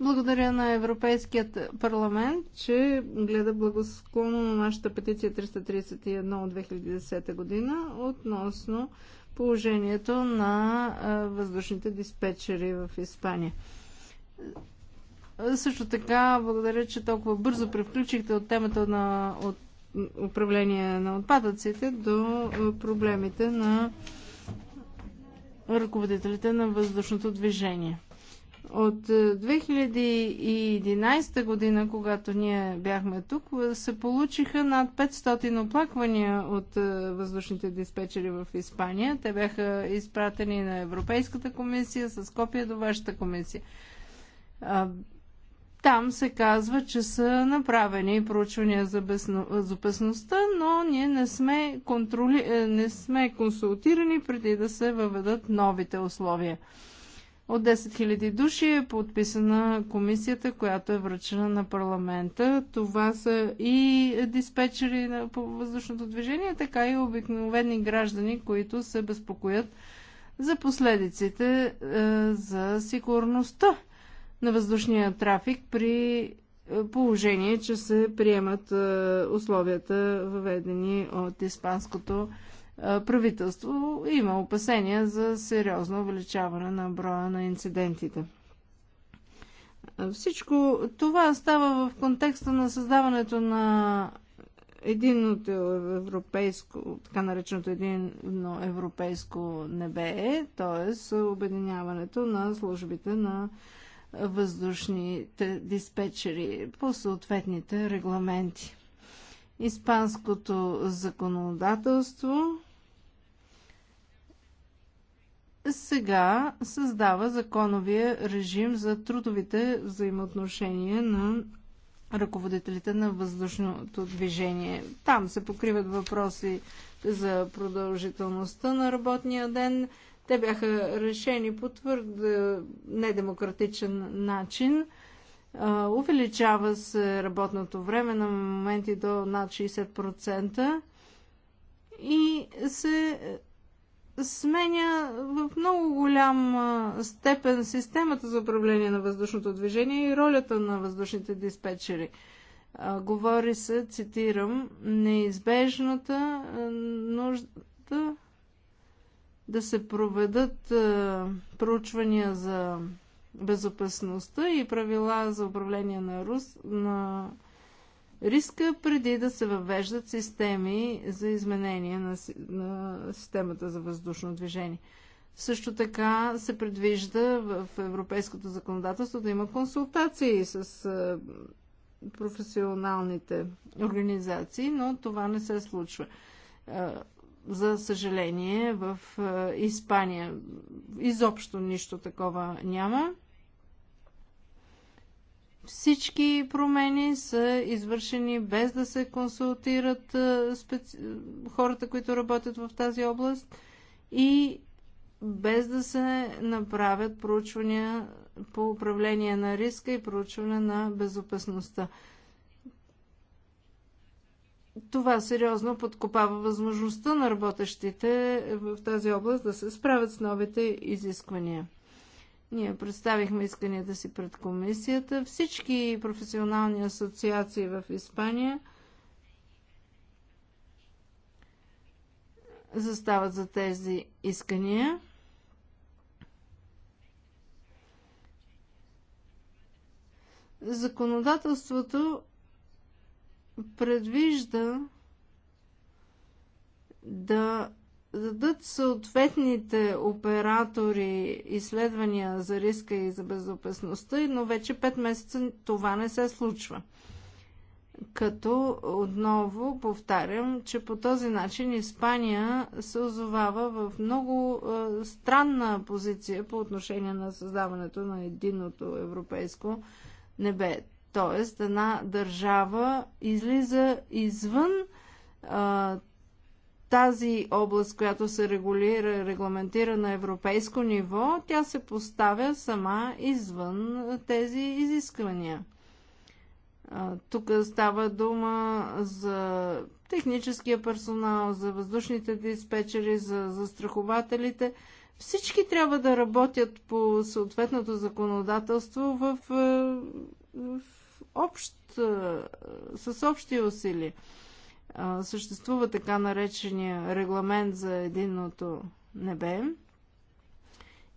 Благодаря на Европейският парламент, че гледа благосклонно на нашата петиция 331 от 2010 година относно положението на въздушните диспетчери в Испания. Също така, благодаря, че толкова бързо превключихте от темата на от управление на отпадъците до проблемите на ръководителите на въздушното движение. От 2011 е, година, когато ние бяхме тук, е, се получиха над 500 оплаквания от е, въздушните диспетчери в Испания. Те бяха изпратени на Европейската комисия с копия до вашата комисия. Там се казва, че са направени проучвания за безопасността, но ние не сме, контроли... не сме консултирани преди да се въведат новите условия от 10 000 души е подписана комисията, която е връчена на парламента. Това са и диспетчери на въздушното движение, така и обикновени граждани, които се безпокоят за последиците е, за сигурността на въздушния трафик при е, положение, че се приемат е, условията, въведени от Испанското правителство има опасения за сериозно увеличаване на броя на инцидентите. Всичко това става в контекста на създаването на единното европейско, така нареченото единно европейско небе, т.е. обединяването на службите на въздушните диспетчери по съответните регламенти испанското законодателство сега създава законовия режим за трудовите взаимоотношения на ръководителите на въздушното движение. Там се покриват въпроси за продължителността на работния ден. Те бяха решени по твърд недемократичен начин – Увеличава се работното време на моменти до над 60% и се сменя в много голям степен системата за управление на въздушното движение и ролята на въздушните диспетчери. Говори се, цитирам, неизбежната нужда да се проведат проучвания за безопасността и правила за управление на, рус, на риска преди да се въвеждат системи за изменение на, на системата за въздушно движение. Също така се предвижда в европейското законодателство да има консултации с професионалните организации, но това не се случва за съжаление, в е, Испания изобщо нищо такова няма. Всички промени са извършени без да се консултират е, специ... хората, които работят в тази област и без да се направят проучвания по управление на риска и проучване на безопасността това сериозно подкопава възможността на работещите в тази област да се справят с новите изисквания. Ние представихме исканията си пред комисията. Всички професионални асоциации в Испания застават за тези искания. Законодателството предвижда да дадат съответните оператори изследвания за риска и за безопасността, но вече 5 месеца това не се случва. Като отново повтарям, че по този начин Испания се озовава в много е, странна позиция по отношение на създаването на единното европейско небе. Тоест, една държава излиза извън а, тази област, която се регулира, регламентира на европейско ниво, тя се поставя сама извън тези изисквания. Тук става дума за техническия персонал, за въздушните диспетчери, за застрахователите. Всички трябва да работят по съответното законодателство в, е, в общ, с общи усилия. Съществува така наречения регламент за единното небе.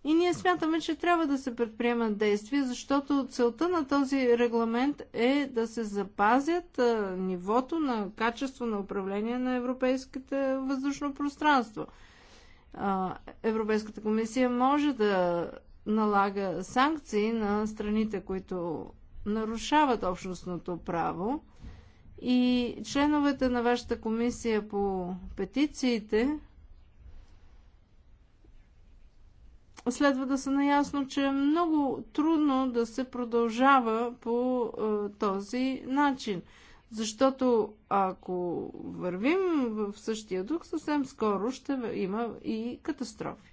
И ние смятаме, че трябва да се предприемат действия, защото целта на този регламент е да се запазят нивото на качество на управление на европейските въздушно пространство. Европейската комисия може да налага санкции на страните, които нарушават общностното право и членовете на вашата комисия по петициите следва да са наясно, че е много трудно да се продължава по е, този начин. Защото ако вървим в същия дух, съвсем скоро ще има и катастрофи.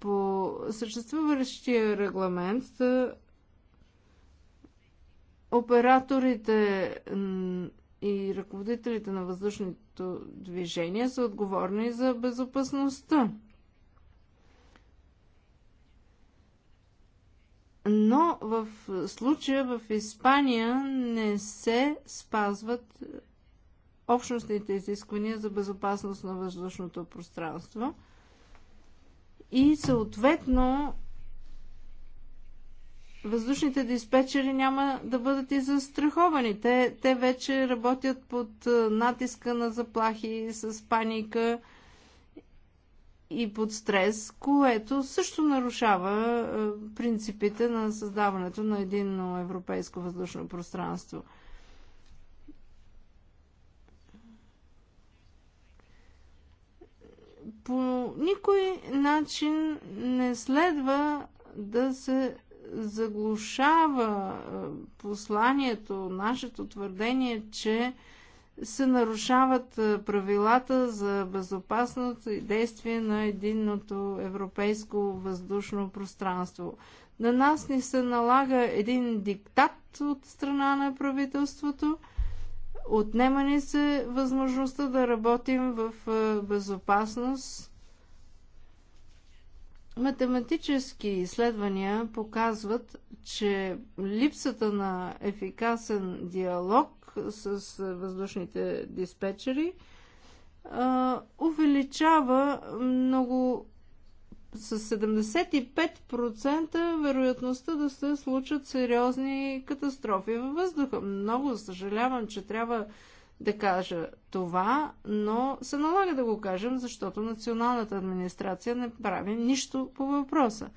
По съществуващия регламент е, Операторите и ръководителите на въздушното движение са отговорни за безопасността. Но в случая в Испания не се спазват общностните изисквания за безопасност на въздушното пространство и съответно въздушните диспетчери няма да бъдат и застраховани. Те, те вече работят под натиска на заплахи, с паника и под стрес, което също нарушава принципите на създаването на единно европейско въздушно пространство. По никой начин не следва да се заглушава е, посланието, нашето твърдение, че се нарушават е, правилата за безопасност и действие на единното европейско въздушно пространство. На нас ни се налага един диктат от страна на правителството. Отнема ни се възможността да работим в е, безопасност Математически изследвания показват, че липсата на ефикасен диалог с въздушните диспетчери увеличава много с 75% вероятността да се случат сериозни катастрофи във въздуха. Много съжалявам, че трябва да кажа това, но се налага да го кажем, защото националната администрация не прави нищо по въпроса.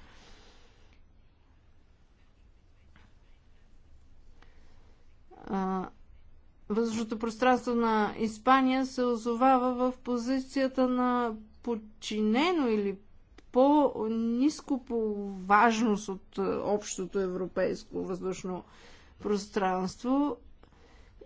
Въздушното пространство на Испания се озовава в позицията на подчинено или по-низко по важност от е, общото европейско въздушно пространство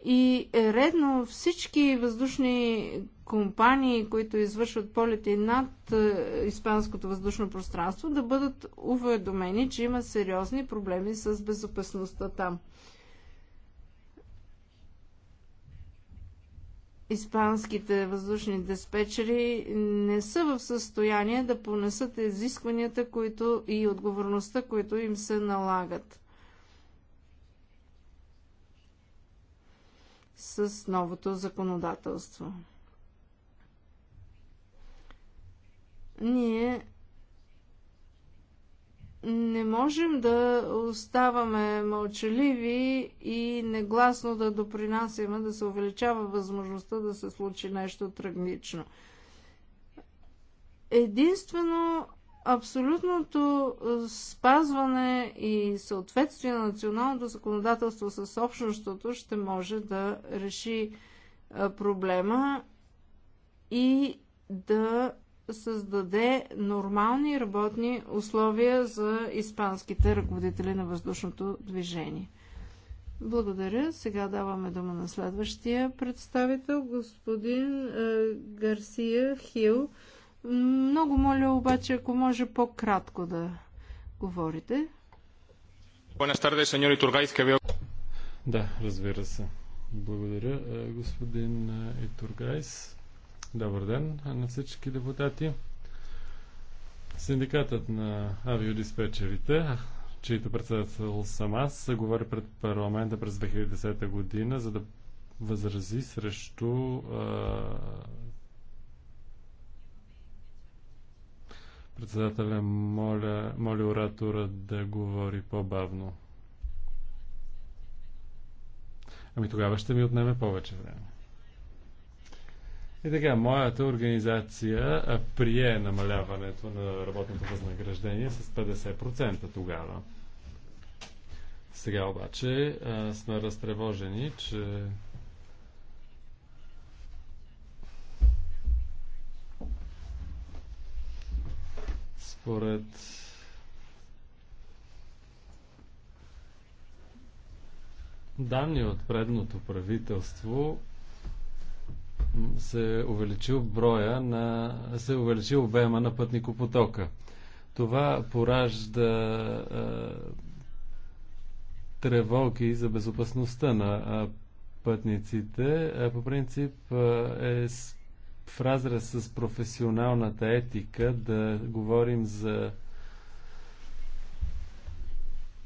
и е редно всички въздушни компании, които извършват полети над е, испанското въздушно пространство, да бъдат уведомени, че има сериозни проблеми с безопасността там. Испанските въздушни диспетчери не са в състояние да понесат изискванията които и отговорността, които им се налагат. с новото законодателство. Ние не можем да оставаме мълчаливи и негласно да допринасяме да се увеличава възможността да се случи нещо трагично. Единствено абсолютното спазване и съответствие на националното законодателство с общностното ще може да реши проблема и да създаде нормални работни условия за испанските ръководители на въздушното движение. Благодаря. Сега даваме дума на следващия представител, господин Гарсия Хил много моля обаче, ако може по-кратко да говорите. Да, разбира се. Благодаря, е, господин е, Итургайс. Добър ден на всички депутати. Синдикатът на авиодиспетчерите, чието председател съм аз, се говори пред парламента през 2010 година, за да възрази срещу е, Председателя, моля, моля оратора да говори по-бавно. Ами тогава ще ми отнеме повече време. И така, моята организация прие намаляването на работното възнаграждение с 50% тогава. Сега обаче а, сме разтревожени, че Според данни от предното правителство се увеличил броя на... се увеличил обема на пътникопотока. Това поражда е, тревоги за безопасността на е, пътниците. Е, по принцип е е в разрез с професионалната етика да говорим за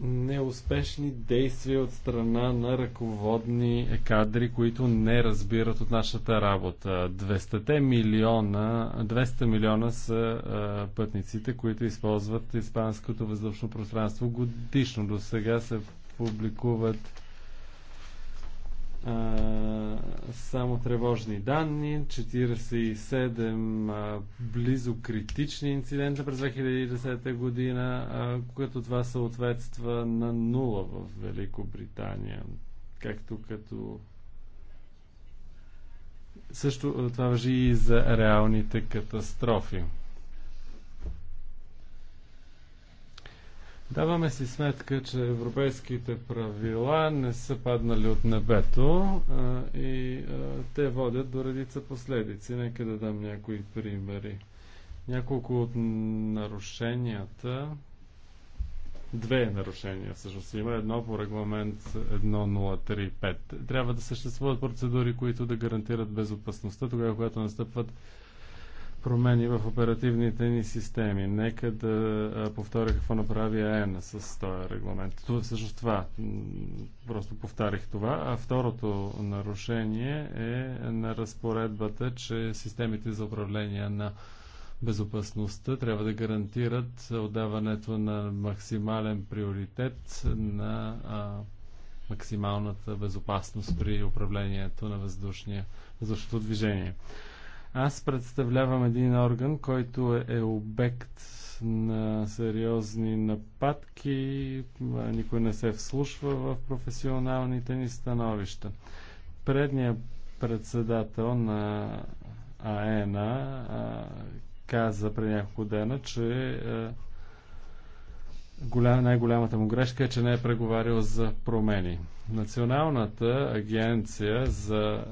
неуспешни действия от страна на ръководни кадри, които не разбират от нашата работа. 200 милиона, 200 милиона са а, пътниците, които използват испанското въздушно пространство годишно. До сега се публикуват само тревожни данни, 47 близо критични инцидента през 2010 година, което това съответства на нула в Великобритания. Както като също това въжи и за реалните катастрофи. Даваме си сметка, че европейските правила не са паднали от небето а, и а, те водят до редица последици. Нека да дам някои примери. Няколко от нарушенията, две нарушения всъщност има, едно по регламент 1035. Трябва да съществуват процедури, които да гарантират безопасността, тогава когато настъпват промени в оперативните ни системи. Нека да повторя какво направи АЕН с този регламент. Това, всъщност това, просто повтарих това. А второто нарушение е на разпоредбата, че системите за управление на безопасността трябва да гарантират отдаването на максимален приоритет на а, максималната безопасност при управлението на въздушния, въздушното движение. Аз представлявам един орган, който е, е обект на сериозни нападки, никой не се вслушва в професионалните ни становища. Предният председател на АЕНА каза пред няколко дена, че голям, най-голямата му грешка е, че не е преговарял за промени. Националната агенция за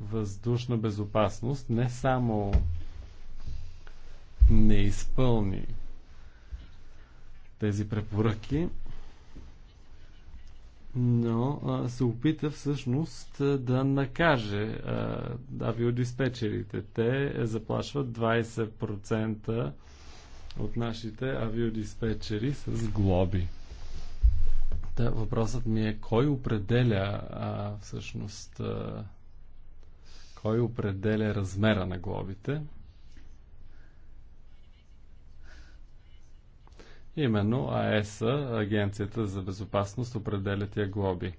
въздушна безопасност не само не изпълни тези препоръки, но а, се опита всъщност да накаже а, авиодиспетчерите. Те заплашват 20% от нашите авиодиспетчери с глоби. Та, въпросът ми е кой определя а, всъщност а, кой определя размера на глобите? Именно АЕСА, Агенцията за безопасност, определя тия глоби.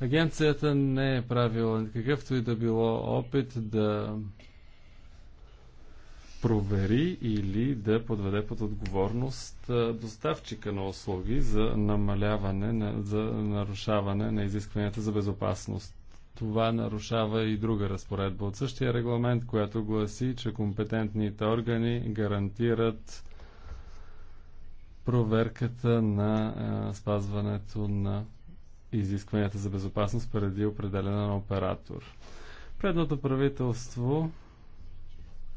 Агенцията не е правила какъвто и да било опит да провери или да подведе под отговорност доставчика на услуги за намаляване, на, за нарушаване на изискванията за безопасност това нарушава и друга разпоредба от същия регламент, която гласи, че компетентните органи гарантират проверката на а, спазването на изискванията за безопасност преди определена на оператор. Предното правителство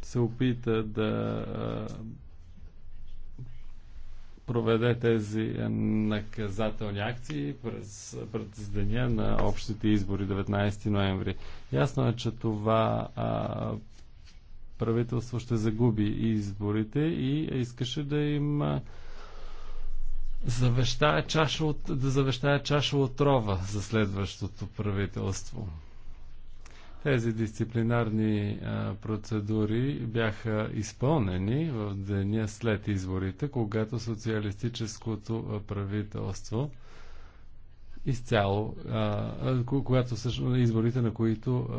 се опита да проведе тези е, наказателни акции през, през деня на общите избори 19 ноември. Ясно е, че това а, правителство ще загуби изборите и искаше да им а, завещая чаша от, да завещая чаша отрова за следващото правителство. Тези дисциплинарни процедури бяха изпълнени в деня след изборите, когато социалистическото правителство изцяло, а, когато всъщност изборите, на които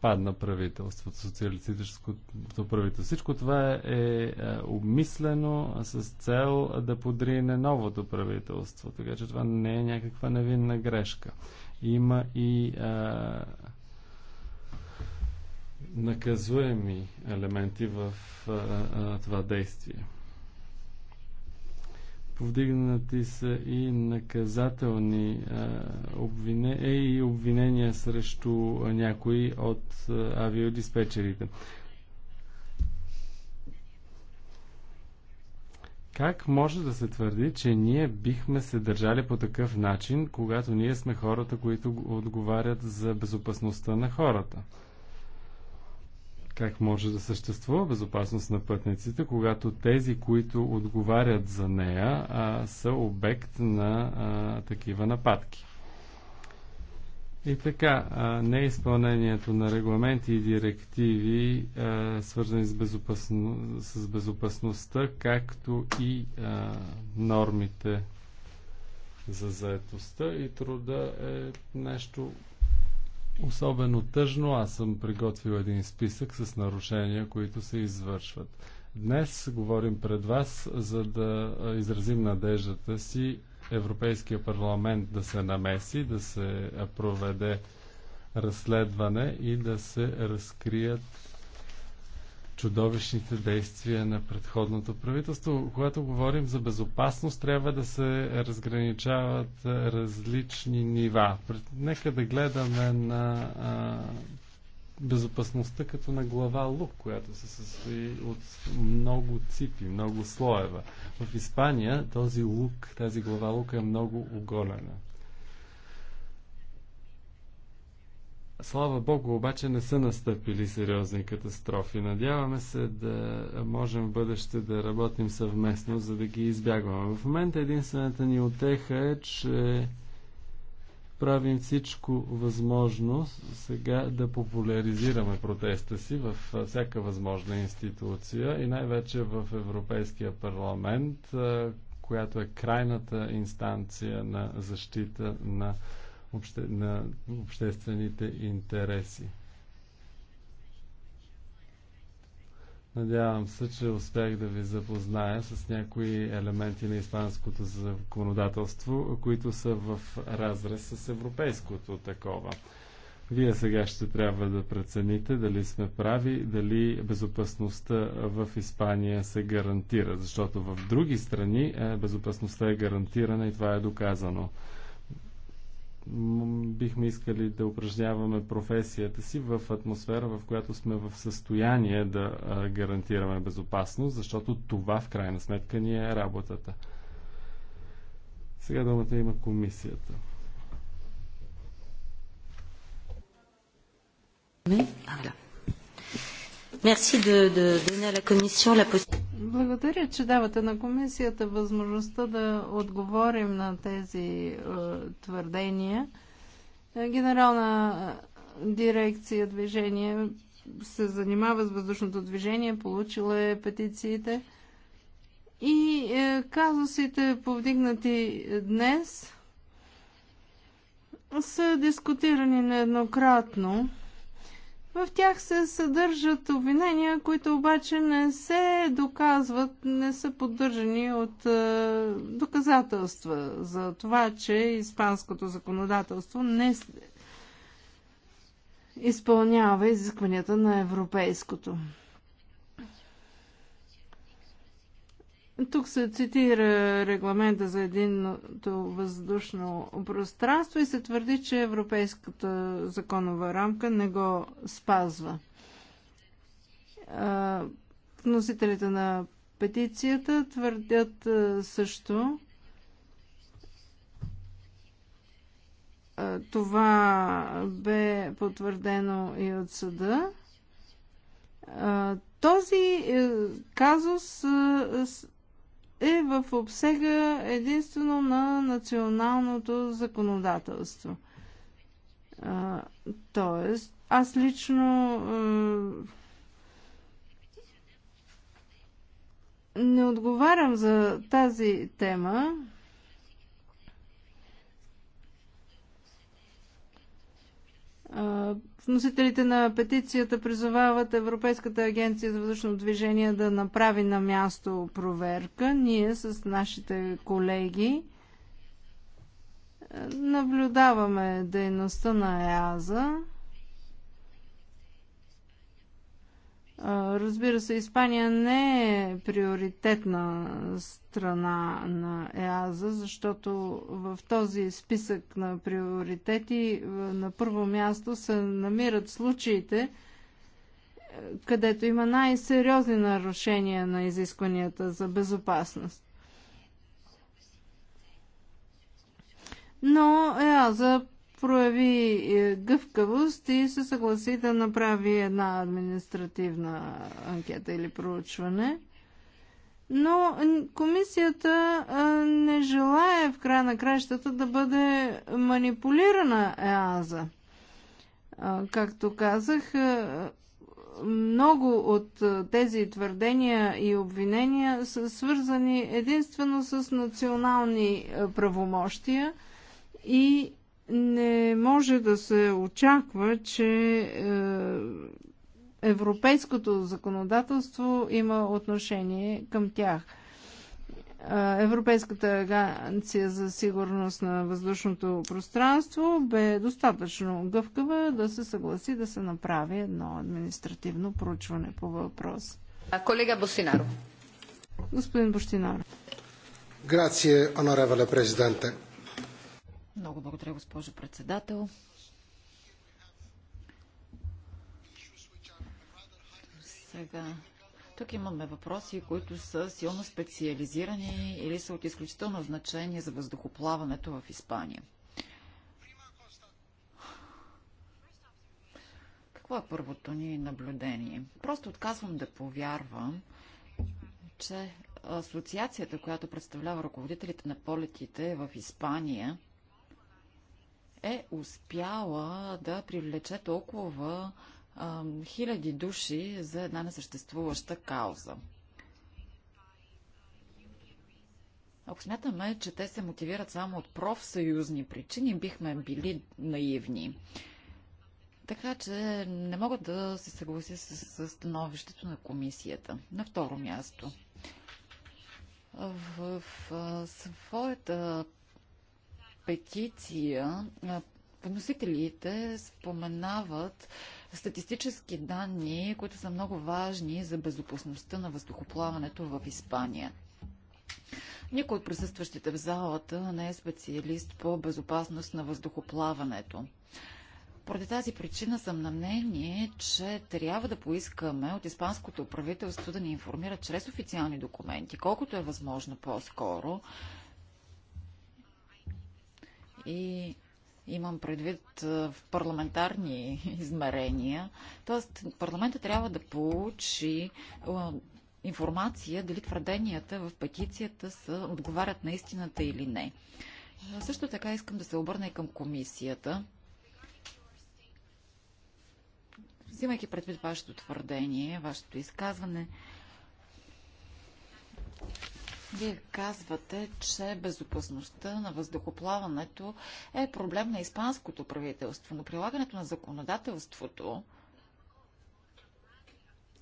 падна правителството, социалистическото правителство. Всичко това е обмислено с цел да подрине новото правителство. Така че това не е някаква невинна грешка. Има и а, наказуеми елементи в а, а, това действие. Повдигнати са и наказателни а, обвине, е, и обвинения срещу някои от а, авиодиспетчерите. Как може да се твърди, че ние бихме се държали по такъв начин, когато ние сме хората, които отговарят за безопасността на хората? Как може да съществува безопасност на пътниците, когато тези, които отговарят за нея, а, са обект на а, такива нападки? И така, неизпълнението на регламенти и директиви, свързани с, безопасно, с безопасността, както и а, нормите за заетостта и труда е нещо особено тъжно. Аз съм приготвил един списък с нарушения, които се извършват. Днес говорим пред вас, за да изразим надеждата си Европейския парламент да се намеси, да се проведе разследване и да се разкрият чудовищните действия на предходното правителство. Когато говорим за безопасност, трябва да се разграничават различни нива. Нека да гледаме на а, безопасността като на глава лук, която се състои от много ципи, много слоева. В Испания този лук, тази глава лук е много оголена. Слава Богу, обаче не са настъпили сериозни катастрофи. Надяваме се да можем в бъдеще да работим съвместно, за да ги избягваме. В момента единствената ни отеха е, че правим всичко възможно сега да популяризираме протеста си във всяка възможна институция и най-вече в Европейския парламент, която е крайната инстанция на защита на обще... на обществените интереси. Надявам се, че успях да ви запозная с някои елементи на испанското законодателство, които са в разрез с европейското такова. Вие сега ще трябва да прецените дали сме прави, дали безопасността в Испания се гарантира, защото в други страни е, безопасността е гарантирана и това е доказано бихме искали да упражняваме професията си в атмосфера, в която сме в състояние да гарантираме безопасност, защото това в крайна сметка ни е работата. Сега думата има комисията. Merci de, de donner à благодаря, че давате на комисията възможността да отговорим на тези е, твърдения. Генерална е, дирекция движение се занимава с въздушното движение, получила е петициите. И е, казусите, повдигнати днес, са дискутирани нееднократно. В тях се съдържат обвинения, които обаче не се доказват, не са поддържани от е, доказателства за това, че испанското законодателство не изпълнява изискванията на европейското. Тук се цитира регламента за единното въздушно пространство и се твърди, че европейската законова рамка не го спазва. Вносителите на петицията твърдят също, това бе потвърдено и от съда. Този е, казус е в обсега единствено на националното законодателство. тоест, аз лично а, е, не отговарям за тази тема. А, Вносителите на петицията призовават Европейската агенция за въздушно движение да направи на място проверка. Ние с нашите колеги е, наблюдаваме дейността на ЕАЗа. Разбира се, Испания не е приоритетна страна на ЕАЗа, защото в този списък на приоритети на първо място се намират случаите, е, където има най-сериозни нарушения на изискванията за безопасност. Но ЕАЗа прояви е, гъвкавост и се съгласи да направи една административна анкета или проучване. Но комисията е, не желая в края на кращата да бъде манипулирана ЕАЗа. Е, както казах, много от тези твърдения и обвинения са свързани единствено с национални правомощия и не може да се очаква, че е, европейското законодателство има отношение към тях. Е, Европейската агенция за сигурност на въздушното пространство бе достатъчно гъвкава да се съгласи да се направи едно административно проучване по въпрос. Колега Бостинаро. Господин Бостинаро. Грация, оноревале президенте. Много благодаря, госпожо председател. Сега. Тук имаме въпроси, които са силно специализирани или са от изключително значение за въздухоплаването в Испания. Какво е първото ни наблюдение? Просто отказвам да повярвам, че асоциацията, която представлява ръководителите на полетите в Испания – е успяла да привлече толкова а, хиляди души за една несъществуваща кауза. Ако смятаме, че те се мотивират само от профсъюзни причини, бихме били наивни. Така че не мога да се съглася с, с становището на комисията. На второ място. В, в своята петиция вносителите споменават статистически данни, които са много важни за безопасността на въздухоплаването в Испания. Никой от присъстващите в залата не е специалист по безопасност на въздухоплаването. Поради тази причина съм на мнение, че трябва да поискаме от испанското правителство да ни информира чрез официални документи, колкото е възможно по-скоро, и имам предвид в парламентарни [LAUGHS] измерения. Тоест, парламента трябва да получи информация дали твърденията в петицията са, отговарят на истината или не. Също така искам да се обърна и към комисията. Взимайки предвид вашето твърдение, вашето изказване, вие казвате, че безопасността на въздухоплаването е проблем на испанското правителство, но прилагането на законодателството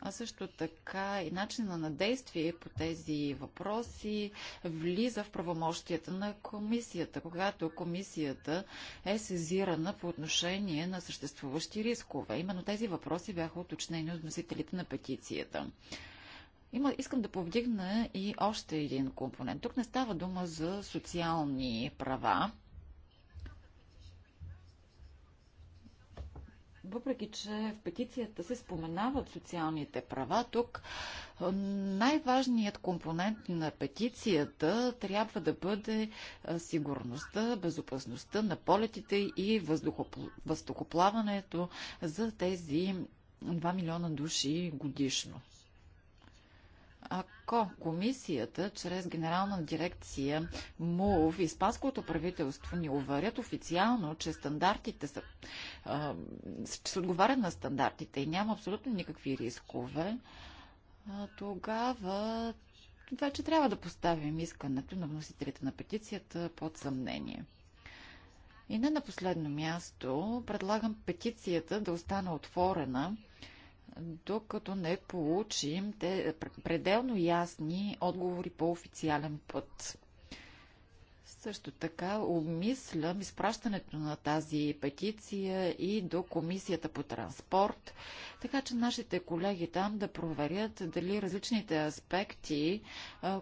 а също така и начина на действие по тези въпроси влиза в правомощията на комисията, когато комисията е сезирана по отношение на съществуващи рискове. Именно тези въпроси бяха уточнени от носителите на петицията. Има, искам да повдигна и още един компонент. Тук не става дума за социални права. Въпреки, че в петицията се споменават социалните права, тук най-важният компонент на петицията трябва да бъде сигурността, безопасността на полетите и въздухоплаването за тези 2 милиона души годишно ако комисията чрез генерална дирекция МУВ и Спаското правителство ни уверят официално, че стандартите са, а, че се отговарят на стандартите и няма абсолютно никакви рискове, а, тогава вече трябва да поставим искането на вносителите на петицията под съмнение. И не на последно място предлагам петицията да остане отворена докато не получим те пределно ясни отговори по официален път. Също така обмислям изпращането на тази петиция и до Комисията по транспорт, така че нашите колеги там да проверят дали различните аспекти,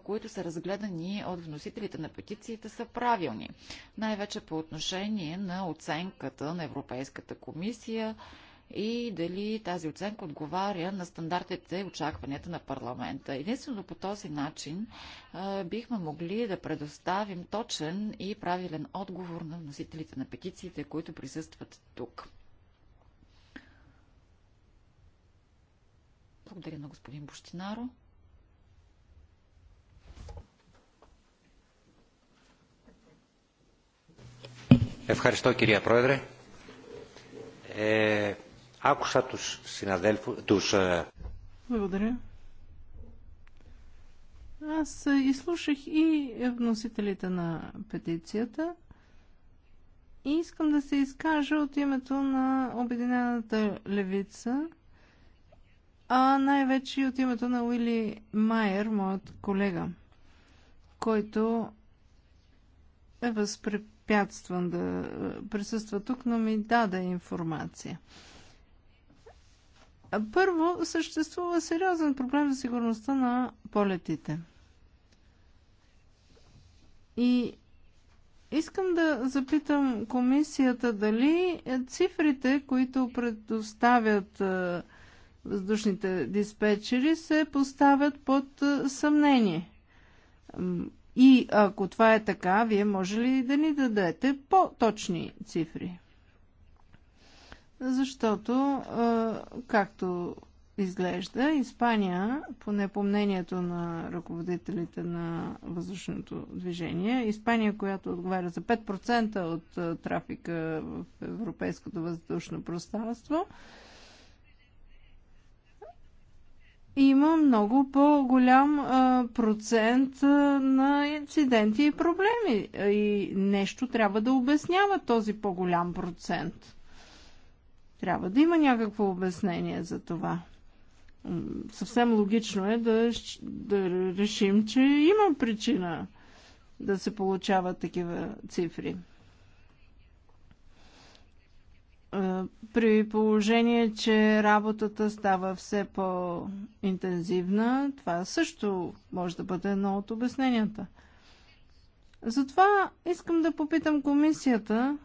които са разгледани от вносителите на петицията, са правилни. Най-вече по отношение на оценката на Европейската комисия и дали тази оценка отговаря на стандартите и очакванията на парламента. Единствено по този начин а, бихме могли да предоставим точен и правилен отговор на носителите на петициите, които присъстват тук. Благодаря на господин Бощинаро. Ευχαριστώ κυρία Πρόεδρε. Ε, Άκουσα τους συναδέλφους, τους... Благодаря. Аз е, изслушах и вносителите на петицията и искам да се изкажа от името на Обединената левица, а най-вече и от името на Уили Майер, моят колега, който е възпрепятстван да е, присъства тук, но ми даде информация. Първо, съществува сериозен проблем за сигурността на полетите. И искам да запитам комисията дали цифрите, които предоставят въздушните диспетчери, се поставят под съмнение. И ако това е така, вие може ли да ни дадете по-точни цифри? защото, както изглежда, Испания, поне по мнението на ръководителите на въздушното движение, Испания, която отговаря за 5% от трафика в европейското въздушно пространство, има много по-голям процент на инциденти и проблеми. И нещо трябва да обяснява този по-голям процент. Трябва да има някакво обяснение за това. Съвсем логично е да, да решим, че има причина да се получават такива цифри. Е, при положение, че работата става все по-интензивна, това също може да бъде едно от обясненията. Затова искам да попитам комисията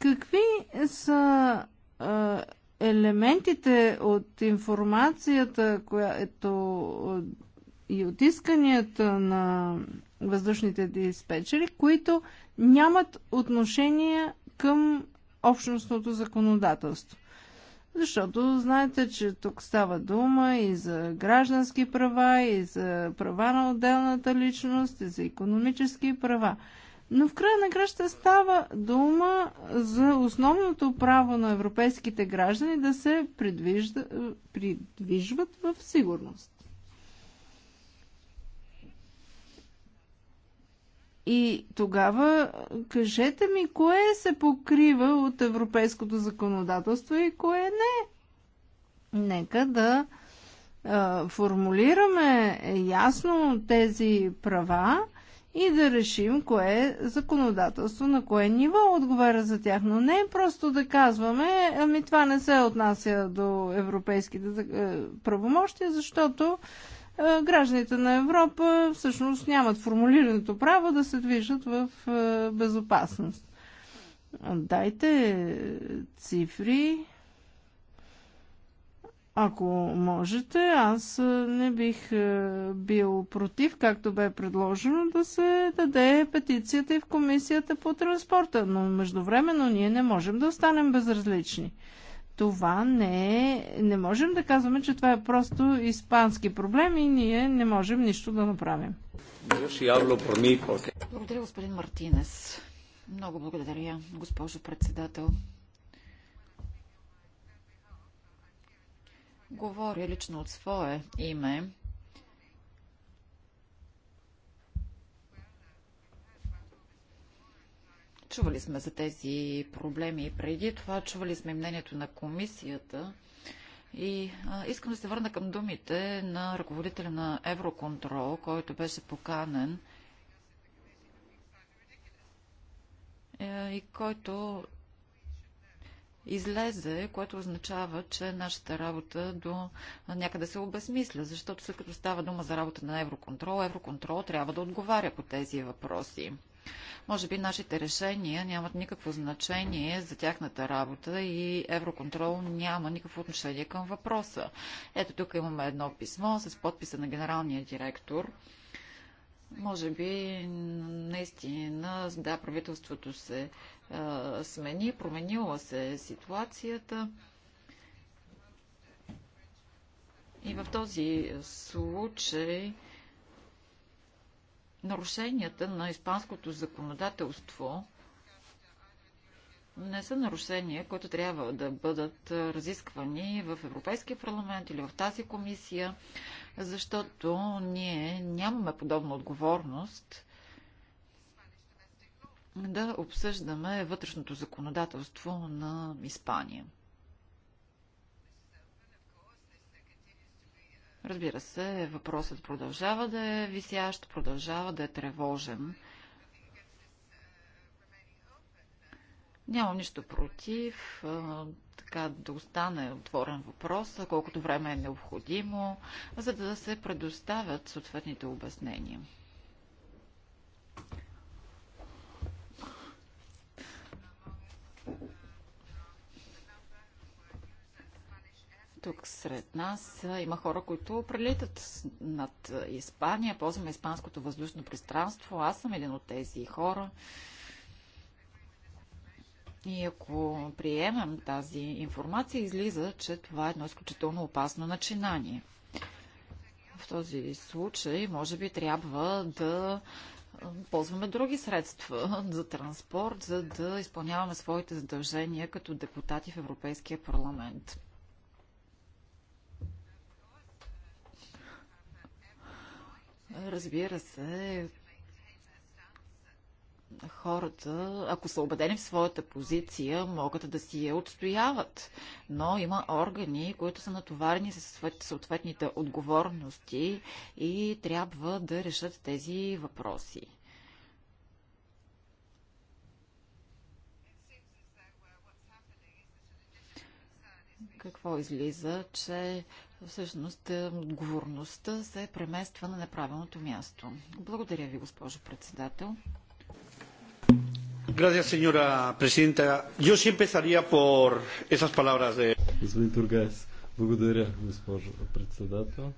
Какви са а, елементите от информацията, която и от исканията на въздушните диспетчери, които нямат отношение към общностното законодателство? Защото знаете, че тук става дума и за граждански права, и за права на отделната личност, и за економически права. Но в края на краща става дума за основното право на европейските граждани да се придвижда, е, придвижват в сигурност. И тогава кажете ми, кое се покрива от европейското законодателство и кое не. Нека да а, е, формулираме ясно тези права и да решим кое е законодателство, на кое ниво отговаря за тях. Но не е просто да казваме, ами това не се отнася до европейските е, правомощия, защото е, гражданите на Европа всъщност нямат формулираното право да се движат в е, безопасност. Дайте цифри, ако можете, аз е, не бих е, бил против, както бе предложено, да се даде петицията и в комисията по транспорта, но междувременно ние не можем да останем безразлични. Това не е... Не можем да казваме, че това е просто испански проблем и ние не можем нищо да направим. Благодаря, господин Мартинес. Много благодаря, госпожо председател. Говоря лично от свое име. Чували сме за тези проблеми и преди това, чували сме мнението на комисията. И а, искам да се върна към думите на ръководителя на Евроконтрол, който беше поканен е, и който излезе, което означава, че нашата работа до някъде се обезмисля, защото след като става дума за работа на Евроконтрол, Евроконтрол трябва да отговаря по тези въпроси. Може би нашите решения нямат никакво значение за тяхната работа и Евроконтрол няма никакво отношение към въпроса. Ето тук имаме едно писмо с подписа на генералния директор може би наистина, да, правителството се а, смени, променила се ситуацията. И в този случай нарушенията на испанското законодателство не са нарушения, които трябва да бъдат разисквани в Европейския парламент или в тази комисия, защото ние нямаме подобна отговорност да обсъждаме вътрешното законодателство на Испания. Разбира се, въпросът продължава да е висящ, продължава да е тревожен. Нямам нищо против така да остане отворен въпрос, колкото време е необходимо, за да се предоставят съответните обяснения. Тук сред нас има хора, които прелитат над Испания. Ползваме испанското въздушно пространство. Аз съм един от тези хора. И ако приемем тази информация, излиза, че това е едно изключително опасно начинание. В този случай, може би, трябва да ползваме други средства [LAUGHS] за транспорт, за да изпълняваме своите задължения като депутати в Европейския парламент. Разбира се, хората, ако са убедени в своята позиция, могат да си я отстояват. Но има органи, които са натоварени с съответните отговорности и трябва да решат тези въпроси. Какво излиза, че всъщност е, отговорността се премества на неправилното място? Благодаря ви, госпожо председател señora presidenta. Yo sí empezaría por esas palabras de... Господин Тургайс, благодаря, госпожо председател.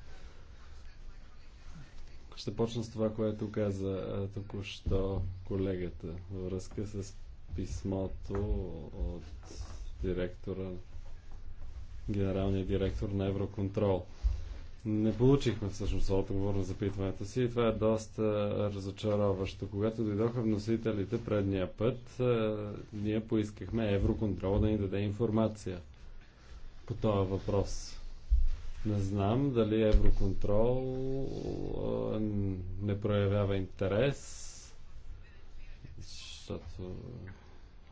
Ще почна с това, което каза току-що колегата във връзка с писмото от директора, генералния директор на Евроконтрол. Не получихме всъщност отговор на запитването си и това е доста разочароващо. Когато дойдоха вносителите предния път, е, ние поискахме Евроконтрол да ни даде информация по този въпрос. Не знам дали Евроконтрол е, не проявява интерес, защото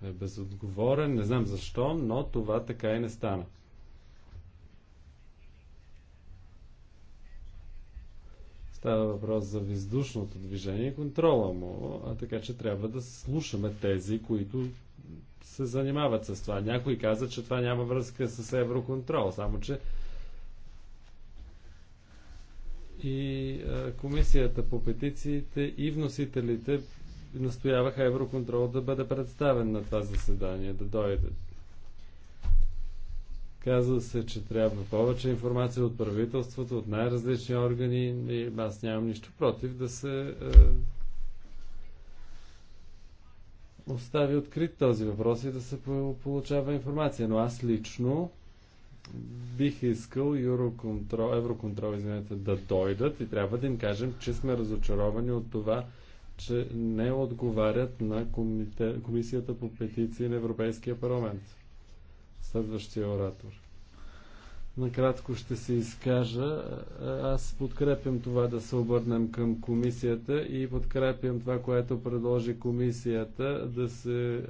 е безотговорен. Не знам защо, но това така и не стана. Става въпрос за въздушното движение и контрола му, а така че трябва да слушаме тези, които се занимават с това. Някой каза, че това няма връзка с евроконтрол, само че и а, комисията по петициите и вносителите настояваха Евроконтрол да бъде представен на това заседание, да дойдат Казва се, че трябва повече информация от правителството, от най-различни органи и аз нямам нищо против да се е, остави открит този въпрос и да се получава информация. Но аз лично бих искал Евроконтрол, Евроконтрол извинете, да дойдат и трябва да им кажем, че сме разочаровани от това, че не отговарят на Комисията по петиции на Европейския парламент. Следващия оратор. Накратко ще се изкажа. Аз подкрепям това да се обърнем към комисията и подкрепям това, което предложи комисията да се е,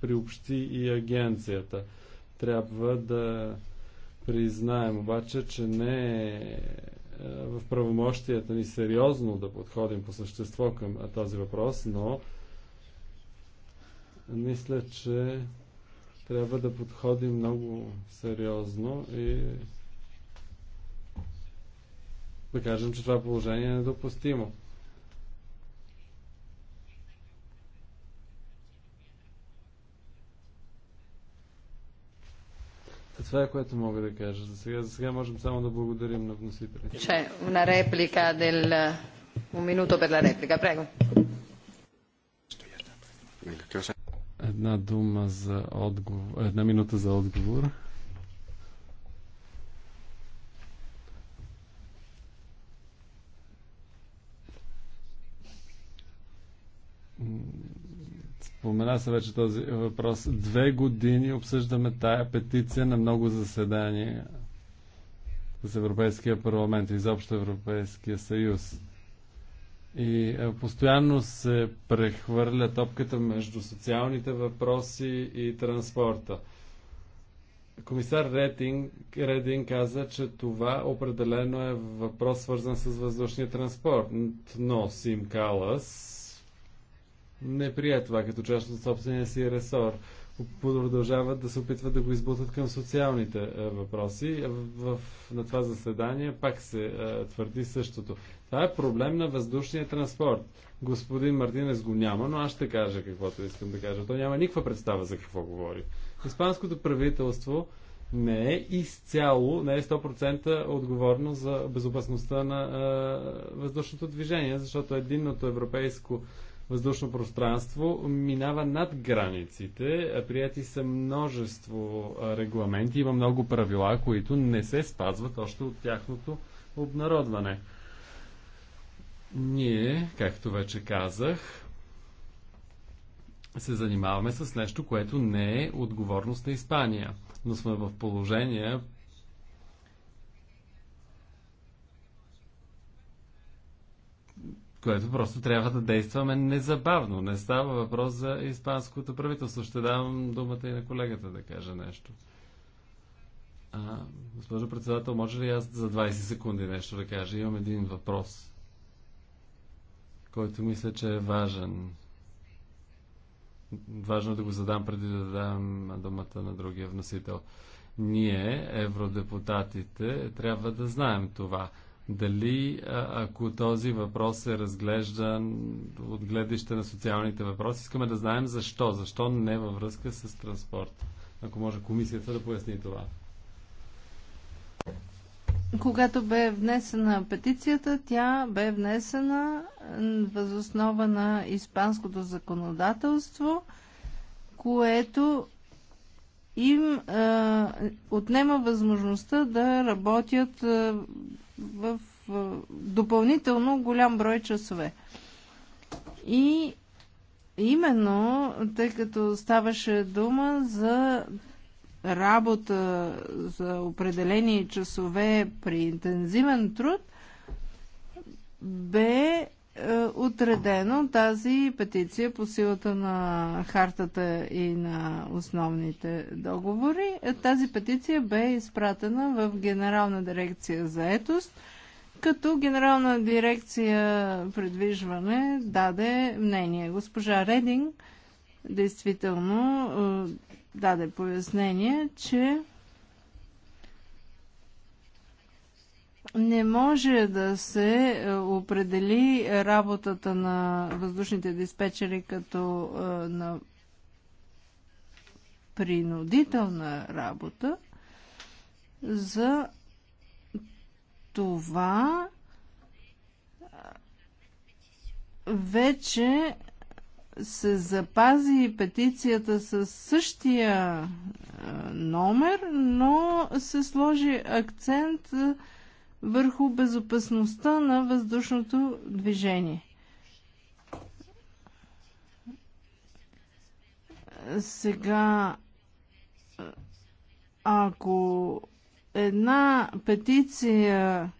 приобщи и агенцията. Трябва да признаем обаче, че не е в правомощията ни сериозно да подходим по същество към е, този въпрос, но мисля, че трябва да подходим много сериозно и да кажем, че това положение е недопустимо. Това е което мога да кажа. За сега, за сега можем само да благодарим на вносителите. Че, una реплика дел... Un minuto per la replica, prego. Една дума за отговор. Една минута за отговор. Спомена се вече този въпрос. Две години обсъждаме тая петиция на много заседания с Европейския парламент и изобщо Европейския съюз. И е, постоянно се прехвърля топката между социалните въпроси и транспорта. Комисар Рединг, Рединг каза, че това определено е въпрос свързан с въздушния транспорт, но Сим Калас не прие това като част от собствения си ресор. Продължават да се опитват да го избутат към социалните е, въпроси. В, на това заседание пак се е, твърди същото. Това е проблем на въздушния транспорт. Господин Мартинес го няма, но аз ще кажа каквото искам да кажа. Той няма никаква представа за какво говори. Испанското правителство не е изцяло, не е 100% отговорно за безопасността на е, въздушното движение, защото единното европейско въздушно пространство минава над границите. Прияти са множество регламенти, има много правила, които не се спазват още от тяхното обнародване. Ние, както вече казах, се занимаваме с нещо, което не е отговорност на Испания, но сме в положение, което просто трябва да действаме незабавно. Не става въпрос за испанското правителство. Ще давам думата и на колегата да каже нещо. А, госпожо председател, може ли аз за 20 секунди нещо да кажа? Имам един въпрос който мисля, че е важен. Важно е да го задам преди да дам думата на другия вносител. Ние, евродепутатите, трябва да знаем това. Дали, ако този въпрос е разглеждан от гледаща на социалните въпроси, искаме да знаем защо. Защо не във връзка с транспорт? Ако може комисията да поясни това. Когато бе внесена петицията, тя бе внесена възоснова на испанското законодателство, което им а, отнема възможността да работят а, в е, допълнително голям брой часове. И Именно, тъй като ставаше дума за работа за определени часове при интензивен труд, бе е, отредено тази петиция по силата на хартата и на основните договори. Е, тази петиция бе изпратена в Генерална дирекция за етост, като Генерална дирекция предвижване даде мнение. Госпожа Рединг действително е, даде пояснение, че не може да се е, определи работата на въздушните диспетчери като е, на принудителна работа за това е, вече се запази петицията с същия номер, но се сложи акцент върху безопасността на въздушното движение. Сега, ако една петиция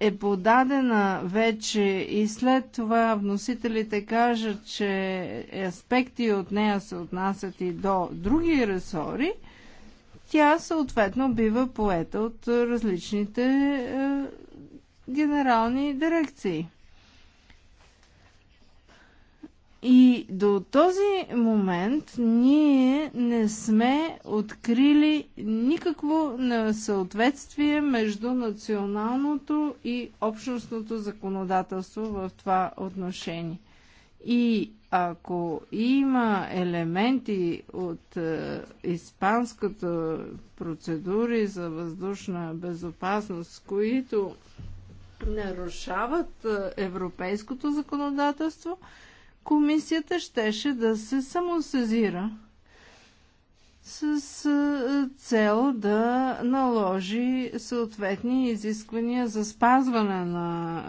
е подадена вече и след това вносителите кажат, че аспекти от нея се отнасят и до други ресори, тя съответно бива поета от различните е, генерални дирекции. И до този момент ние не сме открили никакво несъответствие между националното и общностното законодателство в това отношение. И ако има елементи от е, испанската процедури за въздушна безопасност, които нарушават е, европейското законодателство, комисията щеше да се самосезира с цел да наложи съответни изисквания за спазване на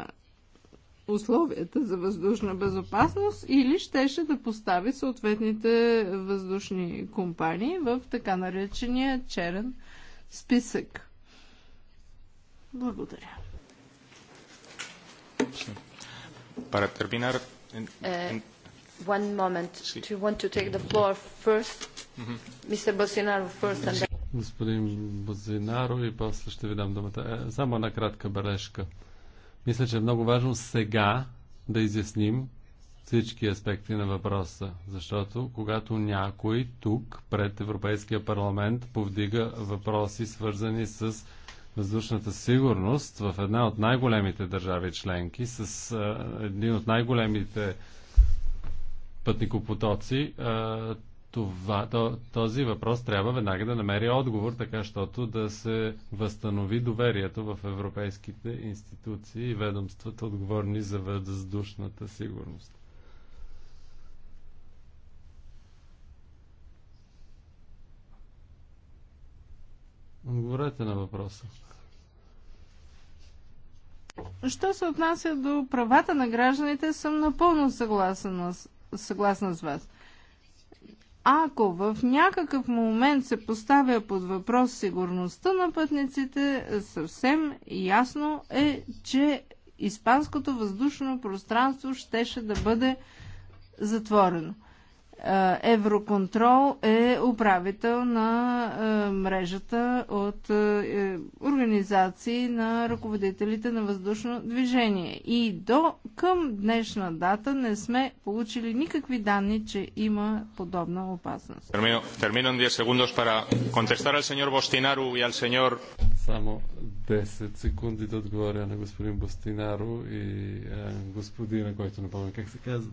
условията за въздушна безопасност или щеше да постави съответните въздушни компании в така наречения черен списък. Благодаря. Para terminar, Uh, one moment. Do you want to take the floor first? Mr. Mm-hmm. Bolsonaro first and then... Господин Бозинаро и после ще ви дам думата. Е, само една кратка бележка. Мисля, че е много важно сега да изясним всички аспекти на въпроса, защото когато някой тук пред Европейския парламент повдига въпроси свързани с въздушната сигурност в една от най-големите държави членки с а, един от най-големите пътникопотоци, а, това, то, този въпрос трябва веднага да намери отговор, така щото да се възстанови доверието в европейските институции и ведомствата, отговорни за въздушната сигурност. Отговорете на въпроса. Що се отнася до правата на гражданите, съм напълно съгласна, съгласна с вас. Ако в някакъв момент се поставя под въпрос сигурността на пътниците, съвсем ясно е, че испанското въздушно пространство щеше да бъде затворено. Е, Евроконтрол е управител на е, мрежата от е, организации на ръководителите на въздушно движение. И до към днешна дата не сме получили никакви данни, че има подобна опасност. Термино, термино 10 секунди para контестар al сеньор Бостинару и al сеньор... Само 10 секунди да отговоря на господин Бостинару и господина, който напомня как се казва.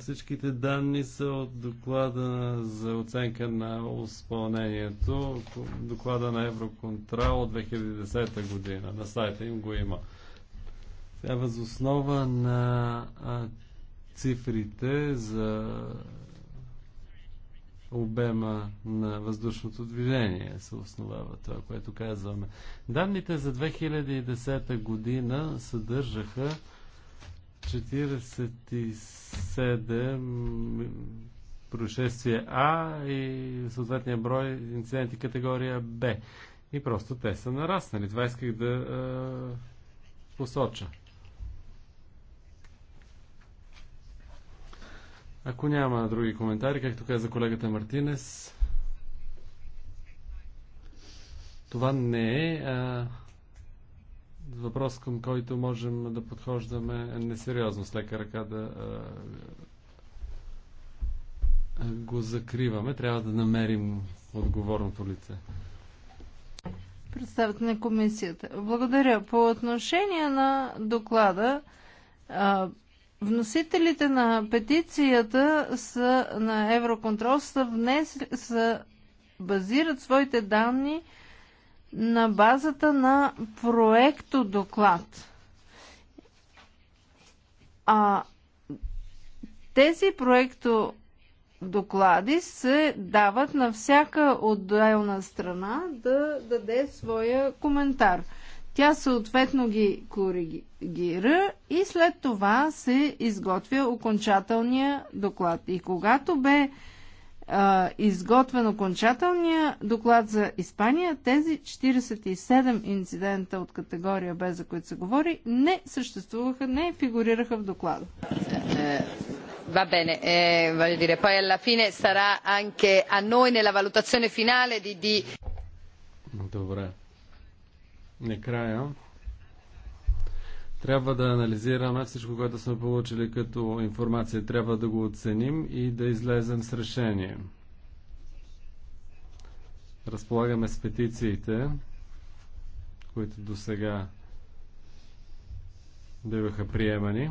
Всичките данни са от доклада за оценка на изпълнението, доклада на Евроконтрол от 2010 година. На сайта им го има. Сега възоснова на цифрите за обема на въздушното движение се основава това, което казваме. Данните за 2010 година съдържаха 47 происшествия А и съответния брой инциденти категория Б. И просто те са нараснали. Това исках да е, посоча. Ако няма други коментари, както каза колегата Мартинес, това не е. А въпрос, към който можем да подхождаме е несериозно, с лека ръка да а, го закриваме. Трябва да намерим отговорното лице. Представете на комисията. Благодаря. По отношение на доклада, а, вносителите на петицията са, на Евроконтрол са, внесли, са базират своите данни на базата на проекто доклад. А тези проекто доклади се дават на всяка отделна страна да даде своя коментар. Тя съответно ги коригира и след това се изготвя окончателния доклад. И когато бе а, изготвен окончателния доклад за Испания, тези 47 инцидента от категория Б, за които се говори, не съществуваха, не фигурираха в доклада. Va bene, eh, voglio dire, poi alla fine sarà anche a noi nella valutazione finale di... di... Ne creiamo. Трябва да анализираме всичко, което сме получили като информация. Трябва да го оценим и да излезем с решение. Разполагаме с петициите, които до сега биваха приемани.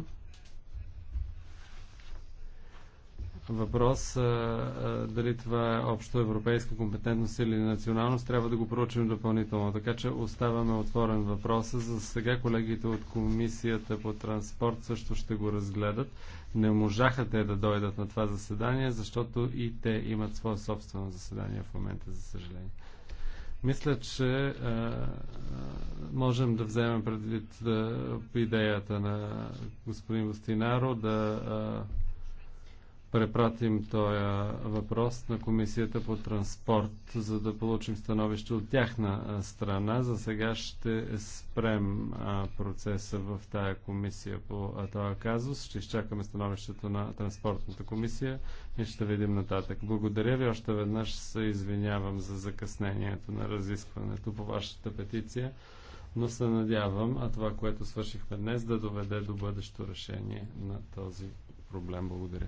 въпрос а, а, дали това е общо европейска компетентност или националност, трябва да го проучим допълнително. Така че оставаме отворен въпроса. За сега колегите от Комисията по транспорт също ще го разгледат. Не можаха те да дойдат на това заседание, защото и те имат свое собствено заседание в момента, за съжаление. Мисля, че а, можем да вземем предвид да, идеята на господин Гостинаро да а, препратим този въпрос на Комисията по транспорт, за да получим становище от тяхна страна. За сега ще спрем процеса в тая комисия по този казус. Ще изчакаме становището на Транспортната комисия и ще видим нататък. Благодаря ви. Още веднъж се извинявам за закъснението на разискването по вашата петиция, но се надявам, а това, което свършихме днес, да доведе до бъдещо решение на този проблем. Благодаря.